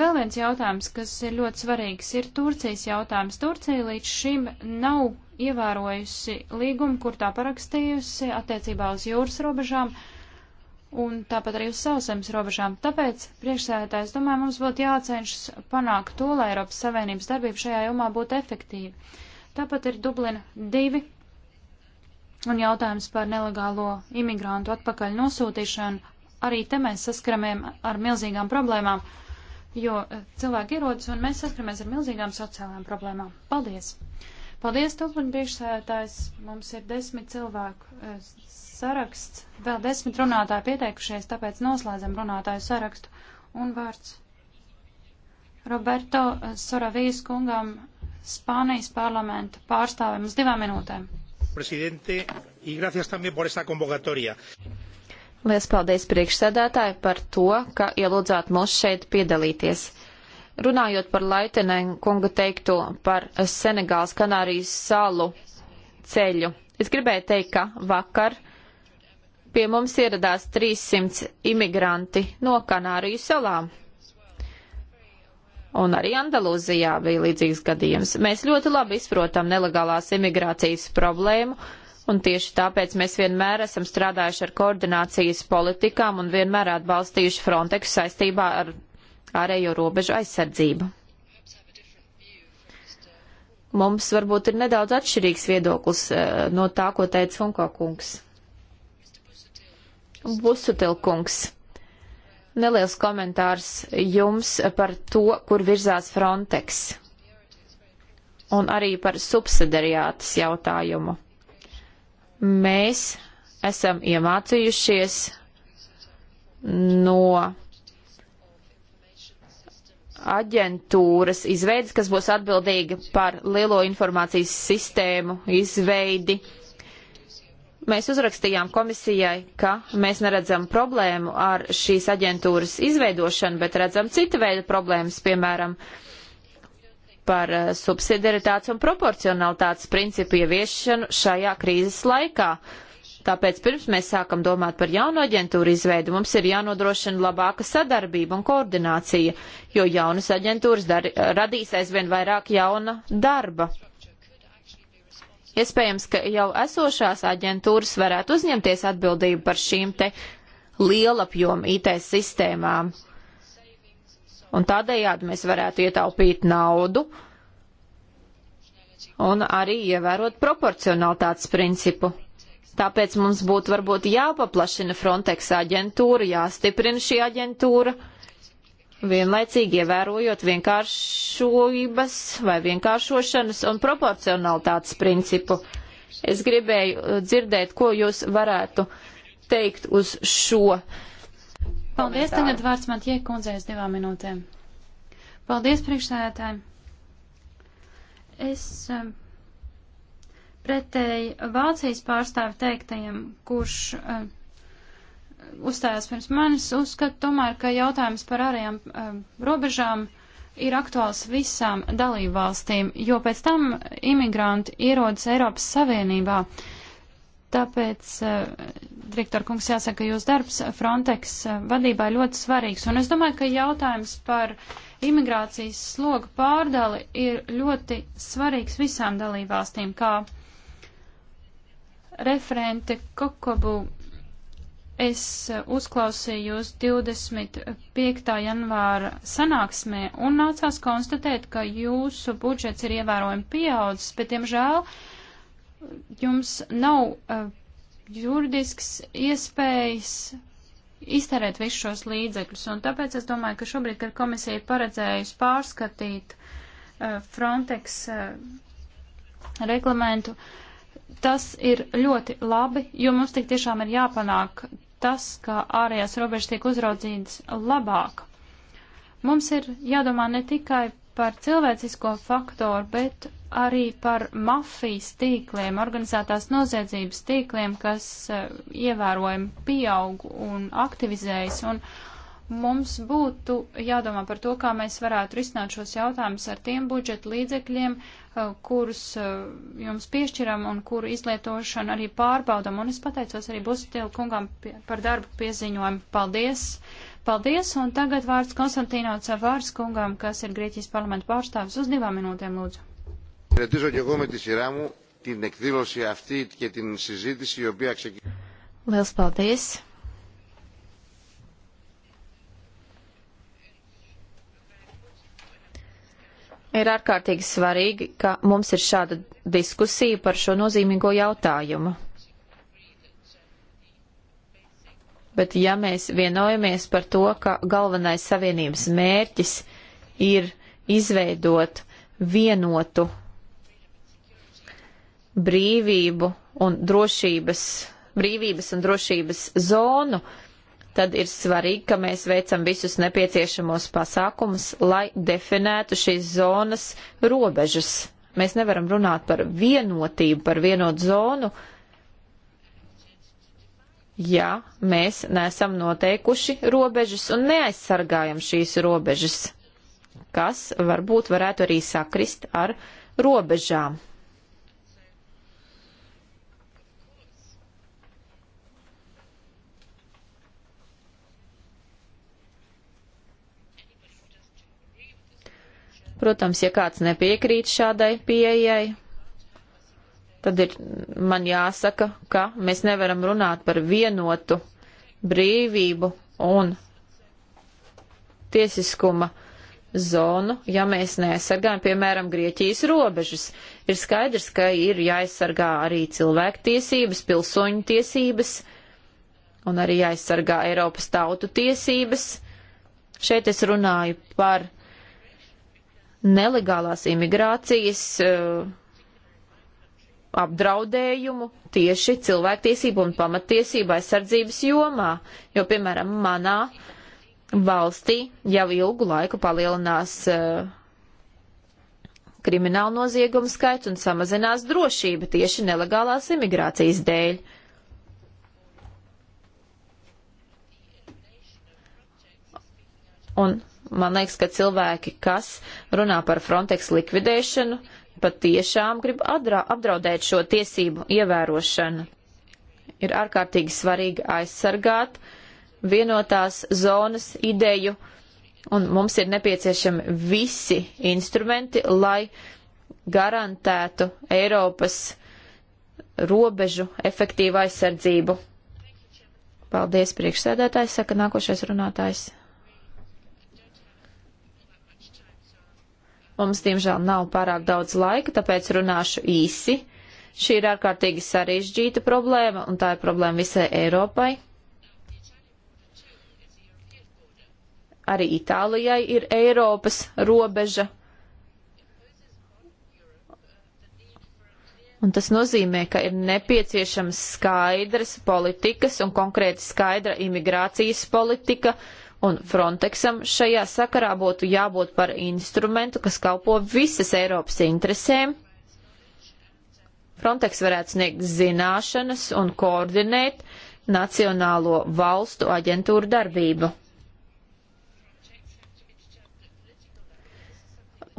Vēl viens jautājums, kas ir ļoti svarīgs, ir Turcijas jautājums. Turcija līdz šim nav ievērojusi līgumu, kur tā parakstījusi attiecībā uz jūras robežām un tāpat arī uz sausemes robežām. Tāpēc, priekšsēdētājs, domāju, mums būtu jācenšas panākt to, lai Eiropas Savienības darbība šajā jomā būtu efektīva. Tāpat ir Dublina 2 un jautājums par nelegālo imigrantu atpakaļ nosūtīšanu, arī te mēs saskaramies ar milzīgām problēmām, jo eh, cilvēki ierodas un mēs saskaramies ar milzīgām sociālām problēmām. Paldies! Paldies, Tupun priekšsēdētājs. Mums ir desmit cilvēku eh, saraksts, vēl desmit runātāji pieteikušies, tāpēc noslēdzam runātāju sarakstu. Un vārds Roberto eh, Soravijas kungam Spānijas parlamenta pārstāvim uz divām minūtēm presidente, y gracias también por esta convocatoria. Lielas paldies priekšsēdētāji par to, ka ielūdzāt mūs šeit piedalīties. Runājot par Laitenen kunga teikto par Senegāls Kanārijas salu ceļu, es gribēju teikt, ka vakar pie mums ieradās 300 imigranti no Kanāriju salām. Un arī Andalūzijā bija līdzīgs gadījums. Mēs ļoti labi izprotam nelegālās imigrācijas problēmu, un tieši tāpēc mēs vienmēr esam strādājuši ar koordinācijas politikām un vienmēr atbalstījuši Frontex saistībā ar ārējo robežu aizsardzību. Mums varbūt ir nedaudz atšķirīgs viedoklis eh, no tā, ko teica Funko kungs. Busutil kungs neliels komentārs jums par to, kur virzās Frontex un arī par subsidariātas jautājumu. Mēs esam iemācījušies no aģentūras izveidas, kas būs atbildīga par lielo informācijas sistēmu izveidi, uh, Mēs uzrakstījām komisijai, ka mēs neredzam problēmu ar šīs aģentūras izveidošanu, bet redzam cita veida problēmas, piemēram, par eh, subsidiaritātes un proporcionalitātes principu ieviešanu šajā krīzes laikā. Tāpēc pirms mēs sākam domāt par jaunu aģentūru izveidu, mums ir jānodrošina labāka sadarbība un koordinācija, jo jaunas aģentūras dar, radīs aizvien vairāk jauna darba. Iespējams, ka jau esošās aģentūras varētu uzņemties atbildību par šīm te lielapjomu IT sistēmām. Un tādējādi mēs varētu ietaupīt naudu un arī ievērot proporcionalitātes principu. Tāpēc mums būtu varbūt jāpaplašina Frontex aģentūra, jāstiprina šī aģentūra vienlaicīgi ievērojot vienkāršoības vai vienkāršošanas un proporcionalitātes principu. Es gribēju uh, dzirdēt, ko jūs varētu teikt uz šo. Paldies, komentāru. tagad vārds man tiek kundzēs divām minūtēm. Paldies, priekšsēdētāji. Es um, pretēji Vācijas pārstāvi teiktajam, kurš um, uzstājās pirms manis, uzskata tomēr, ka jautājums par ārējām um, robežām ir aktuāls visām dalībvalstīm, jo pēc tam imigranti ierodas Eiropas Savienībā. Tāpēc, uh, direktor kungs, jāsaka, jūs darbs Frontex uh, vadībā ļoti svarīgs. Un es domāju, ka jautājums par imigrācijas slogu pārdali ir ļoti svarīgs visām dalībvalstīm, kā referente Kokobu Es uzklausīju jūs 25. janvāra sanāksmē un nācās konstatēt, ka jūsu budžets ir ievērojami pieaudzis, bet, diemžēl, jums nav uh, juridisks iespējas iztērēt visus šos līdzekļus. Un tāpēc es domāju, ka šobrīd, kad komisija ir paredzējusi pārskatīt uh, Frontex uh, reglamentu, tas ir ļoti labi, jo mums tik tiešām ir jāpanāk tas, ka ārējās robežas tiek uzraudzītas labāk. Mums ir jādomā ne tikai par cilvēcisko faktoru, bet arī par mafijas tīkliem, organizētās noziedzības tīkliem, kas e, ievērojami pieaug un aktivizējas. Un mums būtu jādomā par to, kā mēs varētu risināt šos jautājumus ar tiem budžeta līdzekļiem, Uh, kurus uh, jums piešķiram un kuru izlietošanu arī pārbaudam. Un es pateicos arī Busutila kungam par darbu pieziņojumu. Paldies! Paldies! Un tagad vārds Konstantīno Cavārs kungam, kas ir Grieķijas parlamenta pārstāvis uz divām minūtēm, lūdzu. Liels paldies! ir ārkārtīgi svarīgi, ka mums ir šāda diskusija par šo nozīmīgo jautājumu. Bet ja mēs vienojamies par to, ka galvenais savienības mērķis ir izveidot vienotu brīvību un drošības, brīvības un drošības zonu, uh, tad ir svarīgi, ka mēs veicam visus nepieciešamos pasākumus, lai definētu šīs zonas robežas. Mēs nevaram runāt par vienotību, par vienotu zonu, ja mēs nesam noteikuši robežas un neaizsargājam šīs robežas, kas varbūt varētu arī sakrist ar robežām. Protams, ja kāds nepiekrīt šādai pieejai, tad ir man jāsaka, ka mēs nevaram runāt par vienotu brīvību un tiesiskuma zonu, ja mēs neaizsargājam, piemēram, Grieķijas robežas. Ir skaidrs, ka ir jāaizsargā arī cilvēktiesības, pilsoņu tiesības un arī jāaizsargā Eiropas tautu tiesības. Šeit es runāju par nelegālās imigrācijas eh, apdraudējumu tieši cilvēktiesību un pamatiesību aizsardzības jomā, jo, piemēram, manā valstī jau ilgu laiku palielinās uh, kriminālu noziegumu skaits un samazinās drošība tieši nelegālās imigrācijas dēļ. Un man liekas, ka cilvēki, kas runā par Frontex likvidēšanu, patiešām grib atrā, apdraudēt šo tiesību ievērošanu. Ir ārkārtīgi svarīgi aizsargāt vienotās zonas ideju, un mums ir nepieciešami visi instrumenti, lai garantētu Eiropas robežu efektīvu aizsardzību. Paldies, priekšsēdētājs, saka nākošais runātājs. Mums, diemžēl, nav pārāk daudz laika, tāpēc runāšu īsi. Šī ir ārkārtīgi sarežģīta problēma, un tā ir problēma visai Eiropai. Arī Itālijai ir Eiropas robeža. Un tas nozīmē, ka ir nepieciešams skaidrs politikas un konkrēti skaidra imigrācijas politika, uh, Un Frontexam šajā sakarā būtu jābūt par instrumentu, kas kalpo visas Eiropas interesēm. Frontex varētu sniegt zināšanas un koordinēt nacionālo valstu aģentūru darbību.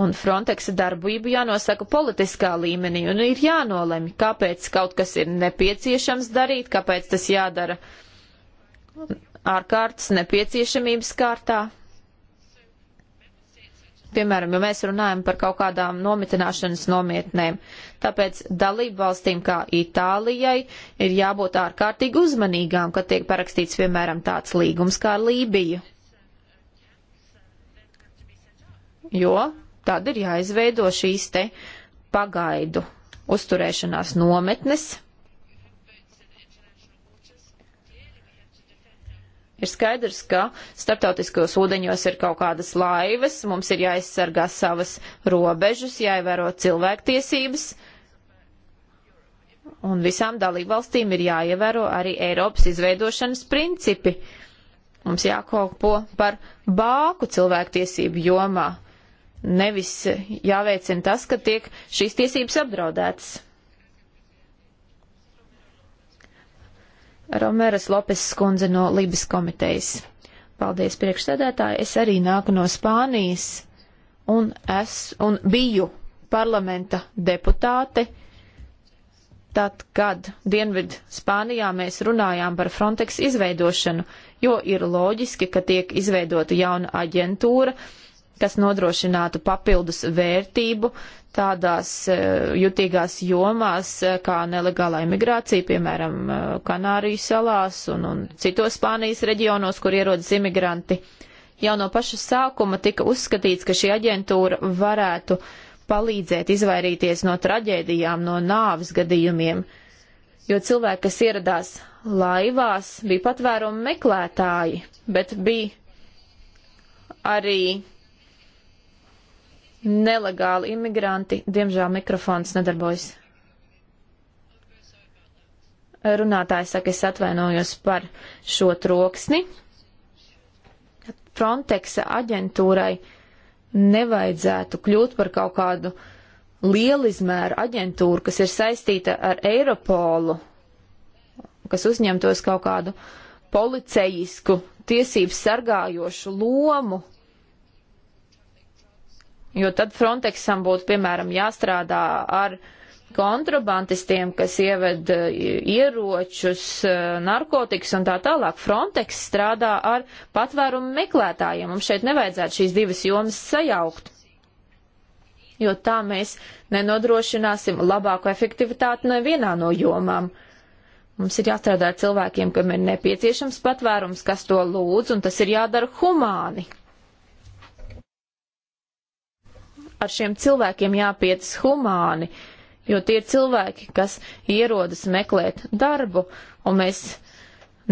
un Frontexa darbību jānosaka politiskā līmenī un ir jānolemj, kāpēc kaut kas ir nepieciešams darīt, kāpēc tas jādara ārkārtas nepieciešamības kārtā. Piemēram, ja mēs runājam par kaut kādām nomitināšanas nomietnēm, tāpēc dalību valstīm kā Itālijai ir jābūt ārkārtīgi uzmanīgām, kad tiek parakstīts, piemēram, tāds līgums kā Lībija. Jo tad ir jāizveido šīs te pagaidu uzturēšanās nometnes, Ir skaidrs, ka starptautiskos ūdeņos ir kaut kādas laivas, mums ir jāaizsargā savas robežas, jāievēro cilvēktiesības, un visām dalībvalstīm ir jāievēro arī Eiropas izveidošanas principi. Mums jākalpo par bāku cilvēktiesību jomā, nevis jāveicina tas, ka tiek šīs tiesības apdraudētas. Romeras Lopes skundze no Libas komitejas. Paldies priekšsēdētāji, es arī nāku no Spānijas un, es, un biju parlamenta deputāte. Tad, kad Dienvid Spānijā mēs runājām par Frontex izveidošanu, jo ir loģiski, ka tiek izveidota jauna aģentūra, uh, kas nodrošinātu papildus vērtību tādās e, jutīgās jomās e, kā nelegālā imigrācija, piemēram, e, Kanāriju salās un, un citos Spānijas reģionos, kur ierodas imigranti. Jau no paša sākuma tika uzskatīts, ka šī aģentūra varētu palīdzēt izvairīties no traģēdijām, no nāvis gadījumiem, jo cilvēki, kas ieradās laivās, bija patvērumu meklētāji, bet bija arī nelegāli imigranti. Diemžēl mikrofons nedarbojas. Runātājs saka, es atvainojos par šo troksni. Frontexa aģentūrai nevajadzētu kļūt par kaut kādu lielizmēru aģentūru, kas ir saistīta ar Eiropolu, kas uzņemtos kaut kādu policeisku tiesību sargājošu lomu Jo tad Frontexam būtu, piemēram, jāstrādā ar kontrabantistiem, kas ieved eh, ieročus, eh, narkotikas un tā tālāk. Frontex strādā ar patvērumu meklētājiem. Mums šeit nevajadzētu šīs divas jomas sajaukt jo tā mēs nenodrošināsim labāku efektivitāti nevienā no jomām. Mums ir jāstrādā ar cilvēkiem, kam ir nepieciešams patvērums, kas to lūdz, un tas ir jādara humāni. ar šiem cilvēkiem jāpiec humāni, jo tie ir cilvēki, kas ierodas meklēt darbu, un mēs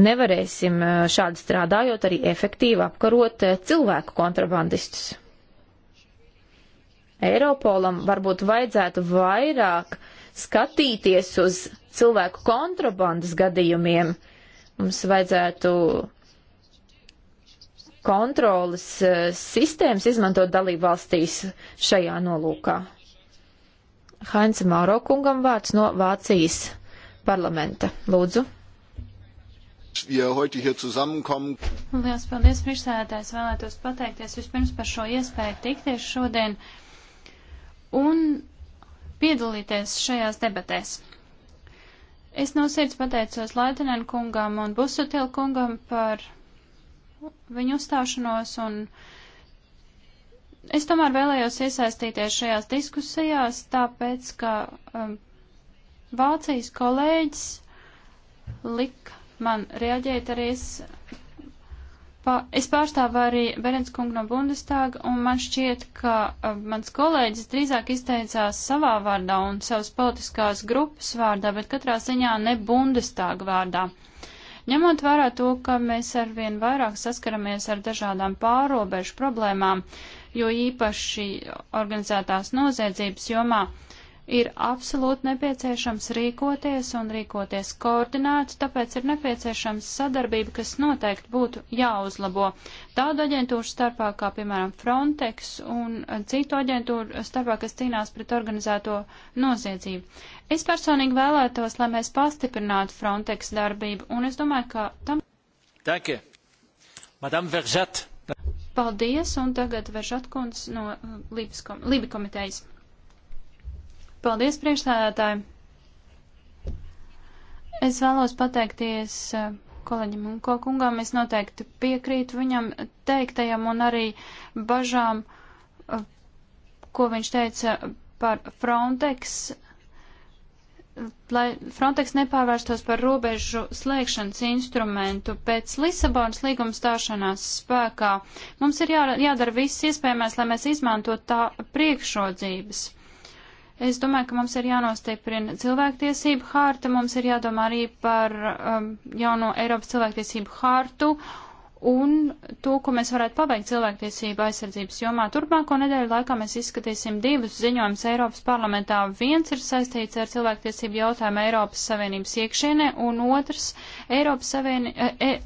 nevarēsim eh, šādi strādājot arī efektīvi apkarot eh, cilvēku kontrabandistus. Eiropolam varbūt vajadzētu vairāk skatīties uz cilvēku kontrabandas gadījumiem. Mums vajadzētu kontrolas eh, sistēmas izmantot dalību valstīs šajā nolūkā. Hainz Mauro kungam vārds no Vācijas parlamenta. Lūdzu. Lielas paldies, priekšsēdētājs. Vēlētos pateikties vispirms par šo iespēju tikties šodien un piedalīties šajās debatēs. Es no sirds pateicos Laitinēn kungam un Busutil kungam par viņu uzstāšanos un es tomēr vēlējos iesaistīties šajās diskusijās, tāpēc, ka um, Vācijas kolēģis lika man reaģēt arī es. Pa, es pārstāvu arī Berens kungu no Bundestāga, un man šķiet, ka uh, mans kolēģis drīzāk izteicās savā vārdā un savas politiskās grupas vārdā, bet katrā ziņā ne Bundestāga vārdā. Uh, Ņemot vērā to, ka mēs arvien vairāk saskaramies ar dažādām pārobežu problēmām, jo īpaši organizētās noziedzības jomā, uh, ir absolūti nepieciešams rīkoties un rīkoties koordinēti, tāpēc ir nepieciešams sadarbība, kas noteikti būtu jāuzlabo. Tādu aģentūru starpā, kā piemēram Frontex un citu aģentūru starpā, kas cīnās pret organizēto noziedzību. Es personīgi vēlētos, lai mēs pastiprinātu Frontex darbību, un es domāju, ka tam. Danke. Madame Veržat. Paldies, un tagad Veržat kundze no uh, Lībijas komitejas. Paldies, priekšstādātāji! Es vēlos pateikties eh, kolēģim un ko kungām. Es noteikti piekrītu viņam teiktajam un arī bažām, eh, ko viņš teica par Frontex, lai Frontex nepārvērstos par robežu slēgšanas instrumentu. Pēc Lisabonas līguma stāšanās spēkā mums ir jā, jādara viss iespējamais, lai mēs izmantotu tā priekšrodzības. Es domāju, ka mums ir jānostiprina cilvēktiesību hārta, mums ir jādomā arī par um, jauno Eiropas cilvēktiesību hārtu un to, ko mēs varētu pabeigt cilvēktiesību aizsardzības jomā. Turpmāko nedēļu laikā mēs izskatīsim divus ziņojumus Eiropas parlamentā. Viens ir saistīts ar cilvēktiesību jautājumu Eiropas Savienības iekšienē, un otrs Eiropas Savienības. E, e,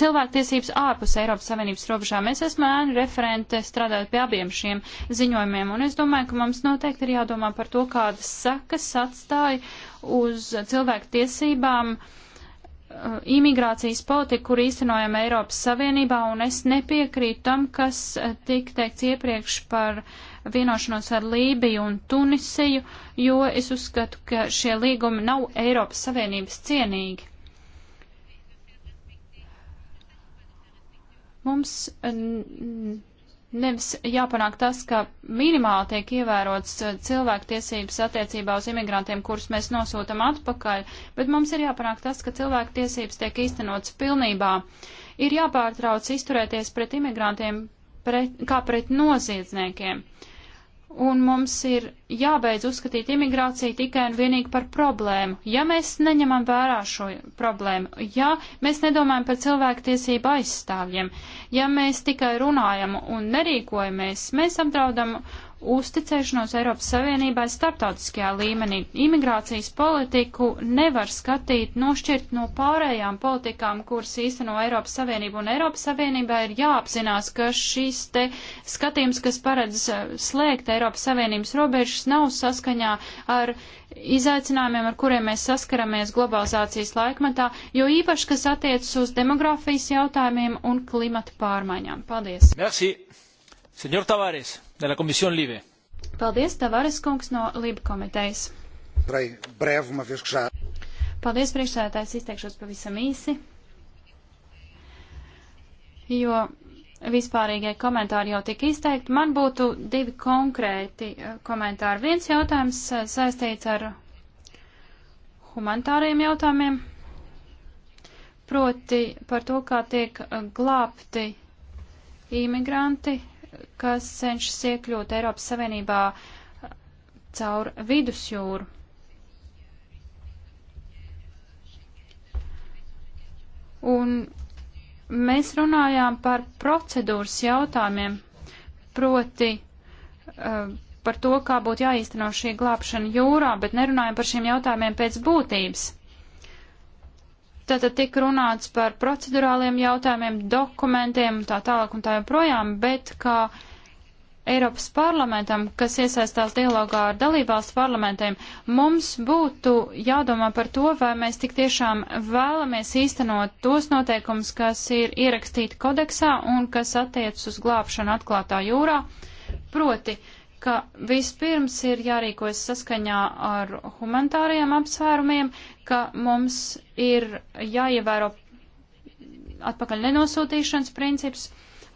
cilvēktiesības ārpus Eiropas Savienības robežām. Es esmu ēnu referente strādājot pie abiem šiem ziņojumiem, un es domāju, ka mums noteikti ir jādomā par to, kādas sekas atstāja uz cilvēktiesībām uh, imigrācijas politiku, kur īstenojam Eiropas Savienībā, un es nepiekrītu tam, kas uh, tika teikts iepriekš par vienošanos ar Lībiju un Tunisiju, jo es uzskatu, ka šie līgumi nav Eiropas Savienības cienīgi. Mums nevis jāpanāk tas, ka minimāli tiek ievērots uh, cilvēktiesības attiecībā uz imigrantiem, kurus mēs nosūtam atpakaļ, bet mums ir jāpanāk tas, ka cilvēktiesības tiek īstenotas pilnībā. Ir jāpārtrauc izturēties pret imigrantiem pret, kā pret noziedzniekiem. Uh, un mums ir jābeidz uzskatīt imigrāciju tikai un vienīgi par problēmu. Ja mēs neņemam vērā šo problēmu, ja mēs nedomājam par cilvēktiesību aizstāvjiem, ja mēs tikai runājam un nerīkojamies, mēs apdraudam uzticēšanos Eiropas Savienībai starptautiskajā līmenī. Imigrācijas politiku nevar skatīt nošķirt no pārējām politikām, kuras īsteno Eiropas Savienību, un Eiropas Savienībai ir jāapzinās, ka šis te skatījums, kas paredz eh, slēgt Eiropas Savienības robežas, nav saskaņā ar izaicinājumiem, ar kuriem mēs saskaramies globalizācijas laikmatā, jo īpaši, kas attiecas uz demografijas jautājumiem un klimata pārmaiņām. Paldies! Merci. Senor Tavares de la Comisión Libe. Paldies, Tavares kungs no Liba komitejas. Paldies, priekšsēdētājs, izteikšos pavisam īsi, jo vispārīgie komentāri jau tika izteikti. Man būtu divi konkrēti eh, komentāri. Viens jautājums eh, saistīts ar humanitāriem jautājumiem, proti par to, kā tiek eh, glābti imigranti kas cenšas iekļūt Eiropas Savienībā uh, caur vidusjūru. Un mēs runājām par procedūras jautājumiem, proti uh, par to, kā būtu jāīsteno šī glābšana jūrā, bet nerunājam par šiem jautājumiem pēc būtības. Tātad tika runāts par procedurāliem jautājumiem, dokumentiem un tā tālāk un tā joprojām, bet kā Eiropas parlamentam, kas iesaistās dialogā ar dalībvalstu parlamentiem, mums būtu jādomā par to, vai mēs tik tiešām vēlamies īstenot tos noteikumus, kas ir ierakstīti kodeksā un kas attiec uz glābšanu atklātā jūrā. Proti, ka vispirms ir jārīkojas saskaņā ar humanitāriem apsvērumiem, ka mums ir jāievēro atpakaļ nenosūtīšanas princips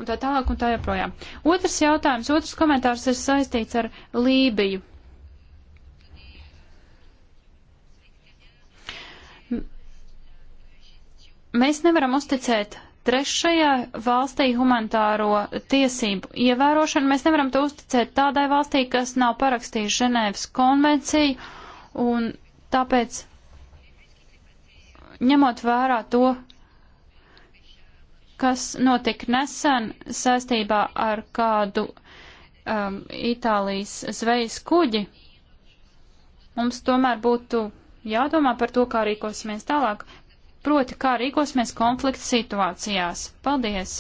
un tā tālāk un tā joprojām. Otrs jautājums, otrs komentārs ir saistīts ar Lībiju. Mēs nevaram uzticēt trešajā valstī humanitāro tiesību ievērošanu. Mēs nevaram to uzticēt tādai valstī, kas nav parakstījusi Ženēvas konvenciju, un tāpēc ņemot vērā to, kas notika nesen saistībā ar kādu um, Itālijas zvejas kuģi, mums tomēr būtu jādomā par to, kā rīkosimies tālāk, proti, kā rīkosimies konflikta situācijās. Paldies!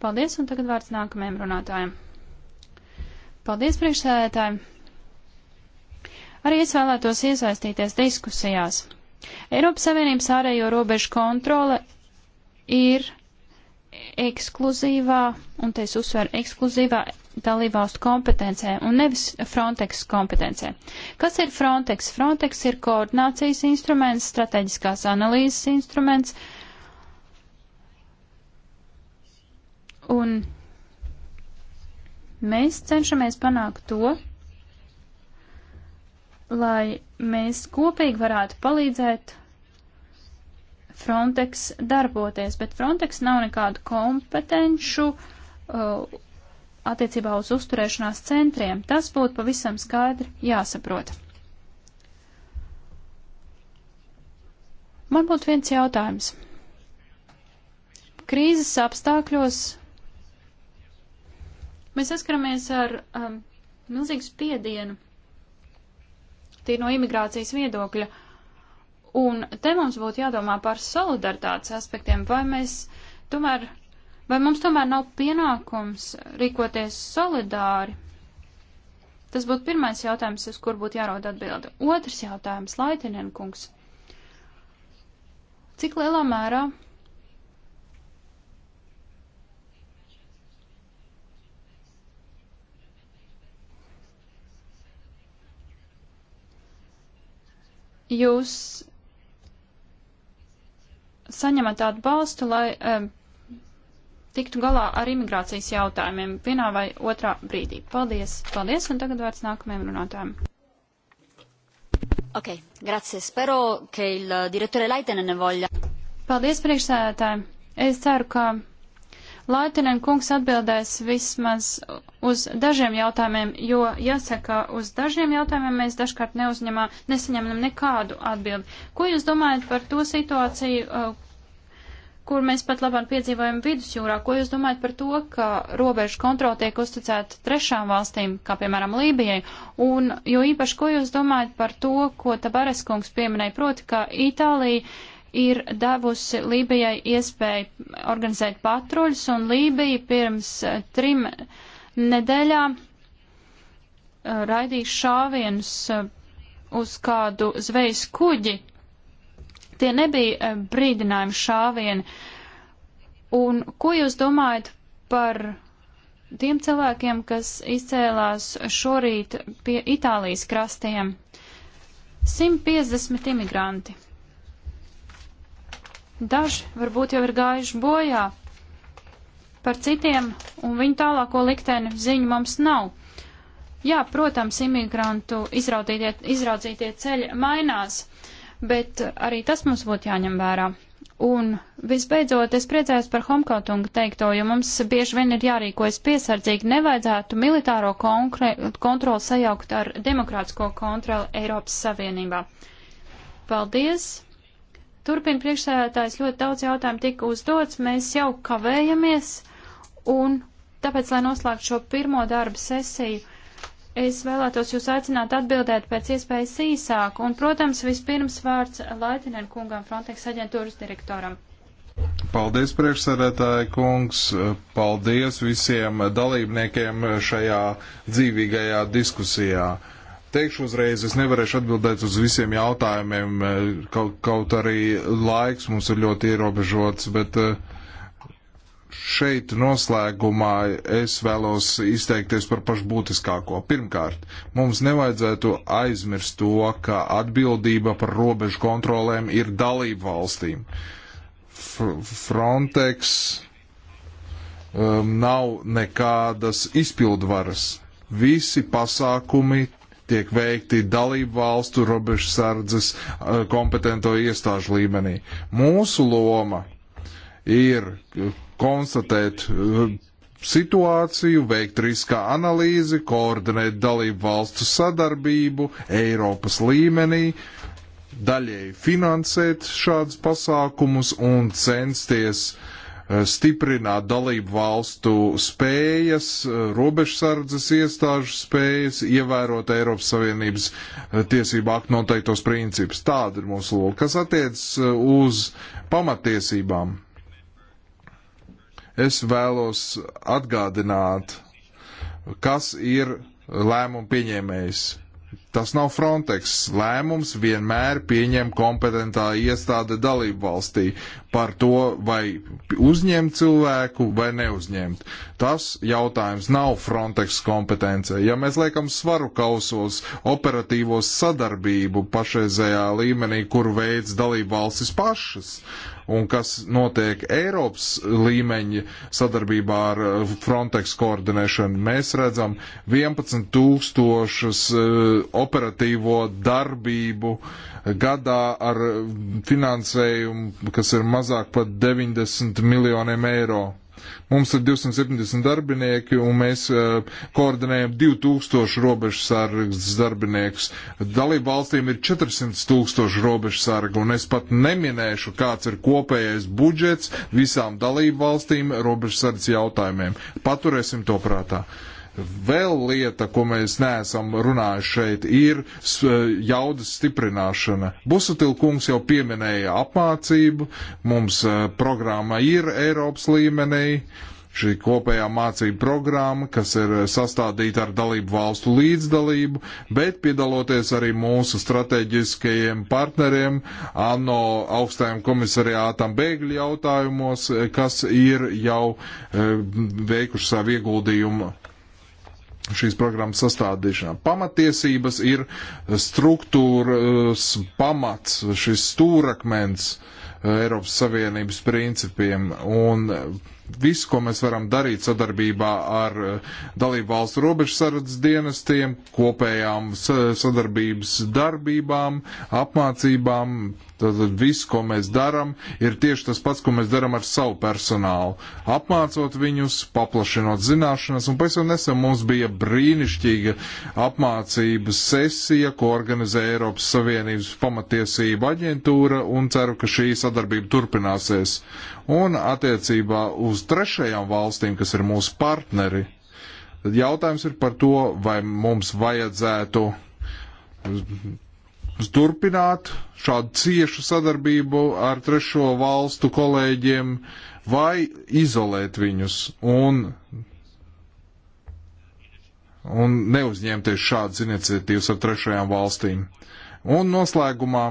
Paldies, un tagad vārds nākamajam runātājam. Paldies, priekšsēdētāji! Arī es vēlētos iesaistīties diskusijās. Eiropas Savienības ārējo robežu kontrole ir ekskluzīvā, un te es uzsveru, ekskluzīvā dalībvalstu kompetencē un nevis Frontex kompetencē. Kas ir Frontex? Frontex ir koordinācijas instruments, strateģiskās analīzes instruments. Un mēs cenšamies panākt to, lai mēs kopīgi varētu palīdzēt Frontex darboties, bet Frontex nav nekādu kompetenšu uh, attiecībā uz uzturēšanās centriem. Tas būtu pavisam skaidri jāsaprot. Man būtu viens jautājums. Krīzes apstākļos mēs saskaramies ar um, milzīgu spiedienu tīri no imigrācijas viedokļa. Un te mums būtu jādomā par solidaritātes aspektiem, vai mēs tomēr, vai mums tomēr nav pienākums rīkoties solidāri. Tas būtu pirmais jautājums, uz kur būtu jārod atbildi. Otrs jautājums, Laitinen kungs. Cik lielā mērā jūs saņemat atbalstu, lai um, tiktu galā ar imigrācijas jautājumiem vienā vai otrā brīdī. Paldies, paldies, un tagad vairs nākamajam runātājam. Ok, grazie, spero, ka il direttore Laitene ne voļa. Paldies, priekšsēdētāji. Es ceru, ka Laitinen kungs atbildēs vismaz uz dažiem jautājumiem, jo jāsaka, uz dažiem jautājumiem mēs dažkārt neuzņemam, nesaņemam nekādu atbildi. Ko jūs domājat par to situāciju, uh, kur mēs pat labāk piedzīvojam vidusjūrā. Ko jūs domājat par to, ka robežu kontrola tiek uzticēta trešām valstīm, kā piemēram Lībijai? Un jo īpaši, ko jūs domājat par to, ko Tabares kungs pieminēja, proti, ka Itālija ir devusi Lībijai iespēju organizēt patruļus, un Lībija pirms eh, trim nedēļām eh, raidīja šāvienus eh, uz kādu zvejas kuģi. Tie nebija brīdinājumi šāvieni. Un ko jūs domājat par tiem cilvēkiem, kas izcēlās šorīt pie Itālijas krastiem? 150 imigranti. Daži varbūt jau ir gājuši bojā par citiem, un viņu tālāko likteni ziņu mums nav. Jā, protams, imigrantu izraudzītie ceļi mainās, bet arī tas mums būtu jāņem vērā. Un visbeidzot, es priecājos par Homkautunga teikto, jo mums bieži vien ir jārīkojas piesardzīgi, nevajadzētu militāro kontroli sajaukt ar demokrātisko kontroli Eiropas Savienībā. Paldies! Turpin priekšsēdētājs ļoti daudz jautājumu tika uzdots, mēs jau kavējamies, un tāpēc, lai noslēgtu šo pirmo darbu sesiju, es vēlētos jūs aicināt atbildēt pēc iespējas īsāk, un, protams, vispirms vārds Laitinen kungam, Frontex aģentūras direktoram. Paldies, priekšsēdētāji kungs, paldies visiem dalībniekiem šajā dzīvīgajā diskusijā. Teikšu uzreiz, es nevarēšu atbildēt uz visiem jautājumiem, eh, kaut, kaut arī laiks mums ir ļoti ierobežots, bet eh, šeit noslēgumā es vēlos izteikties par pašbūtiskāko. Pirmkārt, mums nevajadzētu aizmirst to, ka atbildība par robežu kontrolēm ir dalību valstīm. Fr Frontex um, nav nekādas izpildvaras. Visi pasākumi tiek veikti dalību valstu robežsardzes eh, kompetento iestāžu līmenī. Mūsu loma ir eh, konstatēt eh, situāciju, veikt riska analīzi, koordinēt dalību valstu sadarbību Eiropas līmenī, daļēji finansēt šādus pasākumus un censties uh, Eh, stiprināt dalību valstu spējas, eh, robežsardzes iestāžu spējas, ievērot Eiropas Savienības eh, tiesību aktu noteiktos principus. Tāda ir mūsu lūga. Kas attiecas uz pamatiesībām? Es vēlos atgādināt, kas ir lēmumu pieņēmējs Tas nav Frontex. Lēmums vienmēr pieņem kompetentā iestāde dalību valstī par to, vai uzņemt cilvēku vai neuzņemt. Tas jautājums nav Frontex kompetence. Ja mēs liekam svaru kausos operatīvos sadarbību pašreizējā līmenī, kuru veids dalību valstis pašas, un kas notiek Eiropas līmeņa sadarbībā ar uh, Frontex koordinēšanu, mēs redzam 11 tūkstošus uh, operatīvo darbību gadā ar finansējumu, kas ir mazāk pat 90 miljoniem eiro. Mums ir 270 darbinieki, un mēs uh, koordinējam 2000 robežsargas darbiniekus. Dalību valstīm ir 400 tūkstoši robežsargu, un es pat neminēšu, kāds ir kopējais budžets visām dalību valstīm robežsardas jautājumiem. Paturēsim to prātā. Uh, Vēl lieta, ko mēs neesam runājuši šeit, ir e, jaudas stiprināšana. Busutilkungs jau pieminēja apmācību, mums e, programma ir Eiropas līmenī, šī kopējā mācība programma, kas ir sastādīta ar dalību valstu līdzdalību, bet piedaloties arī mūsu strateģiskajiem partneriem, ANO augstajam komisariātam bēgļu jautājumos, e, kas ir jau veikuši savu ieguldījumu šīs programmas sastādīšanā. Pamatiesības ir struktūras pamats, šis stūrakmens eh, Eiropas Savienības principiem un eh, visu, ko mēs varam darīt sadarbībā ar eh, dalību valstu robežsardzes dienestiem, kopējām sadarbības darbībām, apmācībām, Tātad viss, ko mēs darām, ir tieši tas pats, ko mēs darām ar savu personālu. Apmācot viņus, paplašinot zināšanas, un pēc tam nesen mums bija brīnišķīga apmācības sesija, ko organizē Eiropas Savienības pamatiesība aģentūra, un ceru, ka šī sadarbība turpināsies. Un attiecībā uz trešajām valstīm, kas ir mūsu partneri, tad jautājums ir par to, vai mums vajadzētu turpināt šādu ciešu sadarbību ar trešo valstu kolēģiem vai izolēt viņus un, un neuzņemties šādas iniciatīvas ar trešajām valstīm. Un noslēgumā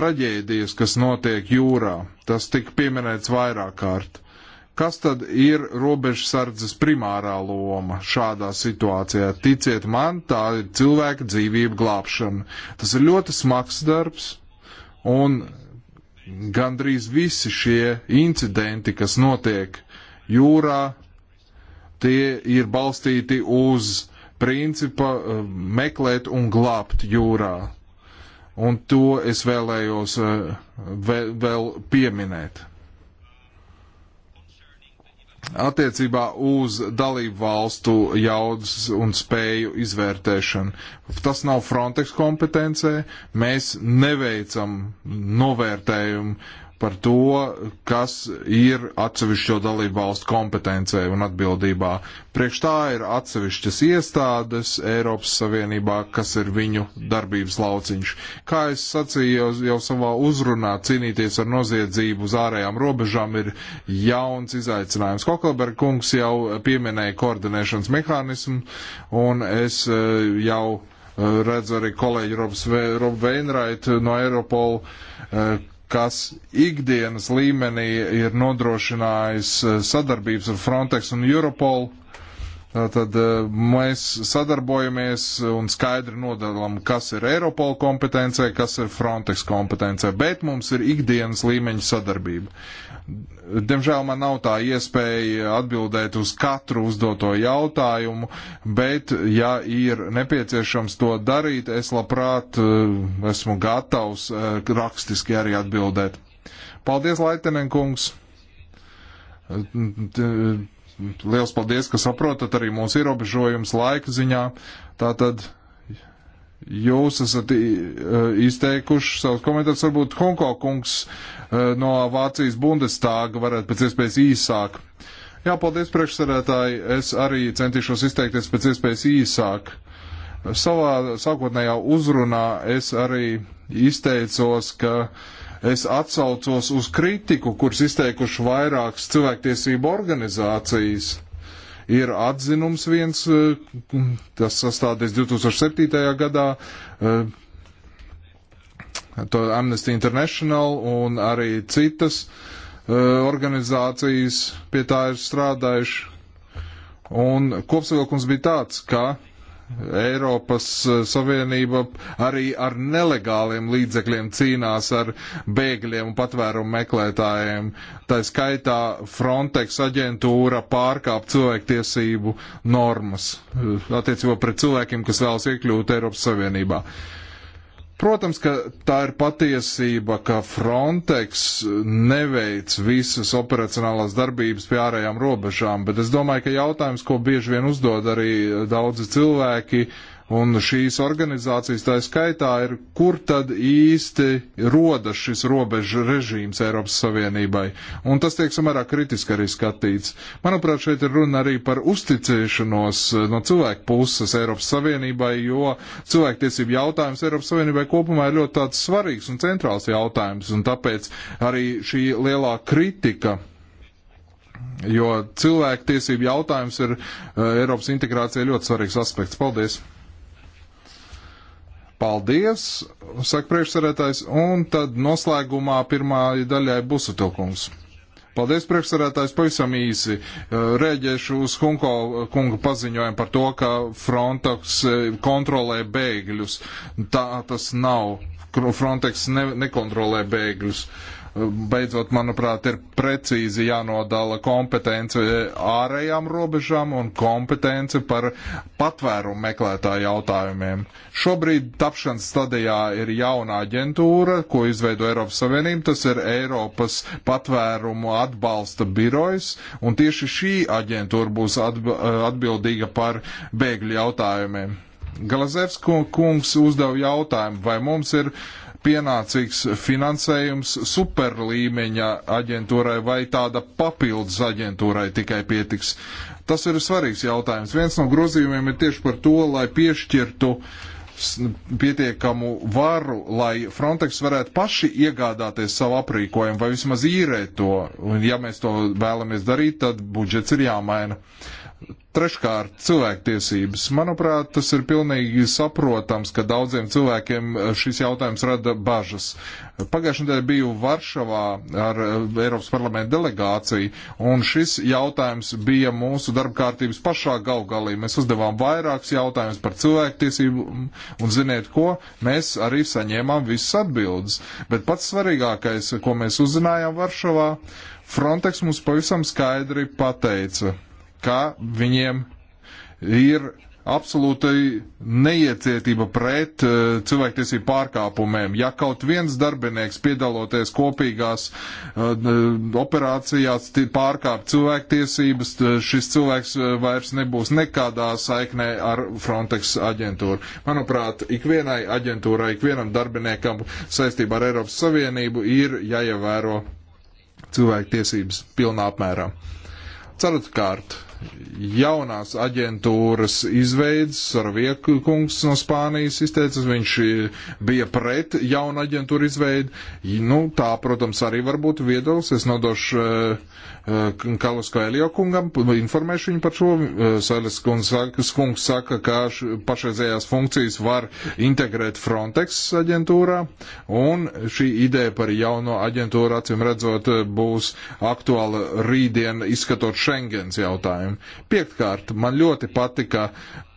traģēdijas, kas notiek jūrā, tas tika pieminēts vairāk kārt. Kas tad ir robežsardzes primārā loma šādā situācijā? Ticiet man, tā ir cilvēka dzīvību glābšana. Tas ir ļoti smags darbs, un gandrīz visi šie incidenti, kas notiek jūrā, tie ir balstīti uz principa eh, meklēt un glābt jūrā. Un to es vēlējos eh, vēl pieminēt attiecībā uz dalību valstu jaudas un spēju izvērtēšanu. Tas nav Frontex kompetencē, mēs neveicam novērtējumu par to, kas ir atsevišķo dalību valstu kompetencē un atbildībā. Priekš tā ir atsevišķas iestādes Eiropas Savienībā, kas ir viņu darbības lauciņš. Kā es sacīju jau, jau savā uzrunā, cīnīties ar noziedzību uz ārējām robežām ir jauns izaicinājums. Kokelberg kungs jau pieminēja koordinēšanas mehānismu, un es e, jau e, redzu arī kolēģi Robs Veinraitu no Eiropola, e, kas ikdienas līmenī ir nodrošinājis eh, sadarbības ar Frontex un Europolu Tad eh, mēs sadarbojamies un skaidri nodalām, kas ir Eiropola kompetencē, kas ir Frontex kompetencē, bet mums ir ikdienas līmeņa sadarbība. Diemžēl man nav tā iespēja atbildēt uz katru uzdoto jautājumu, bet, ja ir nepieciešams to darīt, es labprāt eh, esmu gatavs eh, rakstiski arī atbildēt. Paldies, Laitenenkungs! Liels paldies, ka saprotat arī mūsu ierobežojums laika ziņā. Tātad jūs esat izteikuši savus komentārus. Varbūt Honko kungs no Vācijas Bundestāga varētu pēc iespējas īsāk. Jā, paldies priekšsarētāji. Es arī centīšos izteikties pēc iespējas īsāk. Savā sākotnējā uzrunā es arī izteicos, ka uh, Es atsaucos uz kritiku, kuras izteikuši vairākas cilvēktiesību organizācijas. Ir atzinums viens, eh, tas sastādies 2007. gadā, eh, to Amnesty International un arī citas eh, organizācijas pie tā ir strādājuši. Un kopsavilkums bija tāds, ka Eiropas eh, Savienība arī ar nelegāliem līdzekļiem cīnās ar bēgļiem un patvērumu meklētājiem. Tā skaitā Frontex aģentūra pārkāp cilvēktiesību normas eh, attiecībā pret cilvēkiem, kas vēlas iekļūt Eiropas Savienībā. Uh, Protams, ka tā ir patiesība, ka Frontex neveic visas operacionālās darbības pie ārējām robežām, bet es domāju, ka jautājums, ko bieži vien uzdod arī daudzi cilvēki, Un šīs organizācijas tā skaitā ir, kur tad īsti rodas šis robežu režīms Eiropas Savienībai. Un tas tiek samērā kritiski arī skatīts. Manuprāt, šeit ir runa arī par uzticēšanos eh, no cilvēku puses Eiropas Savienībai, jo cilvēktiesību jautājums Eiropas Savienībai kopumā ir ļoti tāds svarīgs un centrāls jautājums. Un tāpēc arī šī lielā kritika jo cilvēku tiesību jautājums ir uh, Eiropas integrācija ļoti svarīgs aspekts. Paldies! Paldies, saka priekšsarētājs, un tad noslēgumā pirmā daļai busatilkums. Paldies, priekšsarētājs, pavisam īsi. Uh, rēģēšu uz Hunko kunga paziņojumu par to, ka Frontex uh, kontrolē bēgļus. Tā tas nav. Frontex ne, nekontrolē bēgļus. Uh, beidzot, manuprāt, ir precīzi jānodala kompetence ārējām robežām un kompetence par patvērumu meklētāju jautājumiem. Šobrīd tapšanas stadijā ir jauna aģentūra, ko izveido Eiropas Savienība, tas ir Eiropas patvērumu atbalsta birojs, un tieši šī aģentūra būs atbildīga par bēgļu jautājumiem. Galazevs kungs uzdeva jautājumu, vai mums ir uh, pienācīgs finansējums superlīmeņa aģentūrai vai tāda papildus aģentūrai tikai pietiks. Tas ir svarīgs jautājums. Viens no grozījumiem ir tieši par to, lai piešķirtu pietiekamu varu, lai Frontex varētu paši iegādāties savu aprīkojumu vai vismaz īrēt to. Un ja mēs to vēlamies darīt, tad budžets ir jāmaina. Uh, Treškārt, cilvēktiesības. Manuprāt, tas ir pilnīgi saprotams, ka daudziem cilvēkiem eh, šis jautājums rada bažas. Pagājušajā nedēļā biju Varšavā ar eh, Eiropas parlamenta delegāciju, un šis jautājums bija mūsu darba kārtības pašā galgalī. Mēs uzdevām vairākus jautājumus par cilvēktiesību, un ziniet ko, mēs arī saņēmām visas atbildes. Bet pats svarīgākais, ko mēs uzzinājām Varšavā, Frontex mums pavisam skaidri pateica ka viņiem ir absolūta neiecietība pret uh, cilvēktiesību pārkāpumiem. Ja kaut viens darbinieks piedaloties kopīgās uh, operācijās pārkāp cilvēktiesības, šis cilvēks eh, vairs nebūs nekādā saiknē ar Frontex aģentūru. Manuprāt, ikvienai aģentūrai, ikvienam darbiniekam saistībā ar Eiropas Savienību ir jāievēro cilvēktiesības pilnā apmērā. Ceturtkārt, jaunās aģentūras izveids, Sarvieku kungs no Spānijas izteicas, viņš bija pret jaunu aģentūru izveidu. Nu, tā, protams, arī var būt viedoklis. Es nodošu uh, Kalas Kailio kungam, informēšu viņu par šo. Sēles kungs saka, ka pašreizējās funkcijas var integrēt Frontex aģentūrā, un šī ideja par jauno aģentūru acim redzot būs aktuāla rītdien izskatot Schengens jautājumu. Piektkārt, man ļoti patika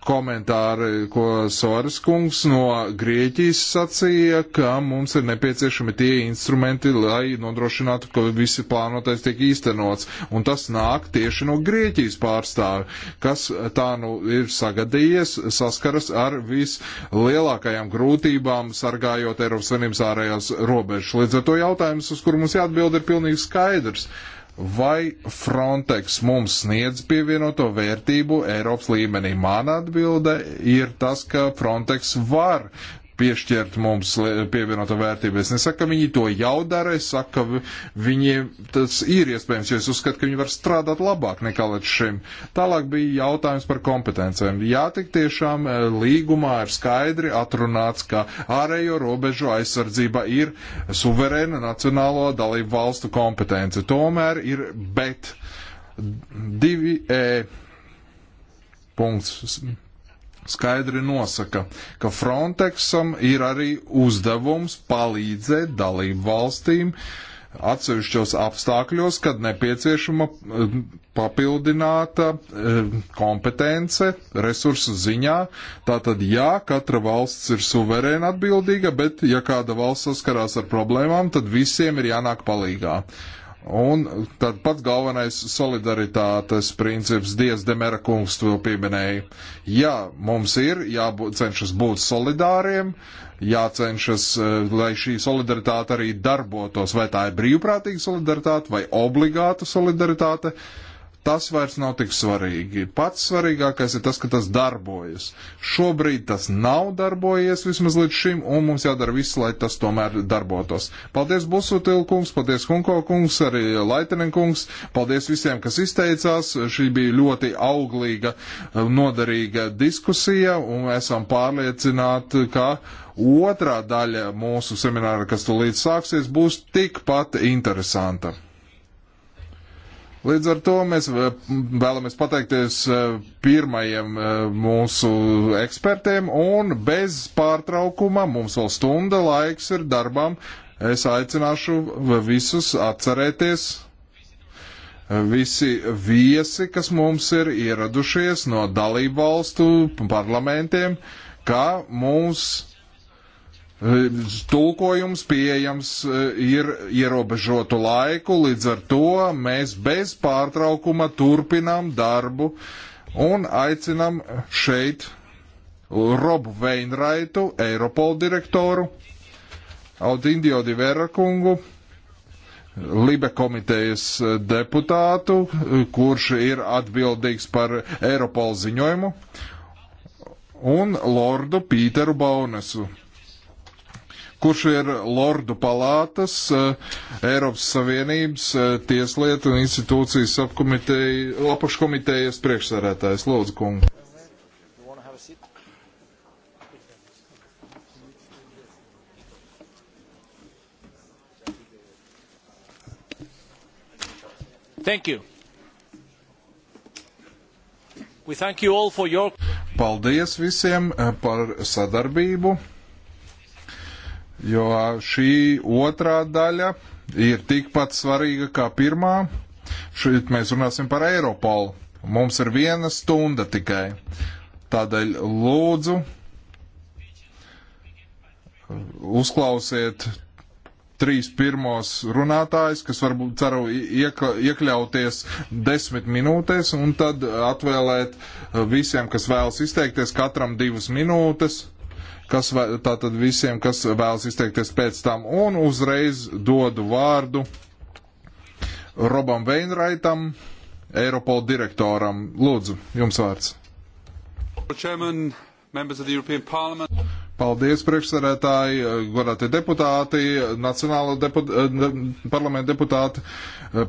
komentāri, ko Soares kungs no Grieķijas sacīja, ka mums ir nepieciešami tie instrumenti, lai nodrošinātu, ka visi plānotais tiek īstenots. Un tas nāk tieši no Grieķijas pārstāvi, kas tā nu ir sagadījies, saskaras ar vislielākajām grūtībām, sargājot Eiropas Savienības ārējās robežas. Līdz ar to jautājums, uz kur mums jāatbild, ir pilnīgi skaidrs. Uh, Vai Frontex mums sniedz pievienoto vērtību Eiropas līmenī? Mana atbilde ir tas, ka Frontex var piešķirt mums pievienoto vērtību. Es nesaku, ka viņi to jau dara, es saku, ka viņiem tas ir iespējams, jo es uzskatu, ka viņi var strādāt labāk nekā līdz šim. Tālāk bija jautājums par kompetencēm. Jā, tik tiešām e, līgumā ir skaidri atrunāts, ka ārējo robežu aizsardzība ir suverēna nacionālo dalību valstu kompetence. Tomēr ir bet divi e, punkts skaidri nosaka, ka Frontexam ir arī uzdevums palīdzēt dalību valstīm atsevišķos apstākļos, kad nepieciešama eh, papildināta eh, kompetence resursu ziņā. Tātad, jā, katra valsts ir suverēna atbildīga, bet ja kāda valsts saskarās ar problēmām, tad visiem ir jānāk palīgā. Un tad pats galvenais solidaritātes princips, Dievs Demera kungs to pieminēja. Jā, mums ir jācenšas būt solidāriem, jācenšas, eh, lai šī solidaritāte arī darbotos, vai tā ir brīvprātīga solidaritāte vai obligāta solidaritāte. Uh, Tas vairs nav tik svarīgi. Pats svarīgākais ir tas, ka tas darbojas. Šobrīd tas nav darbojies vismaz līdz šim, un mums jādara viss, lai tas tomēr darbotos. Paldies Busutilkungs, paldies Hunko kungs, arī Laitenenkungs, paldies visiem, kas izteicās. Šī bija ļoti auglīga, noderīga diskusija, un esam pārliecināti, ka otrā daļa mūsu semināra, kas tulīt sāksies, būs tikpat interesanta. Līdz ar to mēs eh, vēlamies pateikties eh, pirmajiem eh, mūsu ekspertiem, un bez pārtraukuma mums vēl stunda laiks ir darbam. Es aicināšu visus atcerēties, visi viesi, kas mums ir ieradušies no dalību valstu parlamentiem, ka mums Eh, Tūkojums pieejams eh, ir ierobežotu laiku, līdz ar to mēs bez pārtraukuma turpinām darbu un aicinam šeit Robu Veinraitu, Eiropol direktoru, Audindio Divera kungu, Libe komitejas eh, deputātu, kurš ir atbildīgs par Eiropol ziņojumu, un Lordu Pīteru Baunesu kurš ir Lordu palātas, eh, Eiropas Savienības eh, tieslietu un institūcijas apakškomitejas priekšsarētājs. Lūdzu, kungu. Thank you. We thank you all for your... Paldies visiem eh, par sadarbību jo šī otrā daļa ir tikpat svarīga kā pirmā. Šeit mēs runāsim par Eiropolu. Mums ir viena stunda tikai. Tādēļ lūdzu, uzklausiet trīs pirmos runātājus, kas varbūt ceru iekla, iekļauties desmit minūtēs, un tad atvēlēt uh, visiem, kas vēlas izteikties, katram divas minūtes kas tātad visiem, kas vēlas izteikties pēc tam, un uzreiz dodu vārdu Robam Veinraitam, Eiropola direktoram. Lūdzu, jums vārds. Chairman, Paldies, priekšsarētāji, godātie deputāti, nacionālo deput parlamentu deputāti.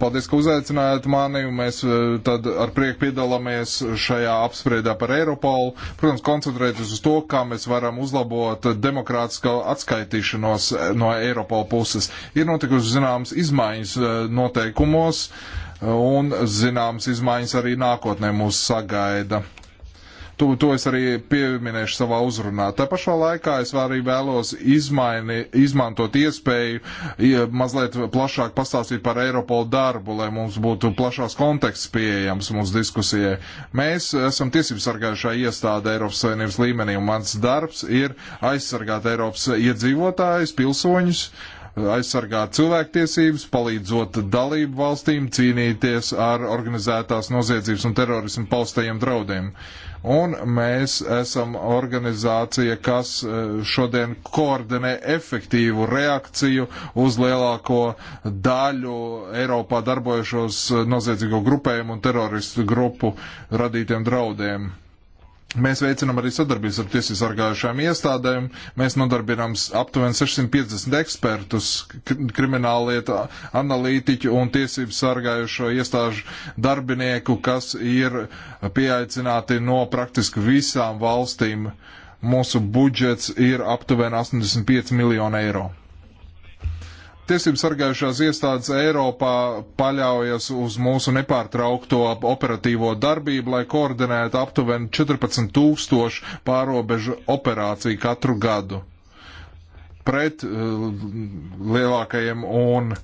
Paldies, ka uzaicinājāt mani. Mēs e, tad ar prieku piedalāmies šajā apspriedā par Eiropolu. Protams, koncentrēties uz to, kā mēs varam uzlabot demokrātisko atskaitīšanos e, no Eiropola puses. Ir notikusi zināmas izmaiņas e, noteikumos un zināmas izmaiņas arī nākotnē mūs sagaida. To, to es arī pieminēšu savā uzrunā. Tā pašā laikā es arī vēlos izmaini, izmantot iespēju mazliet plašāk pastāstīt par Eiropolu darbu, lai mums būtu plašās konteksts pieejams mūsu diskusijai. Mēs esam tiesības sargājušā iestāde Eiropas Savienības līmenī, un mans darbs ir aizsargāt Eiropas iedzīvotājus, pilsoņus, aizsargāt cilvēktiesības, palīdzot dalību valstīm cīnīties ar organizētās noziedzības un terorismu paustajiem draudiem. Uh, un mēs esam organizācija, kas eh, šodien koordinē efektīvu reakciju uz lielāko daļu Eiropā darbojušos eh, noziedzīgo grupējumu un teroristu grupu radītiem draudiem. Mēs veicinām arī sadarbības ar tiesību sargājušām iestādēm. Mēs nodarbinām aptuveni 650 ekspertus, krimināllietu analītiķu un tiesību sargājušo iestāžu darbinieku, kas ir pieaicināti no praktiski visām valstīm. Mūsu budžets ir aptuveni 85 miljonu eiro. Tiesību sargājušās iestādes Eiropā paļaujas uz mūsu nepārtraukto operatīvo darbību, lai koordinētu aptuveni 14 tūkstošu pārobežu operāciju katru gadu pret uh, lielākajiem un uh,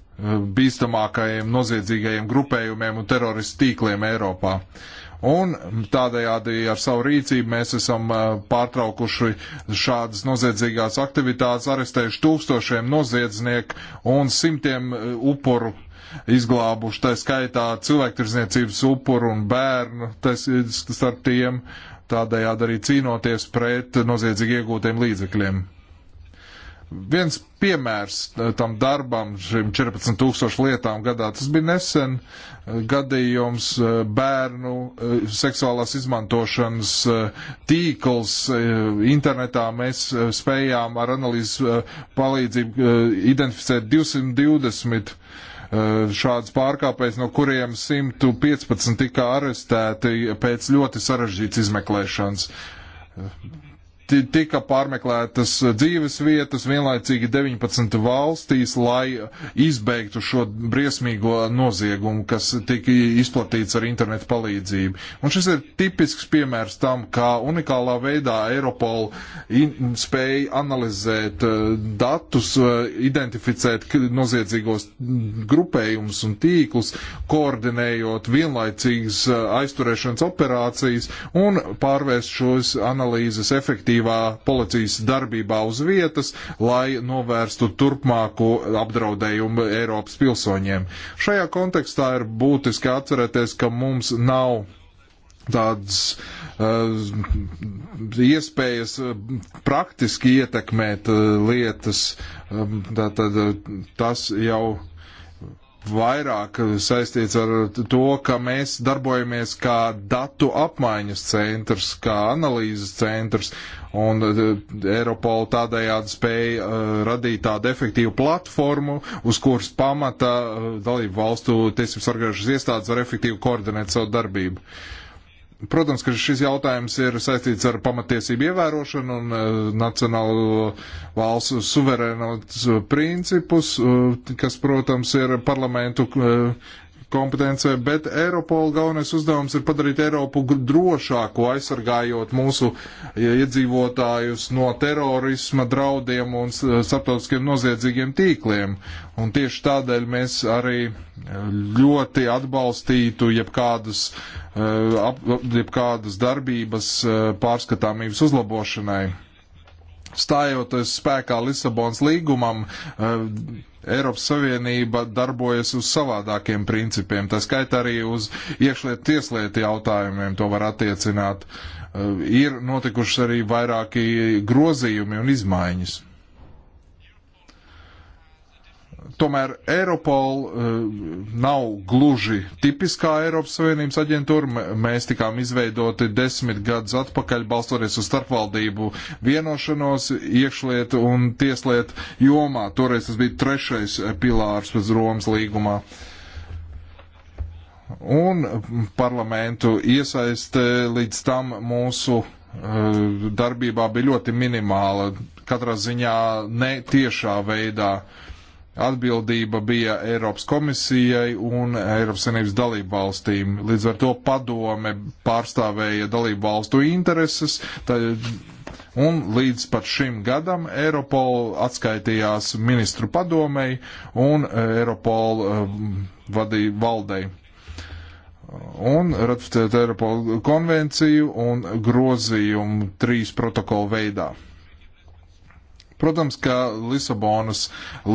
bīstamākajiem noziedzīgajiem grupējumiem un teroristu tīkliem Eiropā. Uh, Un tādējādi ar savu rīcību mēs esam pārtraukuši šādas noziedzīgās aktivitātes, arestējuši tūkstošiem noziedznieku un simtiem upuru izglābuši, tā skaitā cilvēktirzniecības upuru un bērnu, tas starp tiem, tādējādi arī cīnoties pret noziedzīgi iegūtiem līdzekļiem. Viens piemērs eh, tam darbam, šim 14,000 lietām gadā, tas bija nesen eh, gadījums eh, bērnu seksuālās izmantošanas tīkls. Internetā mēs spējām ar analīzes palīdzību identificēt 220 šādas pārkāpējas, no kuriem 115 tika arestēti pēc ļoti sarežģītas izmeklēšanas tika pārmeklētas dzīves vietas vienlaicīgi 19 valstīs, lai izbeigtu šo briesmīgo noziegumu, kas tika izplatīts ar internetu palīdzību. Un šis ir tipisks piemērs tam, kā unikālā veidā Eiropola spēja analizēt eh, datus, eh, identificēt noziedzīgos grupējumus un tīklus, koordinējot vienlaicīgas eh, aizturēšanas operācijas un pārvērst šos analīzes efektīvi efektīvā policijas darbībā uz vietas, lai novērstu turpmāku apdraudējumu Eiropas pilsoņiem. Šajā kontekstā ir būtiski atcerēties, ka mums nav tādas uh, eh, iespējas eh, praktiski ietekmēt uh, lietas. Um, tā, tā, tas jau vairāk saistīts ar to, ka mēs darbojamies kā datu apmaiņas centrs, kā analīzes centrs, un eh, Eiropola tādējādi spēja eh, radīt tādu efektīvu platformu, uz kuras pamata eh, dalību valstu tiesības sargājušas iestādes var efektīvi koordinēt savu darbību. Uh, Protams, ka šis jautājums ir saistīts ar pamatiesību ievērošanu un e, nacionālo valsts suverēnos principus, e, kas, protams, ir parlamentu e, kompetencē, bet Eiropola galvenais uzdevums ir padarīt Eiropu drošāku, aizsargājot mūsu iedzīvotājus no terorisma draudiem un starptautiskiem noziedzīgiem tīkliem. Un tieši tādēļ mēs arī e, ļoti atbalstītu jebkādas, e, jebkādas darbības e, pārskatāmības uzlabošanai. Stājoties spēkā Lisabonas līgumam, eh, Eiropas Savienība darbojas uz savādākiem principiem. Tā skaitā arī uz iekšlietu tieslietu jautājumiem to var attiecināt. Eh, ir notikušas arī vairāki grozījumi un izmaiņas. Tomēr Eiropol eh, nav gluži tipiskā Eiropas Savienības aģentūra. Mēs tikām izveidoti desmit gadus atpakaļ, balstoties uz starpvaldību vienošanos iekšlietu un tieslietu jomā. Toreiz tas bija trešais pilārs pēc Romas līgumā. Un parlamentu iesaiste līdz tam mūsu eh, darbībā bija ļoti minimāla, katrā ziņā netiešā veidā. Uh, atbildība bija Eiropas komisijai un Eiropas Savienības dalību valstīm. Līdz ar to padome pārstāvēja dalību valstu intereses. Tā, un līdz pat šim gadam Eiropol atskaitījās ministru padomei un e, Eiropol e, vadīja valdei. Un ratificēt Eiropol konvenciju un grozījumu trīs protokolu veidā. Protams, ka Lisabonas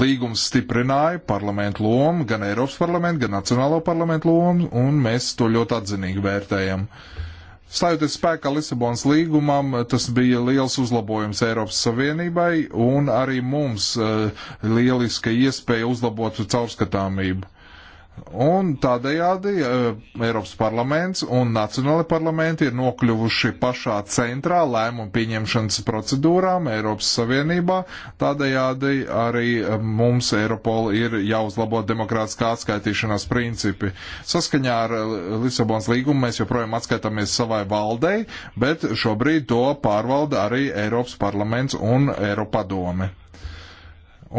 līgums stiprināja parlamentu lomu, gan Eiropas parlamentu, gan Nacionālo parlamentu lomu, un mēs to ļoti atzinīgi vērtējam. Stājoties spēkā Lisabonas līgumam, tas bija liels uzlabojums Eiropas Savienibai un arī mums eh, lieliska iespēja uzlabot caurskatāmību. Un tādējādi eh, Eiropas parlaments un nacionālai parlamenti ir nokļuvuši pašā centrā lēmumu pieņemšanas procedūrām Eiropas Savienībā. Tādējādi arī eh, mums Eiropola ir jāuzlabo demokrātiskā atskaitīšanās principi. Saskaņā ar eh, Lisabons līgumu mēs joprojām atskaitāmies savai valdei, bet šobrīd to pārvalda arī Eiropas parlaments un Eiropadome.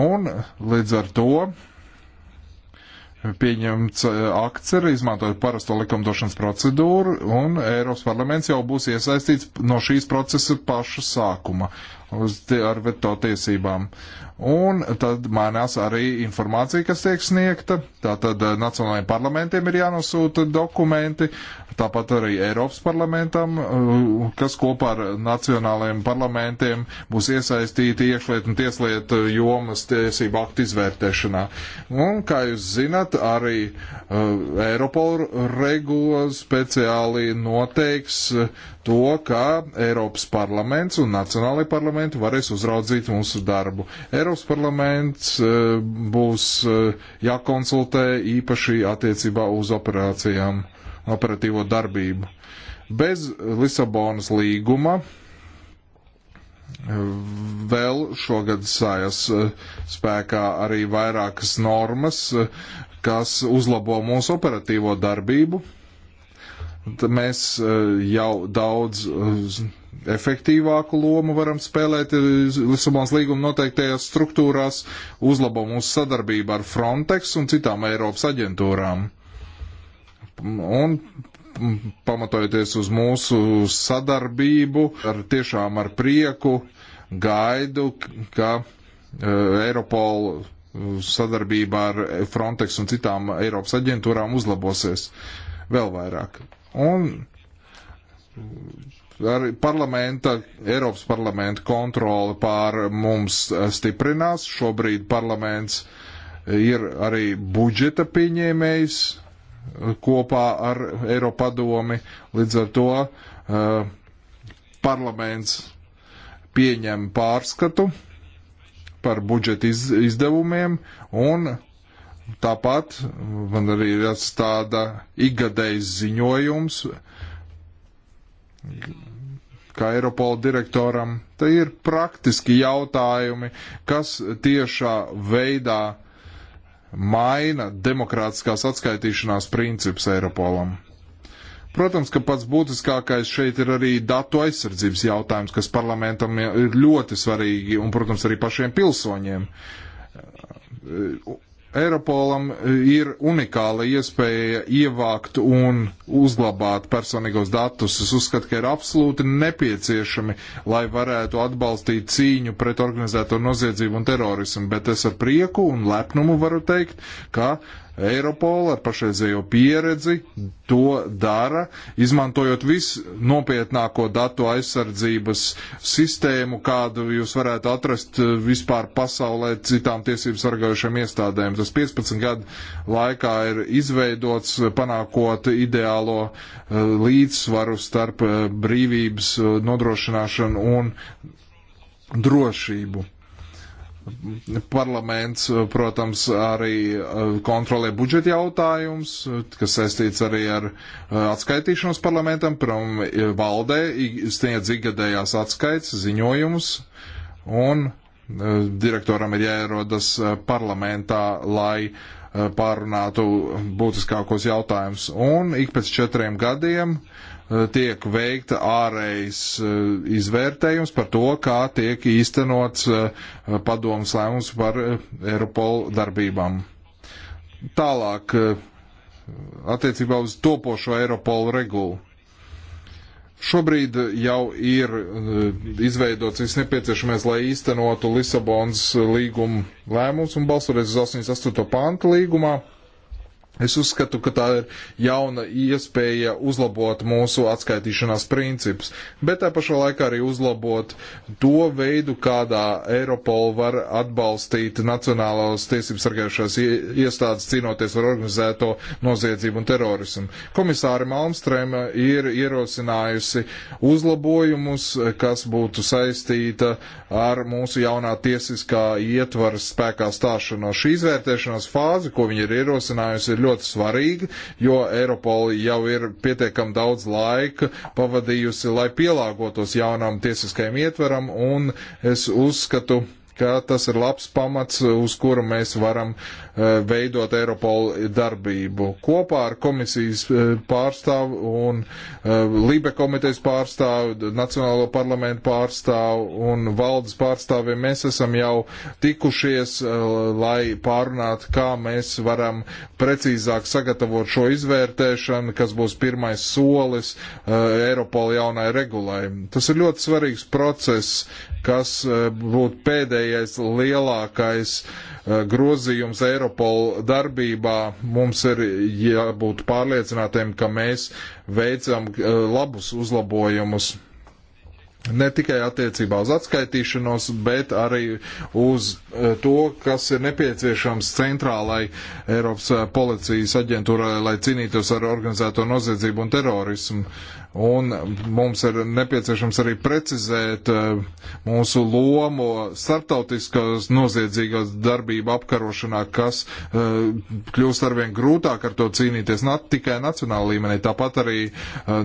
Un līdz ar to pieņemts e, akts ir izmantojot parasto likumdošanas procedūru, un Eiropas parlaments jau būs iesaistīts no šīs procesa paša sākuma uz, ar veto tiesībām. Un tad mainās arī informācija, kas tiek sniegta. Tātad eh, nacionālajiem parlamentiem ir jānosūta dokumenti, tāpat arī Eiropas parlamentam, eh, kas kopā ar nacionālajiem parlamentiem būs iesaistīti iekšlietu un tieslietu eh, jomas tiesību aktu izvērtēšanā. Un, kā jūs zinat, arī uh, Eiropola regula speciāli noteiks to, ka Eiropas parlaments un nacionālajie parlamenti parlamentu varēs uzraudzīt mūsu darbu. Eiropas parlaments eh, būs eh, jākonsultē īpaši attiecībā uz operācijām, operatīvo darbību. Bez Lisabonas līguma eh, vēl šogad sājas spēkā arī vairākas normas, kas uzlabo mūsu operatīvo darbību. Mēs jau daudz efektīvāku lomu varam spēlēt eh, Lisabonas līguma noteiktajās struktūrās, uzlabo mūsu sadarbību ar Frontex un citām Eiropas aģentūrām. Un pamatojoties uz mūsu sadarbību, ar tiešām ar prieku gaidu, ka eh, Eiropola sadarbībā ar Frontex un citām Eiropas aģentūrām uzlabosies vēl vairāk. Un arī parlamenta, Eiropas parlamenta kontrole pār mums eh, stiprinās. Šobrīd parlaments eh, ir arī budžeta pieņēmējs eh, kopā ar Eiropadomi. Līdz ar to uh, parlaments pieņem pārskatu par budžeta iz, izdevumiem un tāpat man arī ir tāds tāda igadējs ziņojums, kā Eiropola direktoram. Te ir praktiski jautājumi, kas tiešā veidā maina demokrātiskās atskaitīšanās princips Eiropolam. Protams, ka pats būtiskākais šeit ir arī datu aizsardzības jautājums, kas parlamentam ir ļoti svarīgi un, protams, arī pašiem pilsoņiem. Eiropolam ir unikāla iespēja ievākt un uzglabāt personīgos datus. Es uzskatu, ka ir absolūti nepieciešami, lai varētu atbalstīt cīņu pret organizēto noziedzību un terorismu, bet es ar prieku un lepnumu varu teikt, ka Eiropola ar pašreizējo pieredzi to dara, izmantojot visnopietnāko datu aizsardzības sistēmu, kādu jūs varētu atrast eh, vispār pasaulē citām tiesību sargājušiem iestādēm. Tas 15 gadu laikā ir izveidots panākot ideālo uh, līdzsvaru starp uh, brīvības uh, nodrošināšanu un drošību. Parlaments, eh, protams, arī eh, kontrolē budžeta jautājums, eh, kas saistīts arī ar atskaitīšanos parlamentam, prom valdē sniedz ikgadējās atskaits, ziņojumus, un direktoram ir jāierodas eh, parlamentā, lai eh, pārunātu būtiskākos jautājumus. Un ik pēc četriem gadiem eh, tiek veikta ārējs izvērtējums par to, kā tiek īstenots padomas lēmums par Eiropolu darbībām. Tālāk attiecībā uz topošo Eiropolu regulu Šobrīd jau ir eh, izveidots viss nepieciešamais, lai īstenotu Lisabonas eh, līguma lēmums un balsoties uz 88. pantu līgumā Es uzskatu, ka tā ir jauna iespēja uzlabot mūsu atskaitīšanās principus, bet tā pašā laikā arī uzlabot to veidu, kādā Eiropola var atbalstīt nacionālās tiesības sargājušās iestādes cīnoties ar organizēto noziedzību un terorismu. Komisāri Malmstrēma ir ierosinājusi uzlabojumus, kas būtu saistīta ar mūsu jaunā tiesiskā ietvara spēkā stāšanos. Šī izvērtēšanās fāze, ko viņi ir ierosinājusi, ir ļoti svarīga, jo Eiropola jau ir pietiekami daudz laika pavadījusi, lai pielāgotos jaunam tiesiskajam ietveram, un es uzskatu, ka tas ir labs pamats, uz kura mēs varam eh, veidot Eiropolu darbību. Kopā ar komisijas eh, pārstāvu un eh, Lībe komitejas pārstāvu, Nacionālo parlamentu pārstāvu un valdes pārstāviem mēs esam jau tikušies, lai pārunātu, kā mēs varam precīzāk sagatavot šo izvērtēšanu, kas būs pirmais solis Eiropola jaunai regulai. Tas ir ļoti svarīgs process, kas būtu pēdējais pēdējais lielākais eh, grozījums Eiropola darbībā. Mums ir jābūt pārliecinātiem, ka mēs veicam eh, labus uzlabojumus ne tikai attiecībā uz atskaitīšanos, bet arī uz eh, to, kas ir nepieciešams centrālai Eiropas policijas aģentūrai, lai cīnītos ar organizēto noziedzību un terorismu. Un mums ir nepieciešams arī precizēt eh, mūsu lomu starptautiskās noziedzīgās darbību apkarošanā, kas eh, kļūst arvien grūtāk ar to cīnīties ne tikai nacionāla līmenī, tāpat arī eh,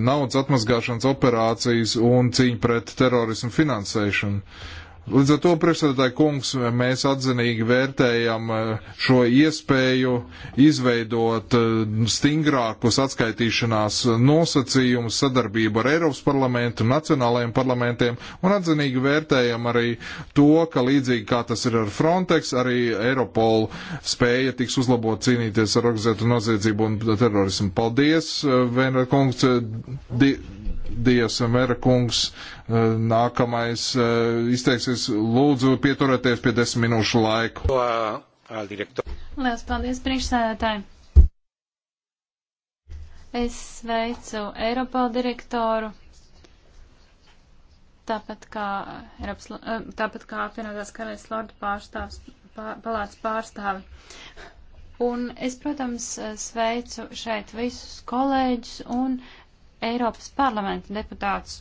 naudas atmazgāšanas operācijas un cīņa pret terorismu finansēšanu Līdz ar to, priekšsēdētāji kungs, mēs atzinīgi vērtējam eh, šo iespēju izveidot eh, stingrākus atskaitīšanās nosacījumus sadarbību ar Eiropas parlamentu, nacionālajiem parlamentiem, un atzinīgi vērtējam arī to, ka līdzīgi kā tas ir ar Frontex, arī Eiropol spēja tiks uzlabot cīnīties ar organizētu noziedzību un terorismu. Paldies, eh, Vēnera kungs. Di Dievs Vera kungs eh, nākamais eh, izteiksies. Lūdzu, pieturieties pie desmit minūšu laiku. Lielas paldies, priekšsēdētāji! Es sveicu Eiropā direktoru, tāpat kā, Eiropas, eh, tāpat kā apvienotās karalīs lordu pārstāvs, pār, palāts pārstāvi. Un es, protams, sveicu šeit visus kolēģus un Eiropas parlamenta deputātus.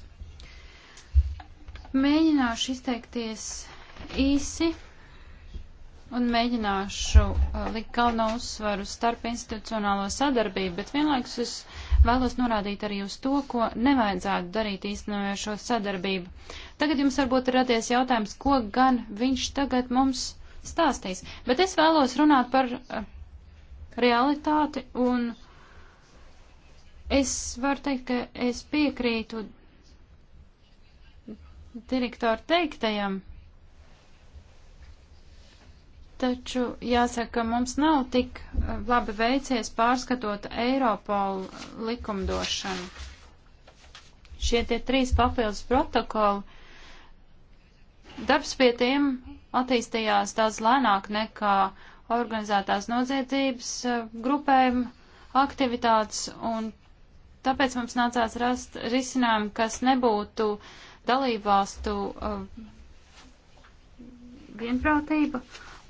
Mēģināšu izteikties īsi un mēģināšu uh, likt galveno uzsvaru starp institucionālo sadarbību, bet vienlaikus es vēlos norādīt arī uz to, ko nevajadzētu darīt īstenojot šo sadarbību. Tagad jums varbūt ir radies jautājums, ko gan viņš tagad mums stāstīs, bet es vēlos runāt par uh, realitāti un uh, Es varu teikt, ka es piekrītu direktoru teiktajam, taču jāsaka, ka mums nav tik eh, labi veicies pārskatot Eiropolu likumdošanu. Šie tie trīs papildus protokoli, darbs pie tiem attīstījās daudz lēnāk nekā organizētās noziedzības eh, grupēm aktivitātes, un Tāpēc mums nācās rast risinājumu, kas nebūtu dalībvalstu uh, vienprātība,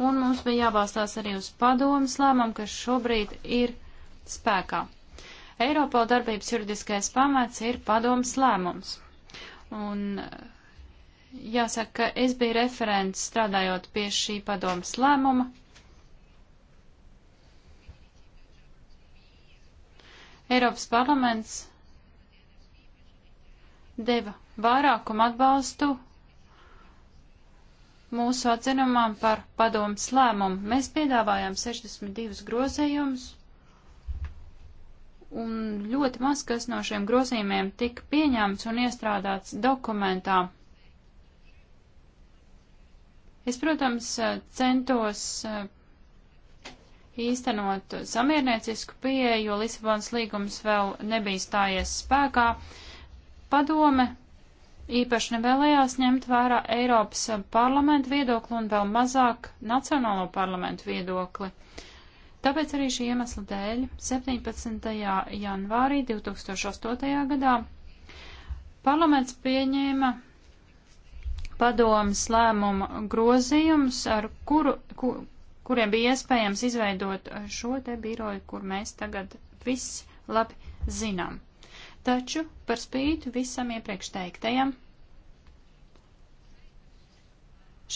un mums bija jābalstās arī uz padomas lēmumu, kas šobrīd ir spēkā. Eiropola darbības juridiskais pamats ir padomas lēmums. Un uh, jāsaka, ka es biju referents strādājot pie šī padomas lēmuma, Eiropas parlaments deva vairākumu atbalstu mūsu atzinumam par padomas lēmumu. Mēs piedāvājām 62 grozījumus, un ļoti maz kas no šiem grozījumiem tika pieņemts un iestrādāts dokumentā. Es, protams, centos eh, īstenot samierniecisku pieeju, jo Lisabonas līgums vēl nebija stājies spēkā. Padome īpaši nevēlējās ņemt vērā Eiropas parlamentu viedokli un vēl mazāk Nacionālo parlamentu viedokli. Tāpēc arī šī iemesla dēļ 17. janvārī 2008. gadā parlaments pieņēma padomas lēmuma grozījumus, ar kuru, ku, kuriem bija iespējams izveidot eh, šo te biroju, kur mēs tagad viss labi zinām. Taču par spīti visam iepriekš teiktajam,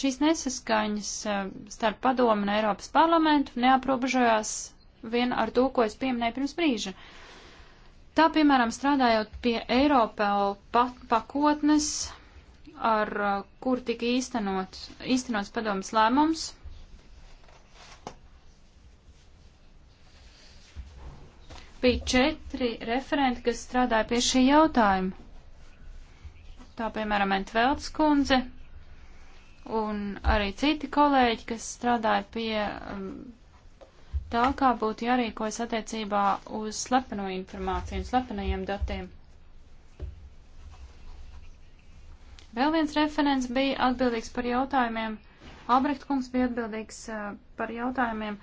šīs nesaskaņas eh, starp padomu un Eiropas parlamentu neaprobežojās vien ar to, ko es pieminēju pirms brīža. Tā, piemēram, strādājot pie Eiropel pakotnes, ar eh, kur tika īstenot, īstenots padomas lēmums, bija četri referenti, kas strādāja pie šī jautājuma. Tā piemēram Entvelds kundze un arī citi kolēģi, kas strādāja pie um, tā, kā būtu jārīkojas attiecībā uz slepeno informāciju un slepenajiem datiem. Vēl viens referents bija atbildīgs par jautājumiem. Albrecht kungs bija atbildīgs uh, par jautājumiem,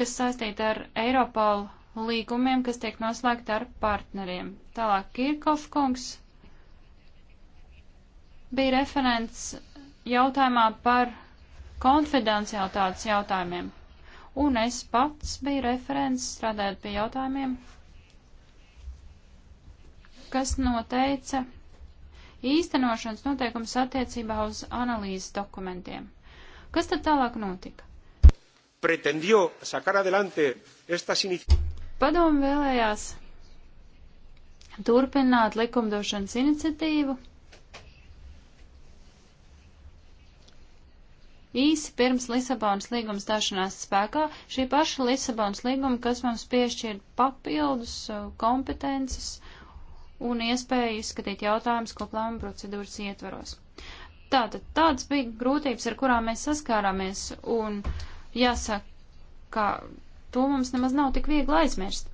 kas saistīti ar Eiropolu līgumiem, kas tiek noslēgti ar partneriem. Tālāk Kirkov kungs bija referents jautājumā par konfidenciālitātes jautājumiem, un es pats biju referents strādājot pie jautājumiem, kas noteica īstenošanas noteikums attiecībā uz analīzes dokumentiem. Kas tad tālāk notika? Pretendió sacar adelante estas iniciativas Padomu vēlējās turpināt likumdošanas iniciatīvu. Īsi pirms Lisabonas līguma stāšanās spēkā šī paša Lisabonas līguma, kas mums piešķir papildus uh, kompetences un iespēju izskatīt jautājumus koplāma procedūras ietvaros. Tātad tādas bija grūtības, ar kurām mēs saskārāmies, un jāsaka, ka To mums nemaz nav tik viegli aizmirst.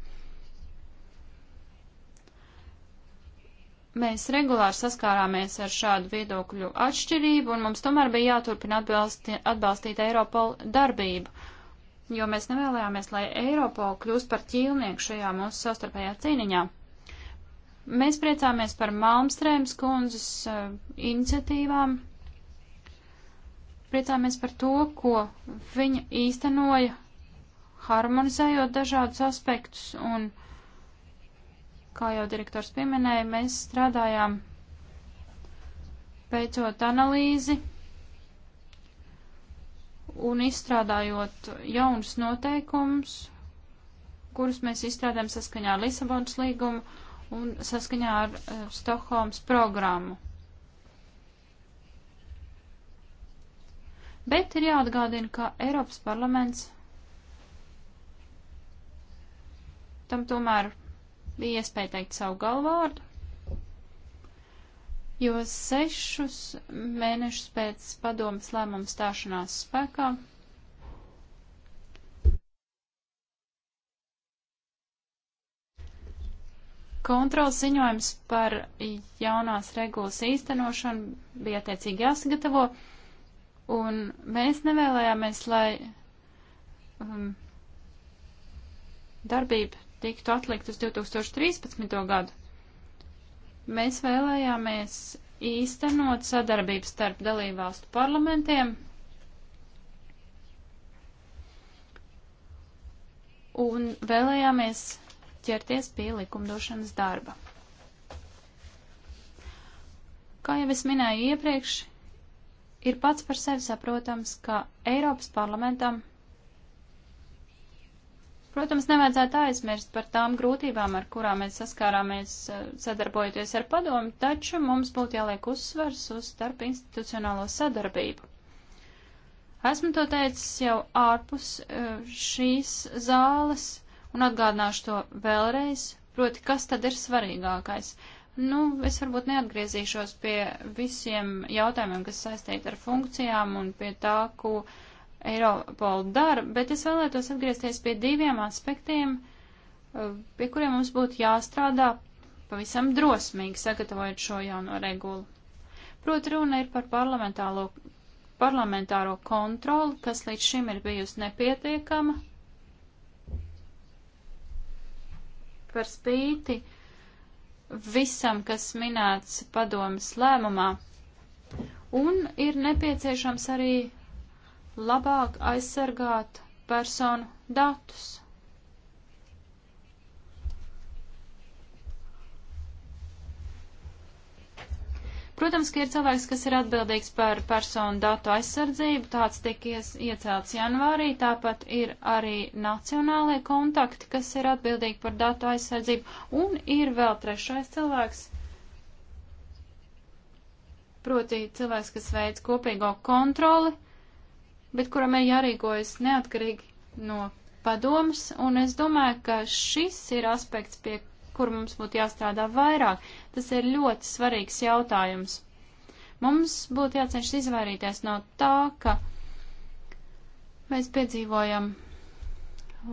Mēs regulāri saskārāmies ar šādu viedokļu atšķirību, un mums tomēr bija jāturpina atbalsti, atbalstīt Eiropolu darbību, jo mēs nevēlējāmies, lai Eiropola kļūst par ķīlnieku šajā mūsu savstarpējā cīniņā. Mēs priecāmies par Malmstrēms kundzes uh, iniciatīvām, priecāmies par to, ko viņa īstenoja harmonizējot dažādus aspektus, un, kā jau direktors pieminēja, mēs strādājām veicot analīzi un izstrādājot jaunus noteikumus, kurus mēs izstrādājam saskaņā ar Lisabonas līgumu un saskaņā ar uh, Stokholmas programmu. Bet ir jāatgādina, ka Eiropas parlaments tam tomēr bija iespēja teikt savu galvārdu, jo sešus mēnešus pēc padomas lēmuma stāšanās spēkā kontrols ziņojums par jaunās regulas īstenošanu bija attiecīgi jāsagatavo, un mēs nevēlējāmies, lai um, darbība tiktu atlikt uz 2013. gadu. Mēs vēlējāmies īstenot sadarbību starp dalībvalstu parlamentiem un vēlējāmies ķerties pie likumdošanas darba. Kā jau es minēju iepriekš, ir pats par sevi saprotams, ka Eiropas parlamentam Protams, nevajadzētu aizmirst par tām grūtībām, ar kurām mēs saskārāmies eh, sadarbojoties ar padomu, taču mums būtu jāliek uzsvers uz starp institucionālo sadarbību. Esmu to teicis jau ārpus eh, šīs zāles un atgādināšu to vēlreiz, proti, kas tad ir svarīgākais. Nu, es varbūt neatgriezīšos pie visiem jautājumiem, kas saistīti ar funkcijām un pie tā, ko. Ku Eiropola dara, bet es vēlētos atgriezties pie diviem aspektiem, eh, pie kuriem mums būtu jāstrādā pavisam drosmīgi sagatavojot šo jauno regulu. Proti runa ir par parlamentālo, parlamentāro kontroli, kas līdz šim ir bijusi nepietiekama, par spīti visam, kas minēts padomas lēmumā. Un ir nepieciešams arī labāk aizsargāt personu datus. Protams, ka ir cilvēks, kas ir atbildīgs par personu datu aizsardzību, tāds tiek iecelts janvārī, tāpat ir arī nacionālie kontakti, kas ir atbildīgi par datu aizsardzību, un ir vēl trešais cilvēks, proti cilvēks, kas veids kopīgo kontroli bet kuram ir jārīkojas neatkarīgi no padomas, un es domāju, ka šis ir aspekts, pie kur mums būtu jāstrādā vairāk. Tas ir ļoti svarīgs jautājums. Mums būtu jācenšas izvairīties no tā, ka mēs piedzīvojam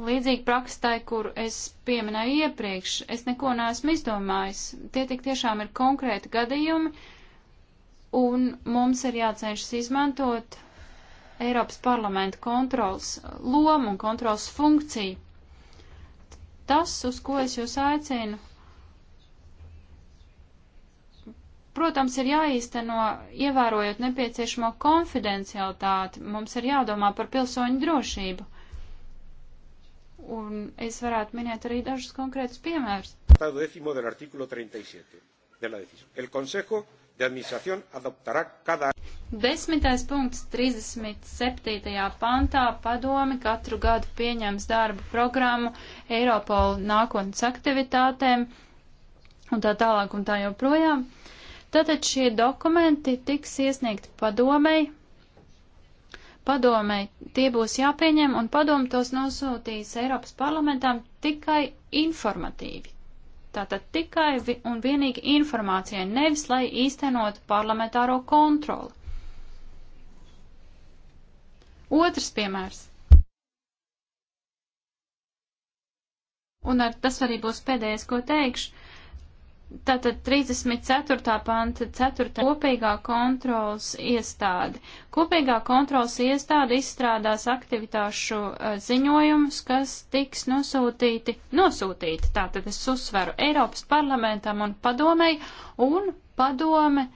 līdzīgi prakstai, kur es pieminēju iepriekš. Es neko neesmu izdomājis. Tie tik tiešām ir konkrēti gadījumi, un mums ir jācenšas izmantot Eiropas parlamenta kontrols lomu un kontrols funkciju. Tas, uz ko es jūs aicinu, protams, ir jāīsteno, ievērojot nepieciešamo konfidencialitāti. Mums ir jādomā par pilsoņu drošību. Un es varētu minēt arī dažus konkrētus piemērus. Estado décimo del artículo 37 de la decisión. El Consejo de Administración adoptará cada Desmitais punkts 37. pantā padomi katru gadu pieņems darbu programmu Eiropola nākotnes aktivitātēm un tā tālāk un tā joprojām. Tātad šie dokumenti tiks iesniegti padomei. Padomei tie būs jāpieņem un padomi tos nosūtīs Eiropas parlamentām tikai informatīvi. Tātad tikai vi un vienīgi informācijai, nevis lai īstenotu parlamentāro kontroli. Otrs piemērs. Un ar, tas arī būs pēdējais, ko teikšu. Tātad 34. panta 4. kopīgā kontrols iestāde. Kopīgā kontrols iestāde izstrādās aktivitāšu eh, ziņojumus, kas tiks nosūtīti, nosūtīti, tātad es uzsveru, Eiropas parlamentam un padomei, un padome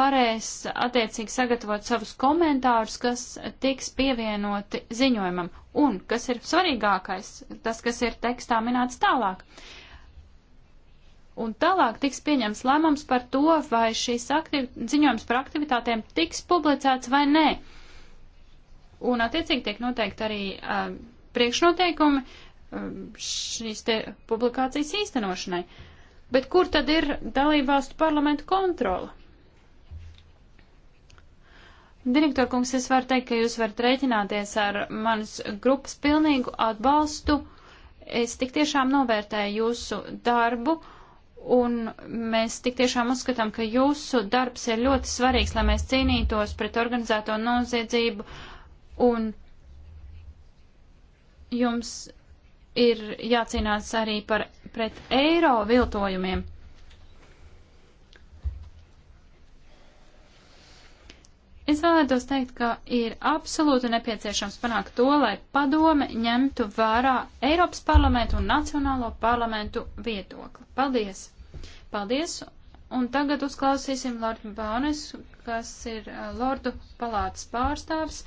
varēs attiecīgi sagatavot savus komentārus, kas tiks pievienoti ziņojumam. Un, kas ir svarīgākais, tas, kas ir tekstā minēts tālāk. Uh, Un tālāk tiks pieņems lēmums par to, vai šīs aktiv... ziņojums par aktivitātēm tiks publicēts vai nē. Un attiecīgi tiek noteikti arī um, priekšnoteikumi um, šīs te publikācijas īstenošanai. Bet kur tad ir dalībvalstu parlamentu kontrola? Direktorkungs, es varu teikt, ka jūs varat rēķināties ar manas grupas pilnīgu atbalstu. Es tik tiešām novērtēju jūsu darbu. Uh, Un mēs tik tiešām uzskatām, ka jūsu darbs ir ļoti svarīgs, lai mēs cīnītos pret organizēto noziedzību. Un jums ir jācīnās arī par, pret eiro viltojumiem. Es vēlētos teikt, ka ir absolūti nepieciešams panākt to, lai padome ņemtu vērā Eiropas parlamentu un Nacionālo parlamentu viedokli. Paldies! Paldies! Un tagad uzklausīsim Lordu Baunes, kas ir eh, Lordu palātas pārstāvs.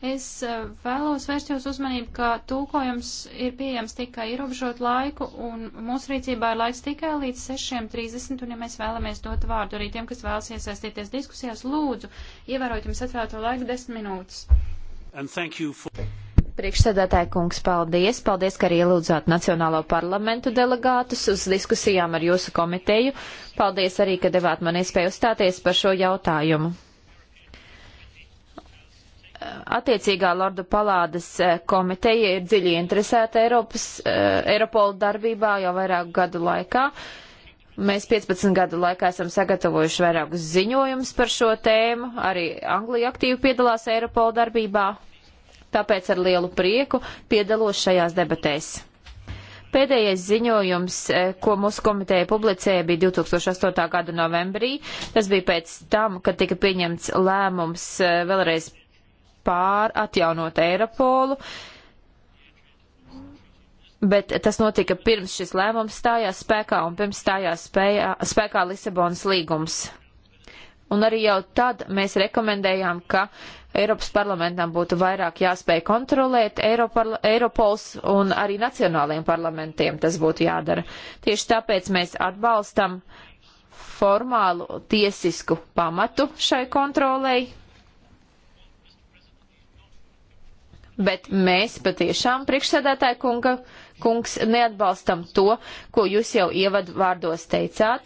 Es eh, vēlos vērst jūsu uzmanību, ka tulkojums ir pieejams tikai ierobežot laiku, un mūsu rīcībā ir laiks tikai līdz 6.30, un ja mēs vēlamies dot vārdu arī tiem, kas vēlas iesaistīties diskusijās, lūdzu, ievērojot jums atvēlēto laiku 10 minūtes. For... Priekšsēdētāji kungs, paldies! Paldies, ka arī ielūdzāt Nacionālo parlamentu delegātus uz diskusijām ar jūsu komiteju. Paldies arī, ka devāt man iespēju uzstāties par šo jautājumu attiecīgā Lorda palādes e, komiteja ir dziļi interesēta Eiropas, e, Eiropola darbībā jau vairāku gadu laikā. Mēs 15 gadu laikā esam sagatavojuši vairākus ziņojumus par šo tēmu, arī Anglija aktīvi piedalās Eiropola darbībā, tāpēc ar lielu prieku piedalos šajās debatēs. Pēdējais ziņojums, e, ko mūsu komiteja publicēja, bija 2008. gada novembrī. Tas bija pēc tam, kad tika pieņemts lēmums vēlreiz pār atjaunot Eiropolu, bet tas notika pirms šis lēmums stājās spēkā un pirms stājās spējā, spēkā Lisabonas līgums. Un arī jau tad mēs rekomendējām, ka Eiropas parlamentam būtu vairāk jāspēj kontrolēt Eiropar, Eiropols un arī nacionālajiem parlamentiem tas būtu jādara. Tieši tāpēc mēs atbalstam formālu tiesisku pamatu šai kontrolei, bet mēs patiešām priekšsēdētāja kunga, kungs neatbalstam to, ko jūs jau ievadu vārdos teicāt.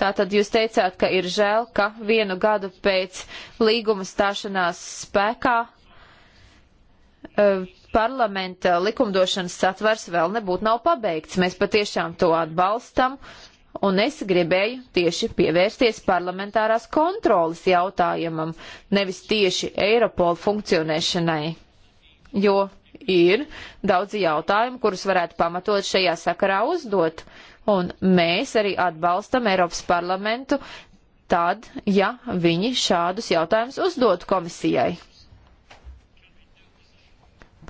Tātad jūs teicāt, ka ir žēl, ka vienu gadu pēc līguma stāšanās spēkā uh, parlamenta likumdošanas satvers vēl nebūtu nav pabeigts. Mēs patiešām to atbalstam, un es gribēju tieši pievērsties parlamentārās kontrolas jautājumam, nevis tieši Eiropola funkcionēšanai jo ir daudzi jautājumi, kurus varētu pamatot šajā sakarā uzdot. Un mēs arī atbalstam Eiropas parlamentu tad, ja viņi šādus jautājumus uzdot komisijai.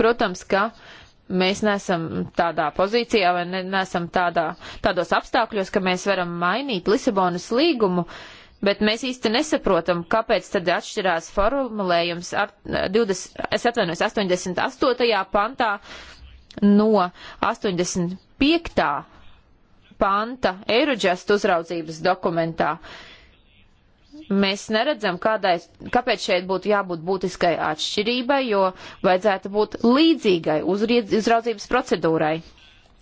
Protams, ka mēs neesam tādā pozīcijā vai ne, neesam tādā, tādos apstākļos, ka mēs varam mainīt Lisabonas līgumu. Uh, bet mēs īsti nesaprotam, kāpēc tad atšķirās formulējums ar 20, eh, es atvainojos, 88. pantā no 85. panta Eirodžast uzraudzības dokumentā. Mēs neredzam, kādai, kāpēc šeit būtu jābūt būtiskai atšķirībai, jo vajadzētu būt līdzīgai uzriedz, uzraudzības procedūrai.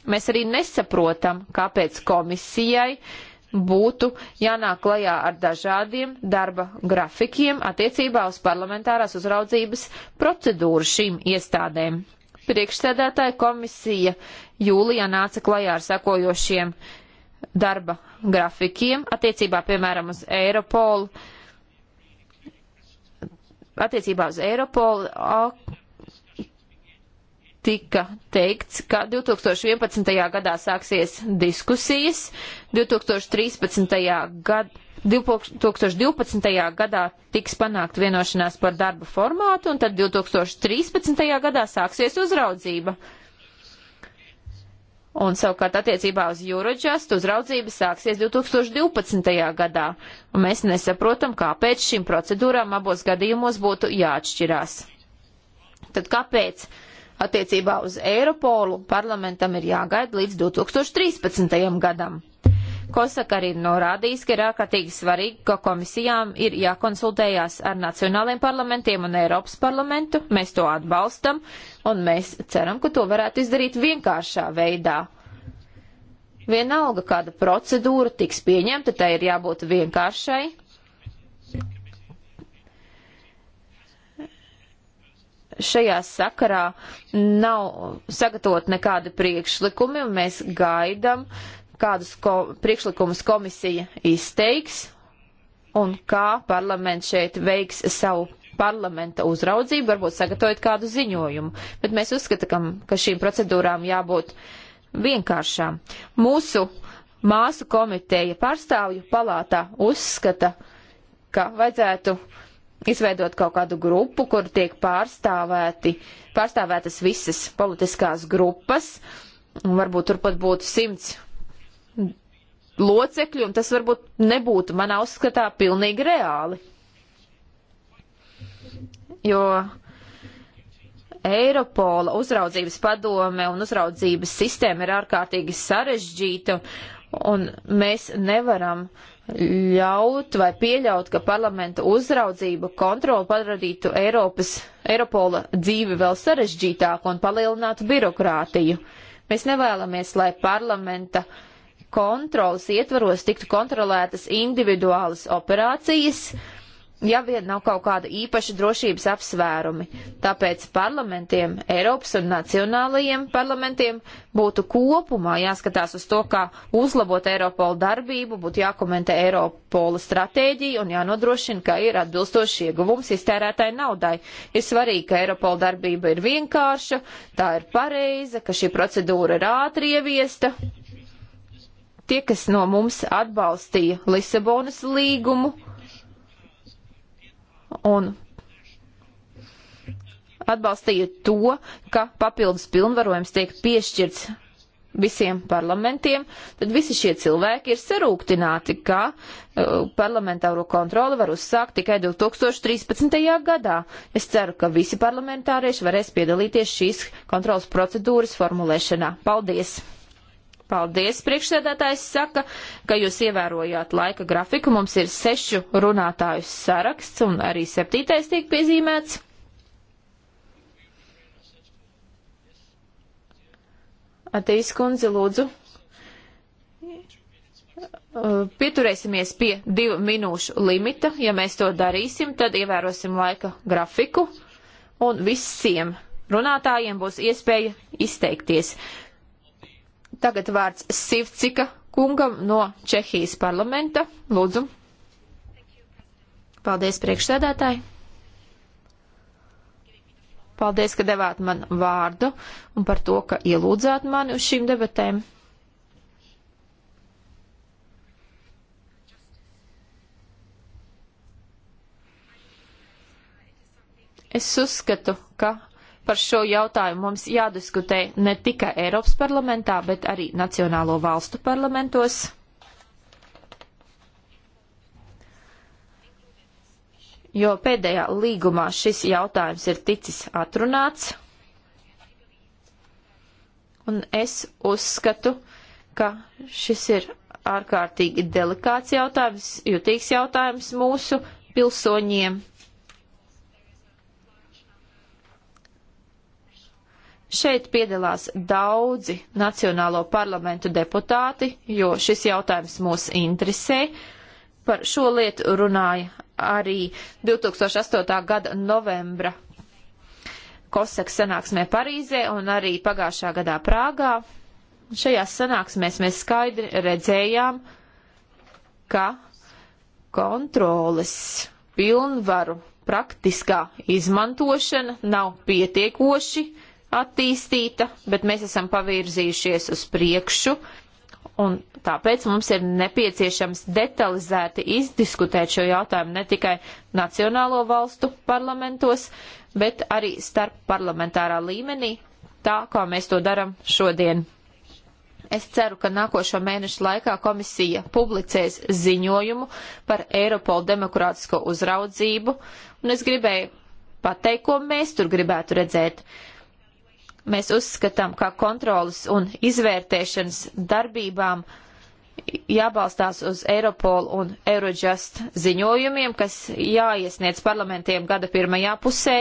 Mēs arī nesaprotam, kāpēc komisijai uh, būtu jānāk klajā ar dažādiem darba grafikiem attiecībā uz parlamentārās uzraudzības procedūru šīm iestādēm. Priekšsēdētāja komisija jūlijā nāca klajā ar sekojošiem darba grafikiem attiecībā, piemēram, uz Eiropolu, attiecībā uz Eiropolu tika teikts, ka 2011. gadā sāksies diskusijas, 2013. gad, 2012. gadā tiks panākt vienošanās par darba formātu, un tad 2013. gadā sāksies uzraudzība. Un savukārt attiecībā uz Eurojust uzraudzība sāksies 2012. gadā, un mēs nesaprotam, kāpēc šīm procedūrām abos gadījumos būtu jāatšķirās. Tad kāpēc? Attiecībā uz Eiropolu parlamentam ir jāgaida līdz 2013. gadam. Kosaka arī norādījis, ka ir ārkārtīgi svarīgi, ka komisijām ir jākonsultējās ar nacionāliem parlamentiem un Eiropas parlamentu. Mēs to atbalstam un mēs ceram, ka to varētu izdarīt vienkāršā veidā. Vienalga, kāda procedūra tiks pieņemta, tai ir jābūt vienkāršai, šajā sakarā nav sagatavot nekādi priekšlikumi, un mēs gaidam, kādus ko, priekšlikumus komisija izteiks, un kā parlaments šeit veiks savu parlamenta uzraudzību, varbūt sagatavot kādu ziņojumu. Bet mēs uzskatām, ka šīm procedūrām jābūt vienkāršām. Mūsu māsu komiteja pārstāvju palātā uzskata, ka vajadzētu uh, izveidot kaut kādu grupu, kur tiek pārstāvēti, pārstāvētas visas politiskās grupas, un varbūt turpat būtu simts locekļi, un tas varbūt nebūtu manā uzskatā pilnīgi reāli. Jo Eiropola uzraudzības padome un uzraudzības sistēma ir ārkārtīgi sarežģīta, un mēs nevaram uh, ļaut vai pieļaut, ka parlamenta uzraudzība kontroli padarītu Eiropas, Eiropola dzīvi vēl sarežģītāku un palielinātu birokrātiju. Mēs nevēlamies, lai parlamenta kontrolas ietvaros tiktu kontrolētas individuālas operācijas, uh, ja vien nav kaut kāda īpaša drošības apsvērumi. Tāpēc parlamentiem, Eiropas un nacionālajiem parlamentiem būtu kopumā jāskatās uz to, kā uzlabot Eiropola darbību, būtu jākomentē Eiropola stratēģija un jānodrošina, ka ir atbilstoši ieguvums iztērētāji naudai. Ir svarīgi, ka Eiropola darbība ir vienkārša, tā ir pareiza, ka šī procedūra ir ātri ieviesta. Tie, kas no mums atbalstīja Lisabonas līgumu, un atbalstīja to, ka papildus pilnvarojums tiek piešķirts visiem parlamentiem, tad visi šie cilvēki ir sarūktināti, ka uh, parlamentāro kontroli var uzsākt tikai 2013. gadā. Es ceru, ka visi parlamentārieši varēs piedalīties šīs kontrolas procedūras formulēšanā. Paldies! Paldies, priekšsēdētājs saka, ka jūs ievērojāt laika grafiku. Mums ir sešu runātāju saraksts un arī septītais tiek piezīmēts. Atīs kundze, lūdzu. Uh, pieturēsimies pie divu minūšu limita. Ja mēs to darīsim, tad ievērosim laika grafiku un visiem runātājiem būs iespēja izteikties. Tagad vārds Sivcika kungam no Čehijas parlamenta. Lūdzu. Paldies, priekšsēdētāji. Paldies, ka devāt man vārdu un par to, ka ielūdzāt mani uz šīm debatēm. Es uzskatu, ka par šo jautājumu mums jādiskutē ne tikai Eiropas parlamentā, bet arī Nacionālo valstu parlamentos. Jo pēdējā līgumā šis jautājums ir ticis atrunāts. Un es uzskatu, ka šis ir ārkārtīgi delikāts jautājums, jutīgs jautājums mūsu pilsoņiem. Šeit piedalās daudzi Nacionālo parlamentu deputāti, jo šis jautājums mūs interesē. Par šo lietu runāja arī 2008. gada novembra Koseks sanāksmē Parīzē un arī pagājušā gadā Prāgā. Šajās sanāksmēs mēs skaidri redzējām, ka kontroles pilnvaru praktiskā izmantošana nav pietiekoši uh, attīstīta, bet mēs esam pavirzījušies uz priekšu, un tāpēc mums ir nepieciešams detalizēti izdiskutēt šo jautājumu ne tikai nacionālo valstu parlamentos, bet arī starp parlamentārā līmenī, tā kā mēs to daram šodien. Es ceru, ka nākošo mēnešu laikā komisija publicēs ziņojumu par Eiropolu demokrātisko uzraudzību, un es gribēju pateikt, ko mēs tur gribētu redzēt. Uh, mēs uzskatām, ka kontrolas un izvērtēšanas darbībām jābalstās uz Europol un Eurojust ziņojumiem, kas jāiesniedz parlamentiem gada pirmajā pusē,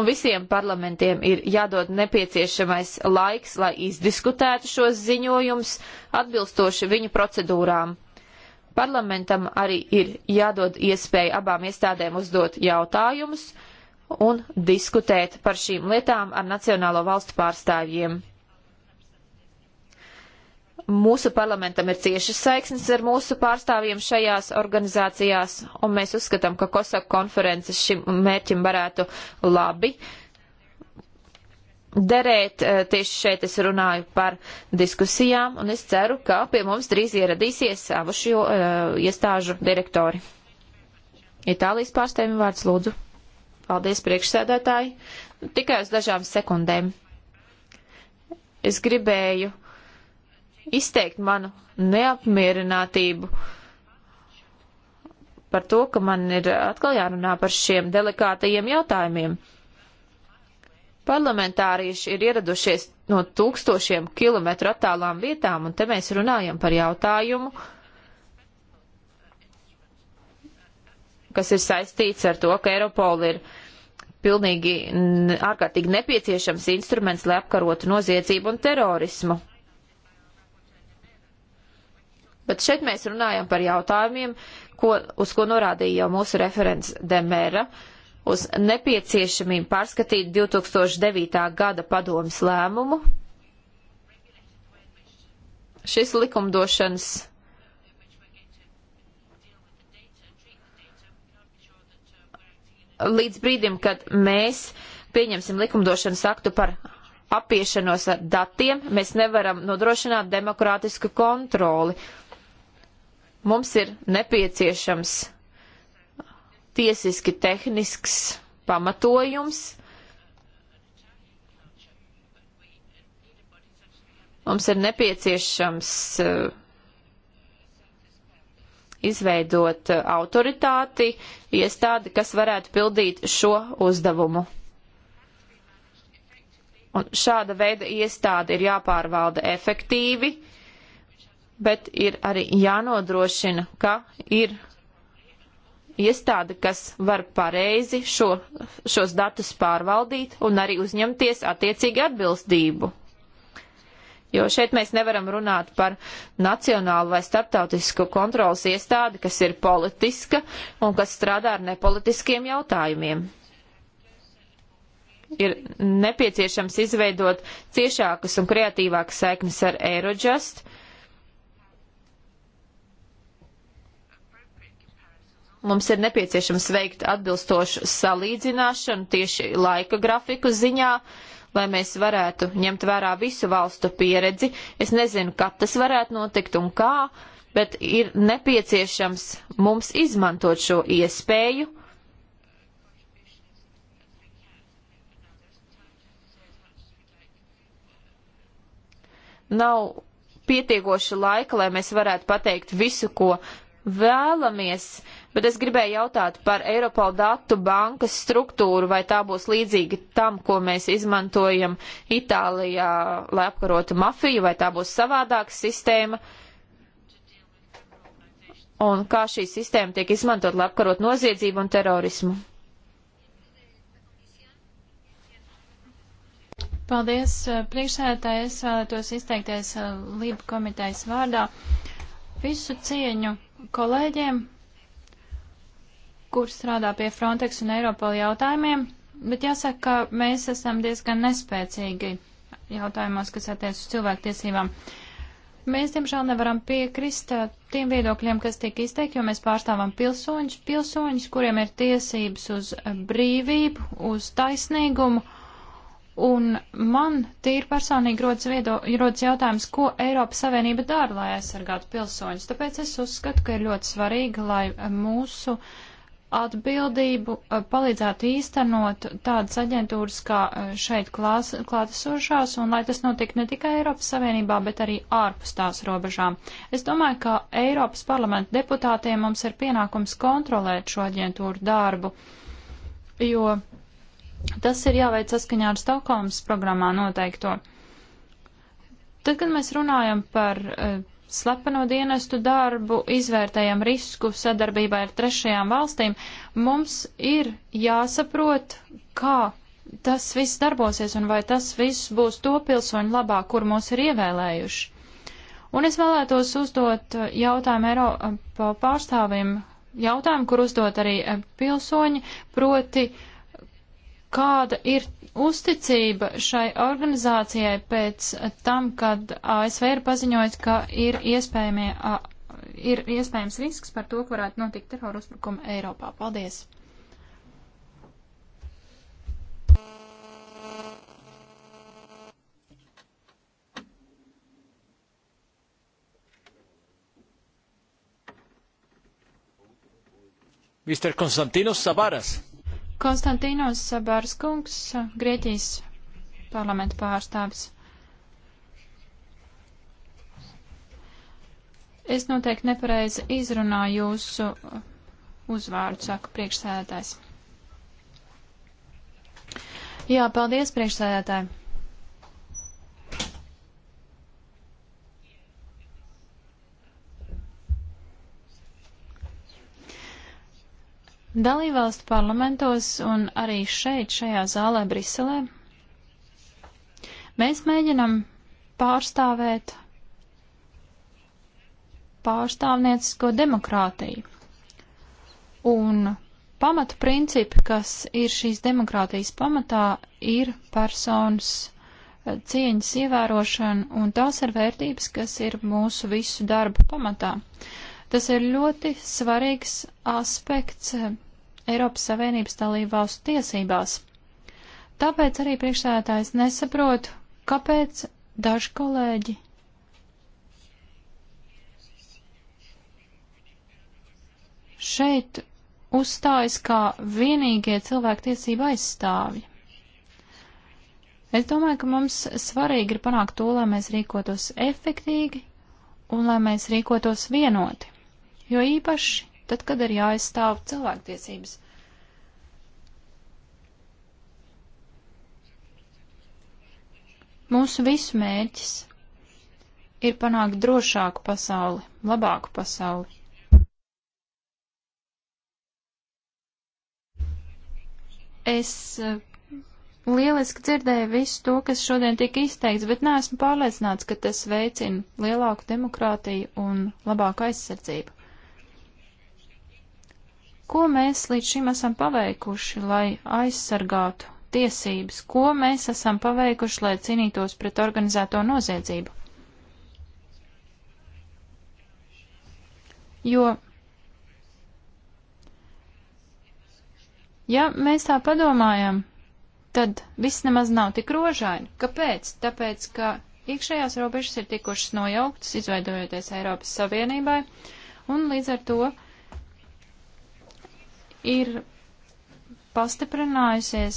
un visiem parlamentiem ir jādod nepieciešamais laiks, lai izdiskutētu šos ziņojumus atbilstoši viņu procedūrām. Parlamentam arī ir jādod iespēja abām iestādēm uzdot jautājumus, uh, un diskutēt par šīm lietām ar Nacionālo valstu pārstāvjiem. Mūsu parlamentam ir ciešas saiksnes ar mūsu pārstāvjiem šajās organizācijās, un mēs uzskatām, ka Kosaka konferences šim mērķim varētu labi derēt. Eh, tieši šeit es runāju par diskusijām, un es ceru, ka pie mums drīz ieradīsies abu šo uh, eh, iestāžu direktori. Itālijas pārstāvjiem vārds lūdzu. Paldies, priekšsēdētāji. Tikai uz dažām sekundēm. Es gribēju izteikt manu neapmierinātību par to, ka man ir atkal jārunā par šiem delikātajiem jautājumiem. Parlamentārieši ir ieradušies no tūkstošiem kilometru attālām vietām, un te mēs runājam par jautājumu, kas ir saistīts ar to, ka Eiropola ir pilnīgi ārkārtīgi nepieciešams instruments, lai apkarotu noziedzību un terorismu. Bet šeit mēs runājam par jautājumiem, ko, uz ko norādīja jau mūsu referents Demēra, uz nepieciešamību pārskatīt 2009. gada padomas lēmumu. Šis likumdošanas līdz brīdim, kad mēs pieņemsim likumdošanas aktu par apiešanos ar datiem, mēs nevaram nodrošināt demokrātisku kontroli. Mums ir nepieciešams tiesiski tehnisks pamatojums. Mums ir nepieciešams uh, izveidot eh, autoritāti, iestādi, kas varētu pildīt šo uzdevumu. Un šāda veida iestāde ir jāpārvalda efektīvi, bet ir arī jānodrošina, ka ir iestāde, kas var pareizi šo, šos datus pārvaldīt un arī uzņemties attiecīgi atbilstību. Jo šeit mēs nevaram runāt par nacionālu vai starptautisku kontrolas iestādi, kas ir politiska un kas strādā ar nepolitiskiem jautājumiem. Ir nepieciešams izveidot ciešākas un kreatīvākas saiknes ar Eurojust. Mums ir nepieciešams veikt atbilstošu salīdzināšanu tieši laika grafiku ziņā. Uh, lai mēs varētu ņemt vērā visu valstu pieredzi. Es nezinu, kad tas varētu notikt un kā, bet ir nepieciešams mums izmantot šo iespēju. Nav pietiekoši laika, lai mēs varētu pateikt visu, ko vēlamies. Uh, bet es gribēju jautāt par Eiropola datu bankas struktūru, vai tā būs līdzīga tam, ko mēs izmantojam Itālijā, lai apkarotu mafiju, vai tā būs savādāka sistēma. Un kā šī sistēma tiek izmantot, lai apkarot noziedzību un terorismu? Paldies, eh, priekšsēdētāji. Es vēlētos izteikties eh, Lība komitejas vārdā. Visu cieņu kolēģiem, kur strādā pie Frontex un Eiropola jautājumiem, bet jāsaka, ka mēs esam diezgan nespēcīgi jautājumos, kas attiec uz cilvēktiesībām. Mēs, diemžēl, nevaram piekrist uh, tiem viedokļiem, kas tiek izteikti, jo mēs pārstāvam pilsoņus, pilsoņus, kuriem ir tiesības uz brīvību, uz taisnīgumu. Un man tīri personīgi rodas, viedo, rodas jautājums, ko Eiropas Savienība dara, lai aizsargātu pilsoņus. Tāpēc es uzskatu, ka ir ļoti svarīgi, lai mūsu uh, atbildību eh, palīdzētu īstenot tādas aģentūras kā eh, šeit klās, klātesošās, un lai tas notiktu ne tikai Eiropas Savienībā, bet arī ārpus tās robežām. Es domāju, ka Eiropas parlamenta deputātiem mums ir pienākums kontrolēt šo aģentūru darbu, jo tas ir jāveic saskaņā ar Stokholmas programmā noteikto. Tad, kad mēs runājam par uh, slepeno dienestu darbu, izvērtējam risku sadarbībā ar trešajām valstīm, mums ir jāsaprot, kā tas viss darbosies un vai tas viss būs to pilsoņu labā, kur mūs ir ievēlējuši. Un es vēlētos uzdot jautājumu Eiropa pārstāvim, jautājumu, kur uzdot arī pilsoņi, proti, kāda ir uzticība šai organizācijai pēc tam, kad ASV ir paziņojis, ka ir, ir iespējams risks par to, ka varētu notikt terora uzbrukuma Eiropā. Paldies! Mr. Konstantinos Savaras. Konstantīnos Sabārskungs, Grieķijas parlamenta pārstāvis. Es noteikti nepareizi izrunāju jūsu uzvārdu, saka priekšsēdētājs. Jā, paldies priekšsēdētāji. Dalībvalstu parlamentos un arī šeit, šajā zālē Briselē, mēs mēģinam pārstāvēt pārstāvniecisko demokrātiju. Un pamatu principi, kas ir šīs demokrātijas pamatā, ir personas eh, cieņas ievērošana, un tās ir vērtības, kas ir mūsu visu darbu pamatā. Uh, Tas ir ļoti svarīgs aspekts Eiropas Savienības dalību valstu tiesībās. Tāpēc arī priekšsēdētājs nesaprotu, kāpēc daži kolēģi šeit uzstājas kā vienīgie cilvēktiesība aizstāvji. Es domāju, ka mums svarīgi ir panākt to, lai mēs rīkotos efektīgi un lai mēs rīkotos vienoti jo īpaši tad, kad ir jāaizstāv cilvēktiesības. Mūsu visu mērķis ir panākt drošāku pasauli, labāku pasauli. Es eh, lieliski dzirdēju visu to, kas šodien tika izteikts, bet neesmu pārliecināts, ka tas veicina lielāku demokrātiju un labāku aizsardzību. Ko mēs līdz šim esam paveikuši, lai aizsargātu tiesības? Ko mēs esam paveikuši, lai cīnītos pret organizēto noziedzību? Jo Ja mēs tā padomājam, tad viss nemaz nav tik rožaini. Kāpēc? Tāpēc, ka iekšējās robežas ir tikušas nojauktas, izveidojoties Eiropas Savienībai, un līdz ar to ir pastiprinājusies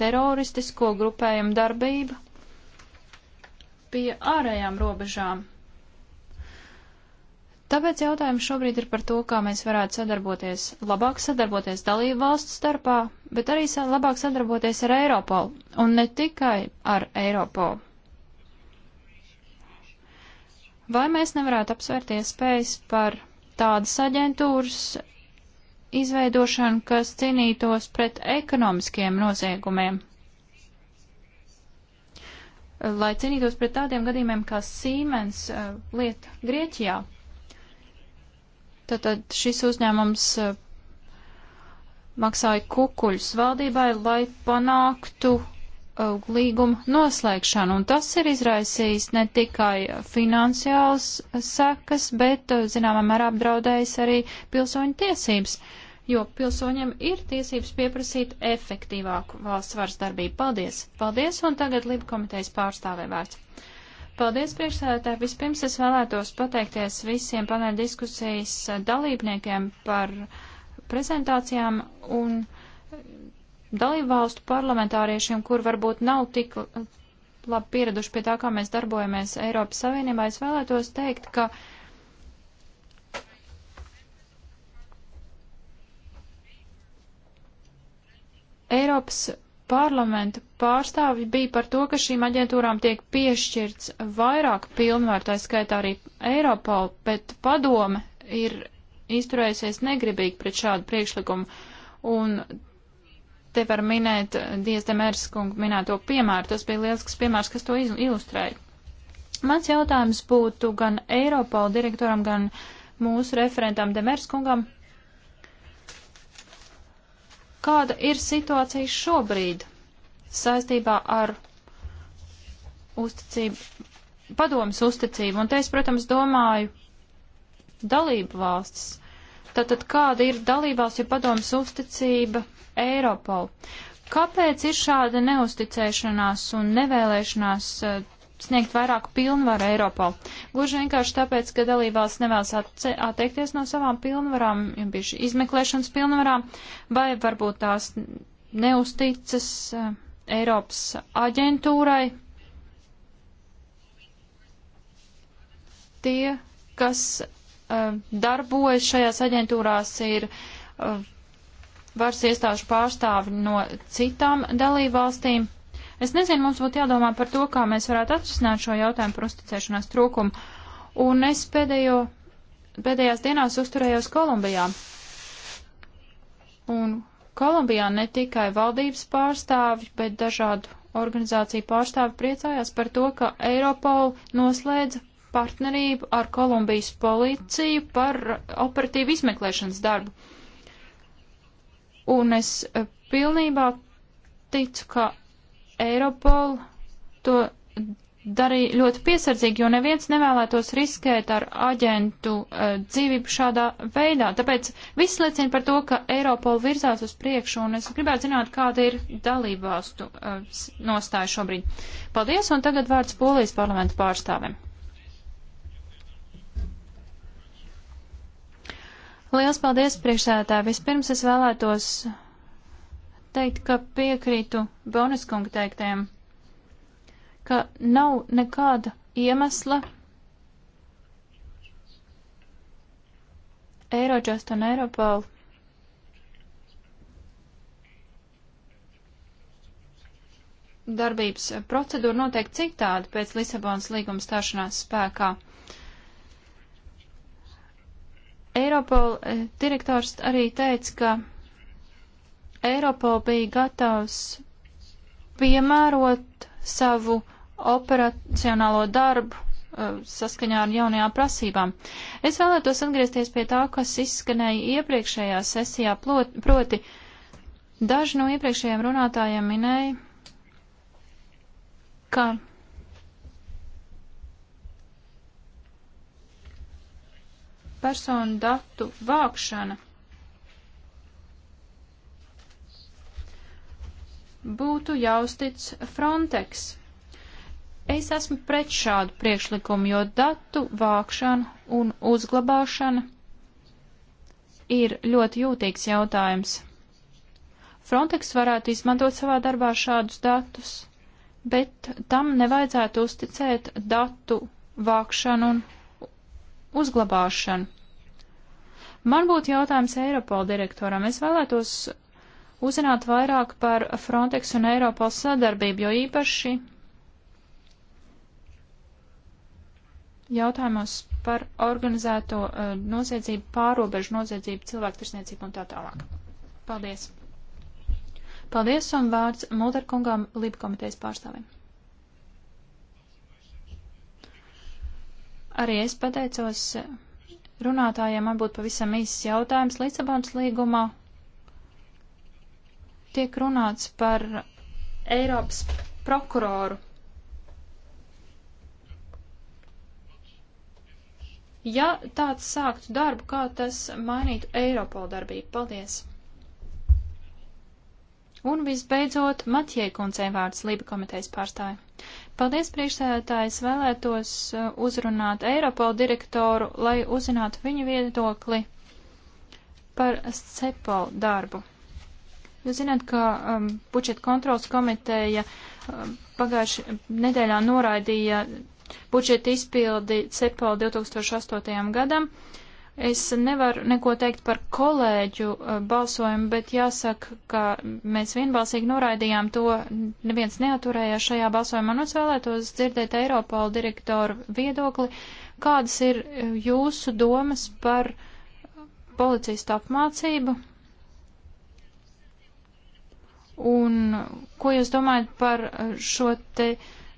teroristisko grupējumu darbība pie ārējām robežām. Tāpēc jautājums šobrīd ir par to, kā mēs varētu sadarboties, labāk sadarboties dalību valstu starpā, bet arī labāk sadarboties ar Eiropolu, un ne tikai ar Eiropolu. Vai mēs nevarētu apsvērt iespējas par tādas aģentūras izveidošanu, kas cīnītos pret ekonomiskiem noziegumiem. Lai cīnītos pret tādiem gadījumiem kā Siemens uh, lieta Grieķijā. Tātad šis uzņēmums uh, maksāja kukuļus valdībai, lai panāktu Uh, līguma noslēgšanu, un tas ir izraisījis ne tikai finansiāls sekas, bet, uh, zināmā mērā, apdraudējis arī pilsoņu tiesības, jo pilsoņiem ir tiesības pieprasīt efektīvāku valsts varas darbību. Paldies! Paldies, un tagad Liba komitejas pārstāvē vērts. Paldies, priekšsēdētāji! Vispirms es vēlētos pateikties visiem panel diskusijas dalībniekiem par prezentācijām un dalībvalstu parlamentāriešiem, kur varbūt nav tik labi pieraduši pie tā, kā mēs darbojamies Eiropas Savienībā, es vēlētos teikt, ka Eiropas parlamenta pārstāvji bija par to, ka šīm aģentūrām tiek piešķirts vairāk pilnvaru, tā skaitā arī Eiropol, bet padome ir izturējusies negribīgi pret šādu priekšlikumu. Un te var minēt Diezdemērs kungu minēto piemēru. Tas bija lielisks piemērs, kas to ilustrēja. Mans jautājums būtu gan Eiropola direktoram, gan mūsu referentam Demērs kungam. Kāda ir situācija šobrīd saistībā ar uzticību, padomas uzticību? Un te es, protams, domāju dalību valstis. Tātad kāda ir dalībās, ja padomas uzticība Eiropolu. Kāpēc ir šāda neusticēšanās un nevēlēšanās eh, sniegt vairāk pilnvaru Eiropol? Gluži vienkārši tāpēc, ka dalībvalsts nevēlas atteikties no savām pilnvarām, bijuši izmeklēšanas pilnvarām, vai varbūt tās neusticas eh, Eiropas aģentūrai. Tie, kas uh, darbojas šajās aģentūrās, ir uh, varas iestāžu pārstāvi no citām dalībvalstīm. Es nezinu, mums būtu jādomā par to, kā mēs varētu atrisināt šo jautājumu par uzticēšanās trūkumu. Un es pēdējo, pēdējās dienās uzturējos Kolumbijā. Un Kolumbijā ne tikai valdības pārstāvi, bet dažādu organizāciju pārstāvi priecājās par to, ka Eiropola noslēdza partnerību ar Kolumbijas policiju par operatīvu izmeklēšanas darbu. Un es eh, pilnībā ticu, ka Eiropol to darīja ļoti piesardzīgi, jo neviens nevēlētos riskēt ar aģentu uh, dzīvību šādā veidā. Tāpēc viss liecina par to, ka Eiropola virzās uz priekšu, un es gribētu zināt, kāda ir dalībvalstu uh, nostāja šobrīd. Paldies, un tagad vārds Polijas parlamentu pārstāvim. Liels paldies, priekšsēdētāji. Vispirms es vēlētos teikt, ka piekrītu Boniskunga teiktiem, ka nav nekāda iemesla Eirodžast un Eiropolu darbības procedūra noteikti citādi pēc Lisabonas līguma stāšanās spēkā. Eiropola eh, direktors arī teica, ka Eiropola bija gatavs piemērot savu operacionālo darbu eh, saskaņā ar jaunajām prasībām. Es vēlētos atgriezties pie tā, kas izskanēja iepriekšējā sesijā, plot, proti daži no iepriekšējiem runātājiem minēja, ka personu datu vākšana būtu jāuztic Frontex. Es esmu pret šādu priekšlikumu, jo datu vākšana un uzglabāšana ir ļoti jūtīgs jautājums. Frontex varētu izmantot savā darbā šādus datus, bet tam nevajadzētu uzticēt datu vākšanu un uzglabāšanu. Man būtu jautājums Eiropola direktoram. Es vēlētos uzzināt vairāk par Frontex un Eiropola sadarbību, jo īpaši jautājumos par organizēto uh, noziedzību, pārobežu noziedzību, cilvēktirsniecību un tā tālāk. Paldies! Paldies un vārds Mulderkungam, Libkomitejas pārstāvim. arī es pateicos runātājiem, man būtu pavisam īsts jautājums. Lisabons līgumā tiek runāts par Eiropas prokuroru. Ja tāds sāktu darbu, kā tas mainītu Eiropola darbību? Paldies! Un visbeidzot, Matjē kundzei vārds Lība komitejas pārstāja. Paldies, priekšsēdētājs, vēlētos uh, uzrunāt Eiropola direktoru, lai uzzinātu viņu viedokli par CEPOL darbu. Jūs zināt, ka um, budžeta kontrols komiteja um, pagājuši nedēļā noraidīja budžeta izpildi CEPOL 2008. gadam. Uh, Es nevaru neko teikt par kolēģu eh, balsojumu, bet jāsaka, ka mēs vienbalsīgi noraidījām to, neviens neaturējās šajā balsojumā. Un es vēlētos dzirdēt Eiropola direktoru viedokli, kādas ir eh, jūsu domas par policistu apmācību Un ko jūs domājat par eh, šo te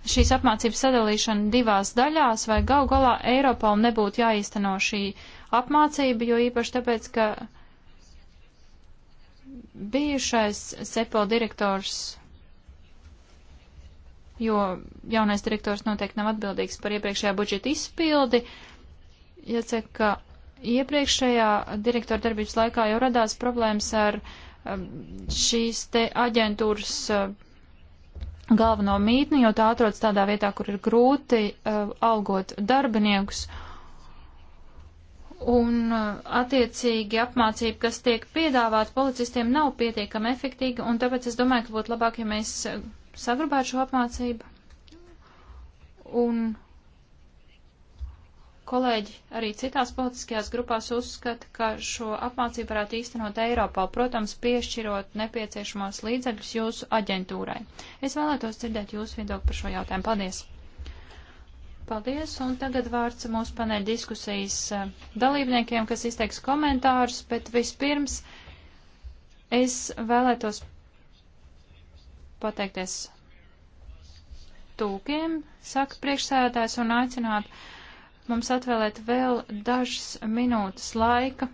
šīs apmācības sadalīšanu divās daļās, vai gal galā Eiropal nebūtu jāīsteno šī apmācību, jo īpaši tāpēc, ka bijušais SEPO direktors, jo jaunais direktors noteikti nav atbildīgs par iepriekšējā budžeta izpildi, jāsaka, ka iepriekšējā direktora darbības laikā jau radās problēmas ar um, šīs te aģentūras um, galveno mītni, jo tā atrodas tādā vietā, kur ir grūti uh, algot darbiniekus. Un uh, attiecīgi apmācība, kas tiek piedāvāta policistiem, nav pietiekami efektīga, un tāpēc es domāju, ka būtu labāk, ja mēs uh, saglabātu šo apmācību. Un kolēģi arī citās politiskajās grupās uzskata, ka šo apmācību varētu īstenot Eiropā, protams, piešķirot nepieciešamos līdzekļus jūsu aģentūrai. Es vēlētos dzirdēt jūsu viedokli par šo jautājumu. Paldies! Paldies, un tagad vārds mūsu paneļa diskusijas eh, dalībniekiem, kas izteiks komentārus, bet vispirms es vēlētos pateikties tūkiem, saka priekšsēdētājs, un aicināt mums atvēlēt vēl dažas minūtes laika,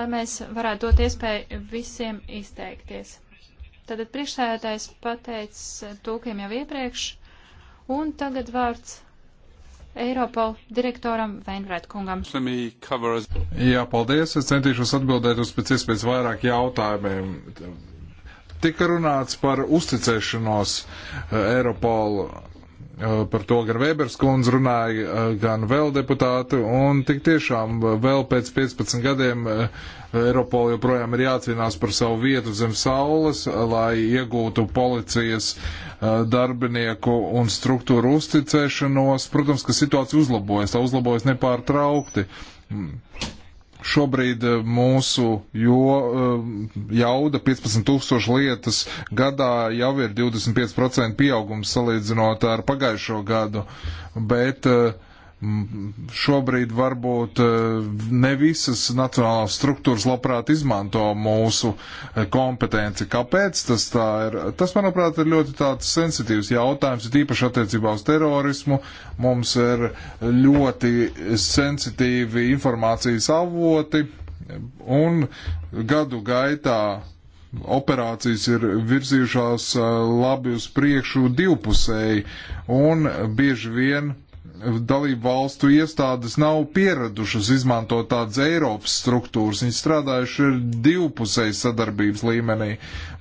lai mēs varētu dot iespēju visiem izteikties. Tātad priekšsēdētājs pateic tūkiem jau iepriekš. Un tagad vārds Eiropola direktoram Veinvrēt kungam. Jā, paldies. Es centīšos atbildēt uz pēc iespējas vairāk jautājumiem. Tika runāts par uzticēšanos eh, Eiropola Eh, par to gan Vēbers kundze runāja, eh, gan vēl deputāti, un tik tiešām eh, vēl pēc 15 gadiem Eiropola joprojām ir jācīnās par savu vietu zem saules, lai iegūtu policijas darbinieku un struktūru uzticēšanos. Protams, ka situācija uzlabojas, tā uzlabojas nepārtraukti. Mm. Šobrīd eh, mūsu jo, eh, jauda 15,000 lietas gadā jau ir 25% pieaugums salīdzinot ar pagājušo gadu, bet uh, Šobrīd varbūt eh, ne visas nacionālās struktūras labprāt izmanto mūsu eh, kompetenci. Kāpēc tas tā ir? Tas, manuprāt, ir ļoti tāds sensitīvs jautājums, tīpaši attiecībā uz terorismu. Mums ir ļoti sensitīvi informācijas avoti un gadu gaitā operācijas ir virzījušās eh, labi uz priekšu divpusēji un bieži vien dalību valstu iestādes nav pieradušas izmantot tādas Eiropas struktūras. Viņi strādājuši ir divpusēji sadarbības līmenī.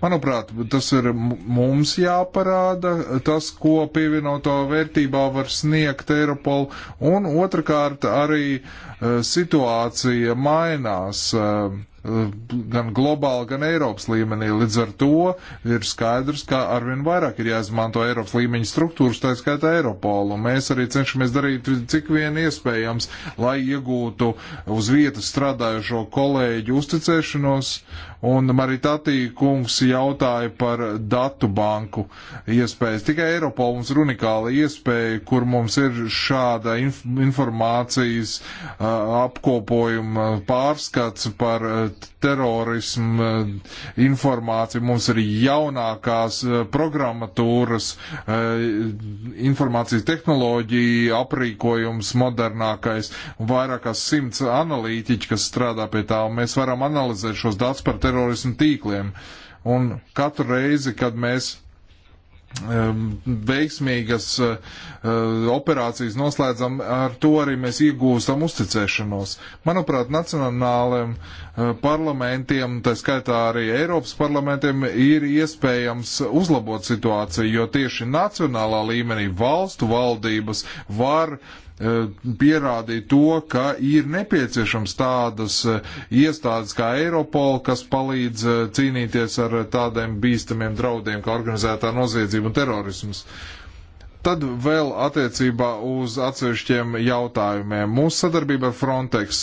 Manuprāt, tas ir mums jāparāda, tas, ko pievienoto vērtībā var sniegt Eiropol, un otrkārt arī eh, situācija mainās. Uh, Eh, gan globāli, gan Eiropas līmenī. Līdz ar to ir skaidrs, ka arvien vairāk ir jāizmanto Eiropas līmeņa struktūras, tā skaitā Eiropolu. Mēs arī cenšamies darīt cik vien iespējams, lai iegūtu uz vietas strādājušo kolēģu uzticēšanos. Un Maritatī kungs jautāja par datu banku iespējas. Tikai Eiropol mums ir unikāla iespēja, kur mums ir šāda inf informācijas uh, apkopojuma pārskats par uh, pret terorismu eh, informāciju, mums ir jaunākās eh, programmatūras, eh, informācijas tehnoloģija, aprīkojums modernākais, vairākās simts analītiķi, kas strādā pie tā, un mēs varam analizēt šos datus par terorismu tīkliem. Un katru reizi, kad mēs veiksmīgas eh, operācijas noslēdzam, ar to arī mēs iegūstam uzticēšanos. Manuprāt, nacionālajiem eh, parlamentiem, tā skaitā arī Eiropas parlamentiem, ir iespējams uzlabot situāciju, jo tieši nacionālā līmenī valstu valdības var Eh, pierādīt to, ka ir nepieciešams tādas eh, iestādes kā Eiropola, kas palīdz eh, cīnīties ar tādiem bīstamiem draudiem kā organizētā noziedzība un terorisms. Tad vēl attiecībā uz atsevišķiem jautājumiem. Mūsu sadarbība ar Frontex,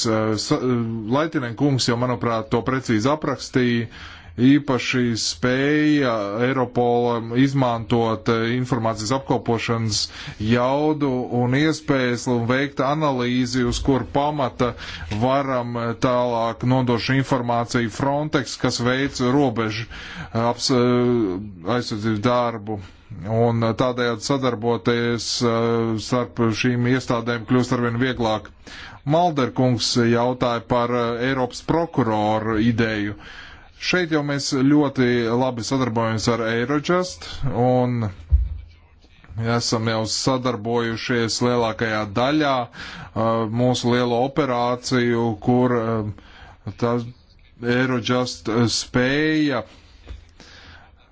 Laitinen kungs jau, manuprāt, to precīzi aprakstīja īpaši spēja Eiropolam izmantot eh, informācijas apkopošanas jaudu un iespējas un veikt analīzi, uz kur pamata varam eh, tālāk nodošu informāciju Frontex, kas veic robežu eh, aizsardzību darbu. Un tādējādi sadarboties starp šīm iestādēm kļūst arvien vieglāk. Malderkungs jautāja par Eiropas prokuroru ideju. Uh, Šeit jau mēs ļoti labi sadarbojamies ar Eirodžast un esam jau sadarbojušies lielākajā daļā uh, mūsu lielo operāciju, kur uh, tas Eirodžast spēja uh,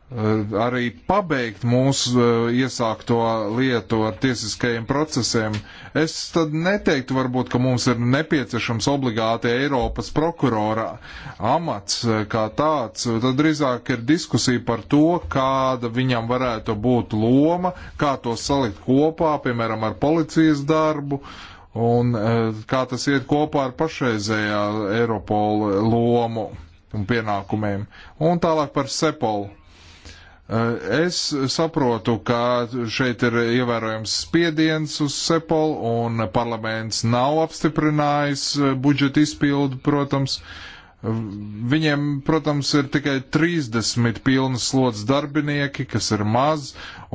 Eh, arī pabeigt mūsu eh, iesākto lietu ar tiesiskajiem procesiem. Es tad neteiktu varbūt, ka mums ir nepieciešams obligāti Eiropas prokurora amats eh, kā tāds. Tad drīzāk ir diskusija par to, kāda viņam varētu būt loma, kā to salikt kopā, piemēram, ar policijas darbu. Un kā tas iet kopā ar pašreizējā Eiropola lomu un pienākumiem. Un tālāk par Sepolu Eh, es saprotu, ka šeit ir ievērojams spiediens uz Sepolu un parlaments nav apstiprinājis eh, budžeta izpildu, protams, uh, Viņiem, protams, ir tikai 30 pilnas slodzes darbinieki, kas ir maz,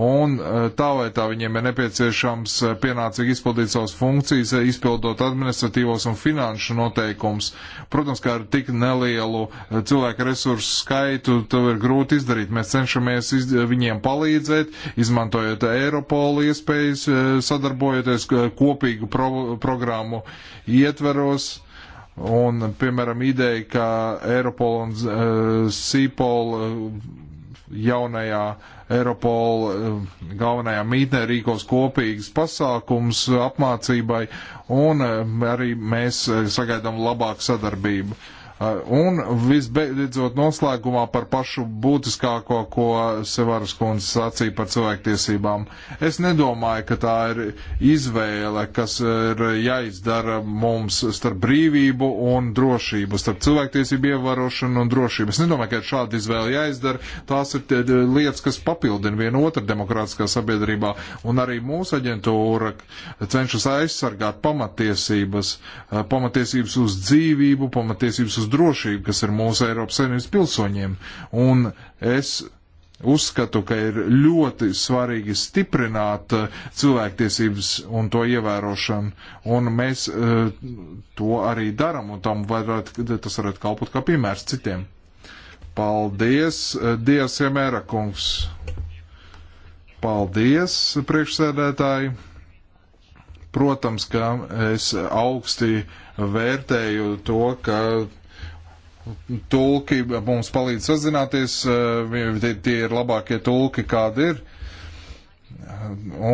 un e, tā vai tā viņiem ir nepieciešams e, pienācīgi izpildīt savas funkcijas, e, izpildot administratīvos un finanšu noteikumus. Protams, kā ar tik nelielu cilvēku resursu skaitu, to ir grūti izdarīt. Mēs cenšamies iz, viņiem palīdzēt, izmantojot Eiropolu iespējas, sadarbojoties kopīgu pro, programmu ietveros Un, piemēram, ideja, ka Eiropol un uh, Sīpol eh, jaunajā Eiropol eh, galvenajā mītnē rīkos kopīgas pasākums apmācībai, un arī mēs sagaidām labāku sadarbību. Uh, Un visbeidzot noslēgumā par pašu būtiskāko, ko Sevaras kundze sacīja par cilvēktiesībām. Es nedomāju, ka tā ir izvēle, kas ir jāizdara mums starp brīvību un drošību, starp cilvēktiesību ievarošanu un drošību. Es nedomāju, ka ir šāda izvēle jāizdara. Tās ir lietas, kas papildina vienu otru demokrātiskā sabiedrībā. Un arī mūsu aģentūra cenšas aizsargāt pamatiesības, pamatiesības uz dzīvību, pamatiesības uz drošību, kas ir mūsu Eiropas Savienības pilsoņiem. Un es uzskatu, ka ir ļoti svarīgi stiprināt uh, cilvēktiesības un to ievērošanu, un mēs uh, to arī daram, un tam varētu, tas varētu kalpot kā piemērs citiem. Paldies, uh, Dievs Jemēra kungs! Paldies, priekšsēdētāji! Protams, ka es augsti vērtēju to, ka Tulki mums palīdz sazināties, eh, tie ir labākie tulki, kādi ir.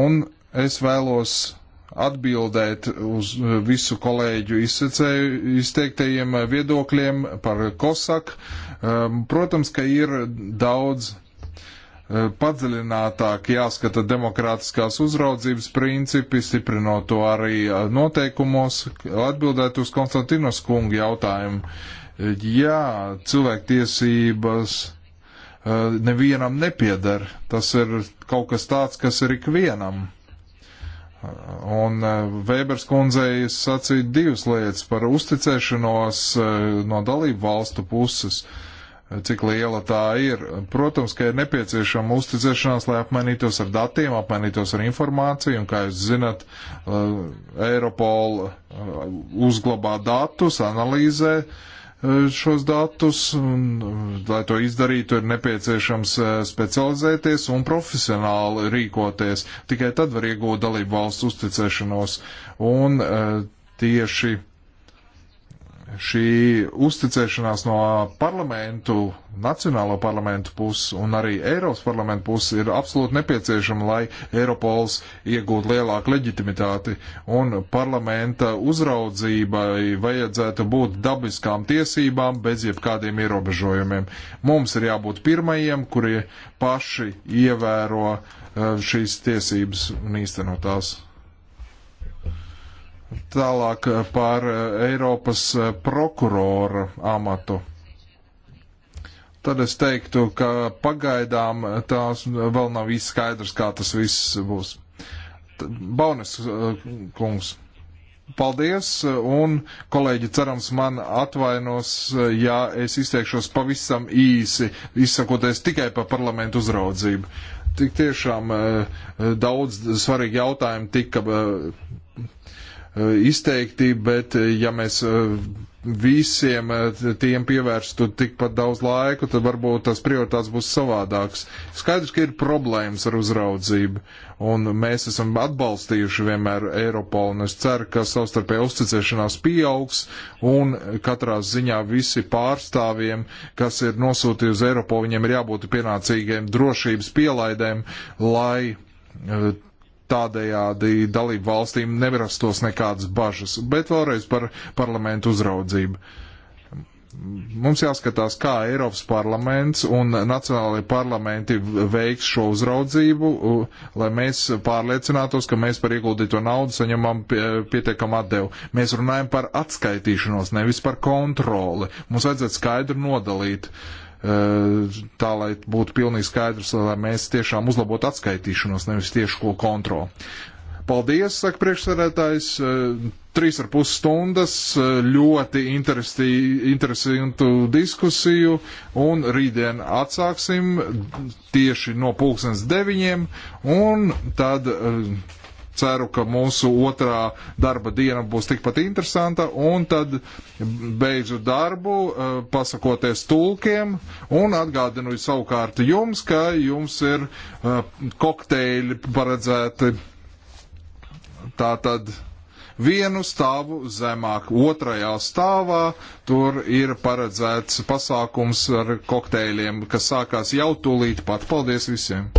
Un es vēlos atbildēt uz visu kolēģu izteiktajiem viedokļiem par Kosaku. Ehm, protams, ka ir daudz eh, padziļinātāk jāskata demokrātiskās uzraudzības principi, stiprinot to arī eh, noteikumos, atbildēt uz Konstantinos kungu jautājumu jā, cilvēktiesības eh, nevienam nepiedara. Tas ir kaut kas tāds, kas ir ikvienam. Eh, un eh, Vēbers kundzei sacīja divas lietas par uzticēšanos no dalību valstu puses, cik liela tā ir. Protams, ka ir nepieciešama uzticēšanās, lai apmainītos ar datiem, apmainītos ar informāciju, un, kā jūs zinat, Eiropola uzglabā datus, analīzē, uh, šos datus, un, lai to izdarītu, ir nepieciešams eh, specializēties un profesionāli rīkoties. Tikai tad var iegūt dalību valsts uzticēšanos, un eh, tieši šī uzticēšanās no parlamentu, nacionālo parlamentu puses un arī Eiropas parlamentu puses ir absolūti nepieciešama, lai Eiropols iegūtu lielāku leģitimitāti un parlamenta uzraudzībai vajadzētu būt dabiskām tiesībām bez jebkādiem ierobežojumiem. Mums ir jābūt pirmajiem, kuri paši ievēro eh, šīs tiesības un īstenotās. Tālāk eh, par eh, Eiropas eh, prokurora amatu. Tad es teiktu, ka pagaidām tās vēl nav īsti skaidrs, kā tas viss būs. Baunis kungs. Paldies, un kolēģi cerams man atvainos, ja es izteikšos pavisam īsi, izsakoties tikai par parlamentu uzraudzību. Tik tiešām daudz svarīgi jautājumi tika Eh, izteikti, bet eh, ja mēs eh, visiem tiem pievērstu tikpat daudz laiku, tad varbūt tas prioritāts būs savādāks. Skaidrs, ka ir problēmas ar uzraudzību, un mēs esam atbalstījuši vienmēr Eiropolu, un es ceru, ka savstarpēja uzticēšanās pieaugs, un katrā ziņā visi pārstāvjiem, kas ir nosūtījuši uz Eiropolu, viņiem ir jābūt pienācīgiem drošības pielaidēm, lai Tādējādi dalību valstīm nevarastos nekādas bažas. Bet vēlreiz par parlamentu uzraudzību. Mums jāskatās, kā Eiropas parlaments un nacionālajie parlamenti veiks šo uzraudzību, lai mēs pārliecinātos, ka mēs par ieguldīto naudu saņemam pietiekamu atdevu. Mēs runājam par atskaitīšanos, nevis par kontroli. Mums vajadzētu skaidri nodalīt uh, Eh, tā lai būtu pilnīgi skaidrs, lai mēs tiešām uzlabotu atskaitīšanos, nevis tiešo kontroli. Paldies, saka priekšsēdētājs. Eh, trīs ar pus stundas eh, ļoti interesantu diskusiju, un rītdien atsāksim tieši no pulksnes deviņiem, un tad ceru, ka mūsu otrā darba diena būs tikpat interesanta, un tad beidzu darbu, eh, pasakoties tulkiem, un atgādinu savukārt jums, ka jums ir eh, kokteili paredzēti tātad vienu stāvu zemāk, otrajā stāvā tur ir paredzēts pasākums ar kokteļiem, kas sākās jau tūlīt pat. Paldies visiem!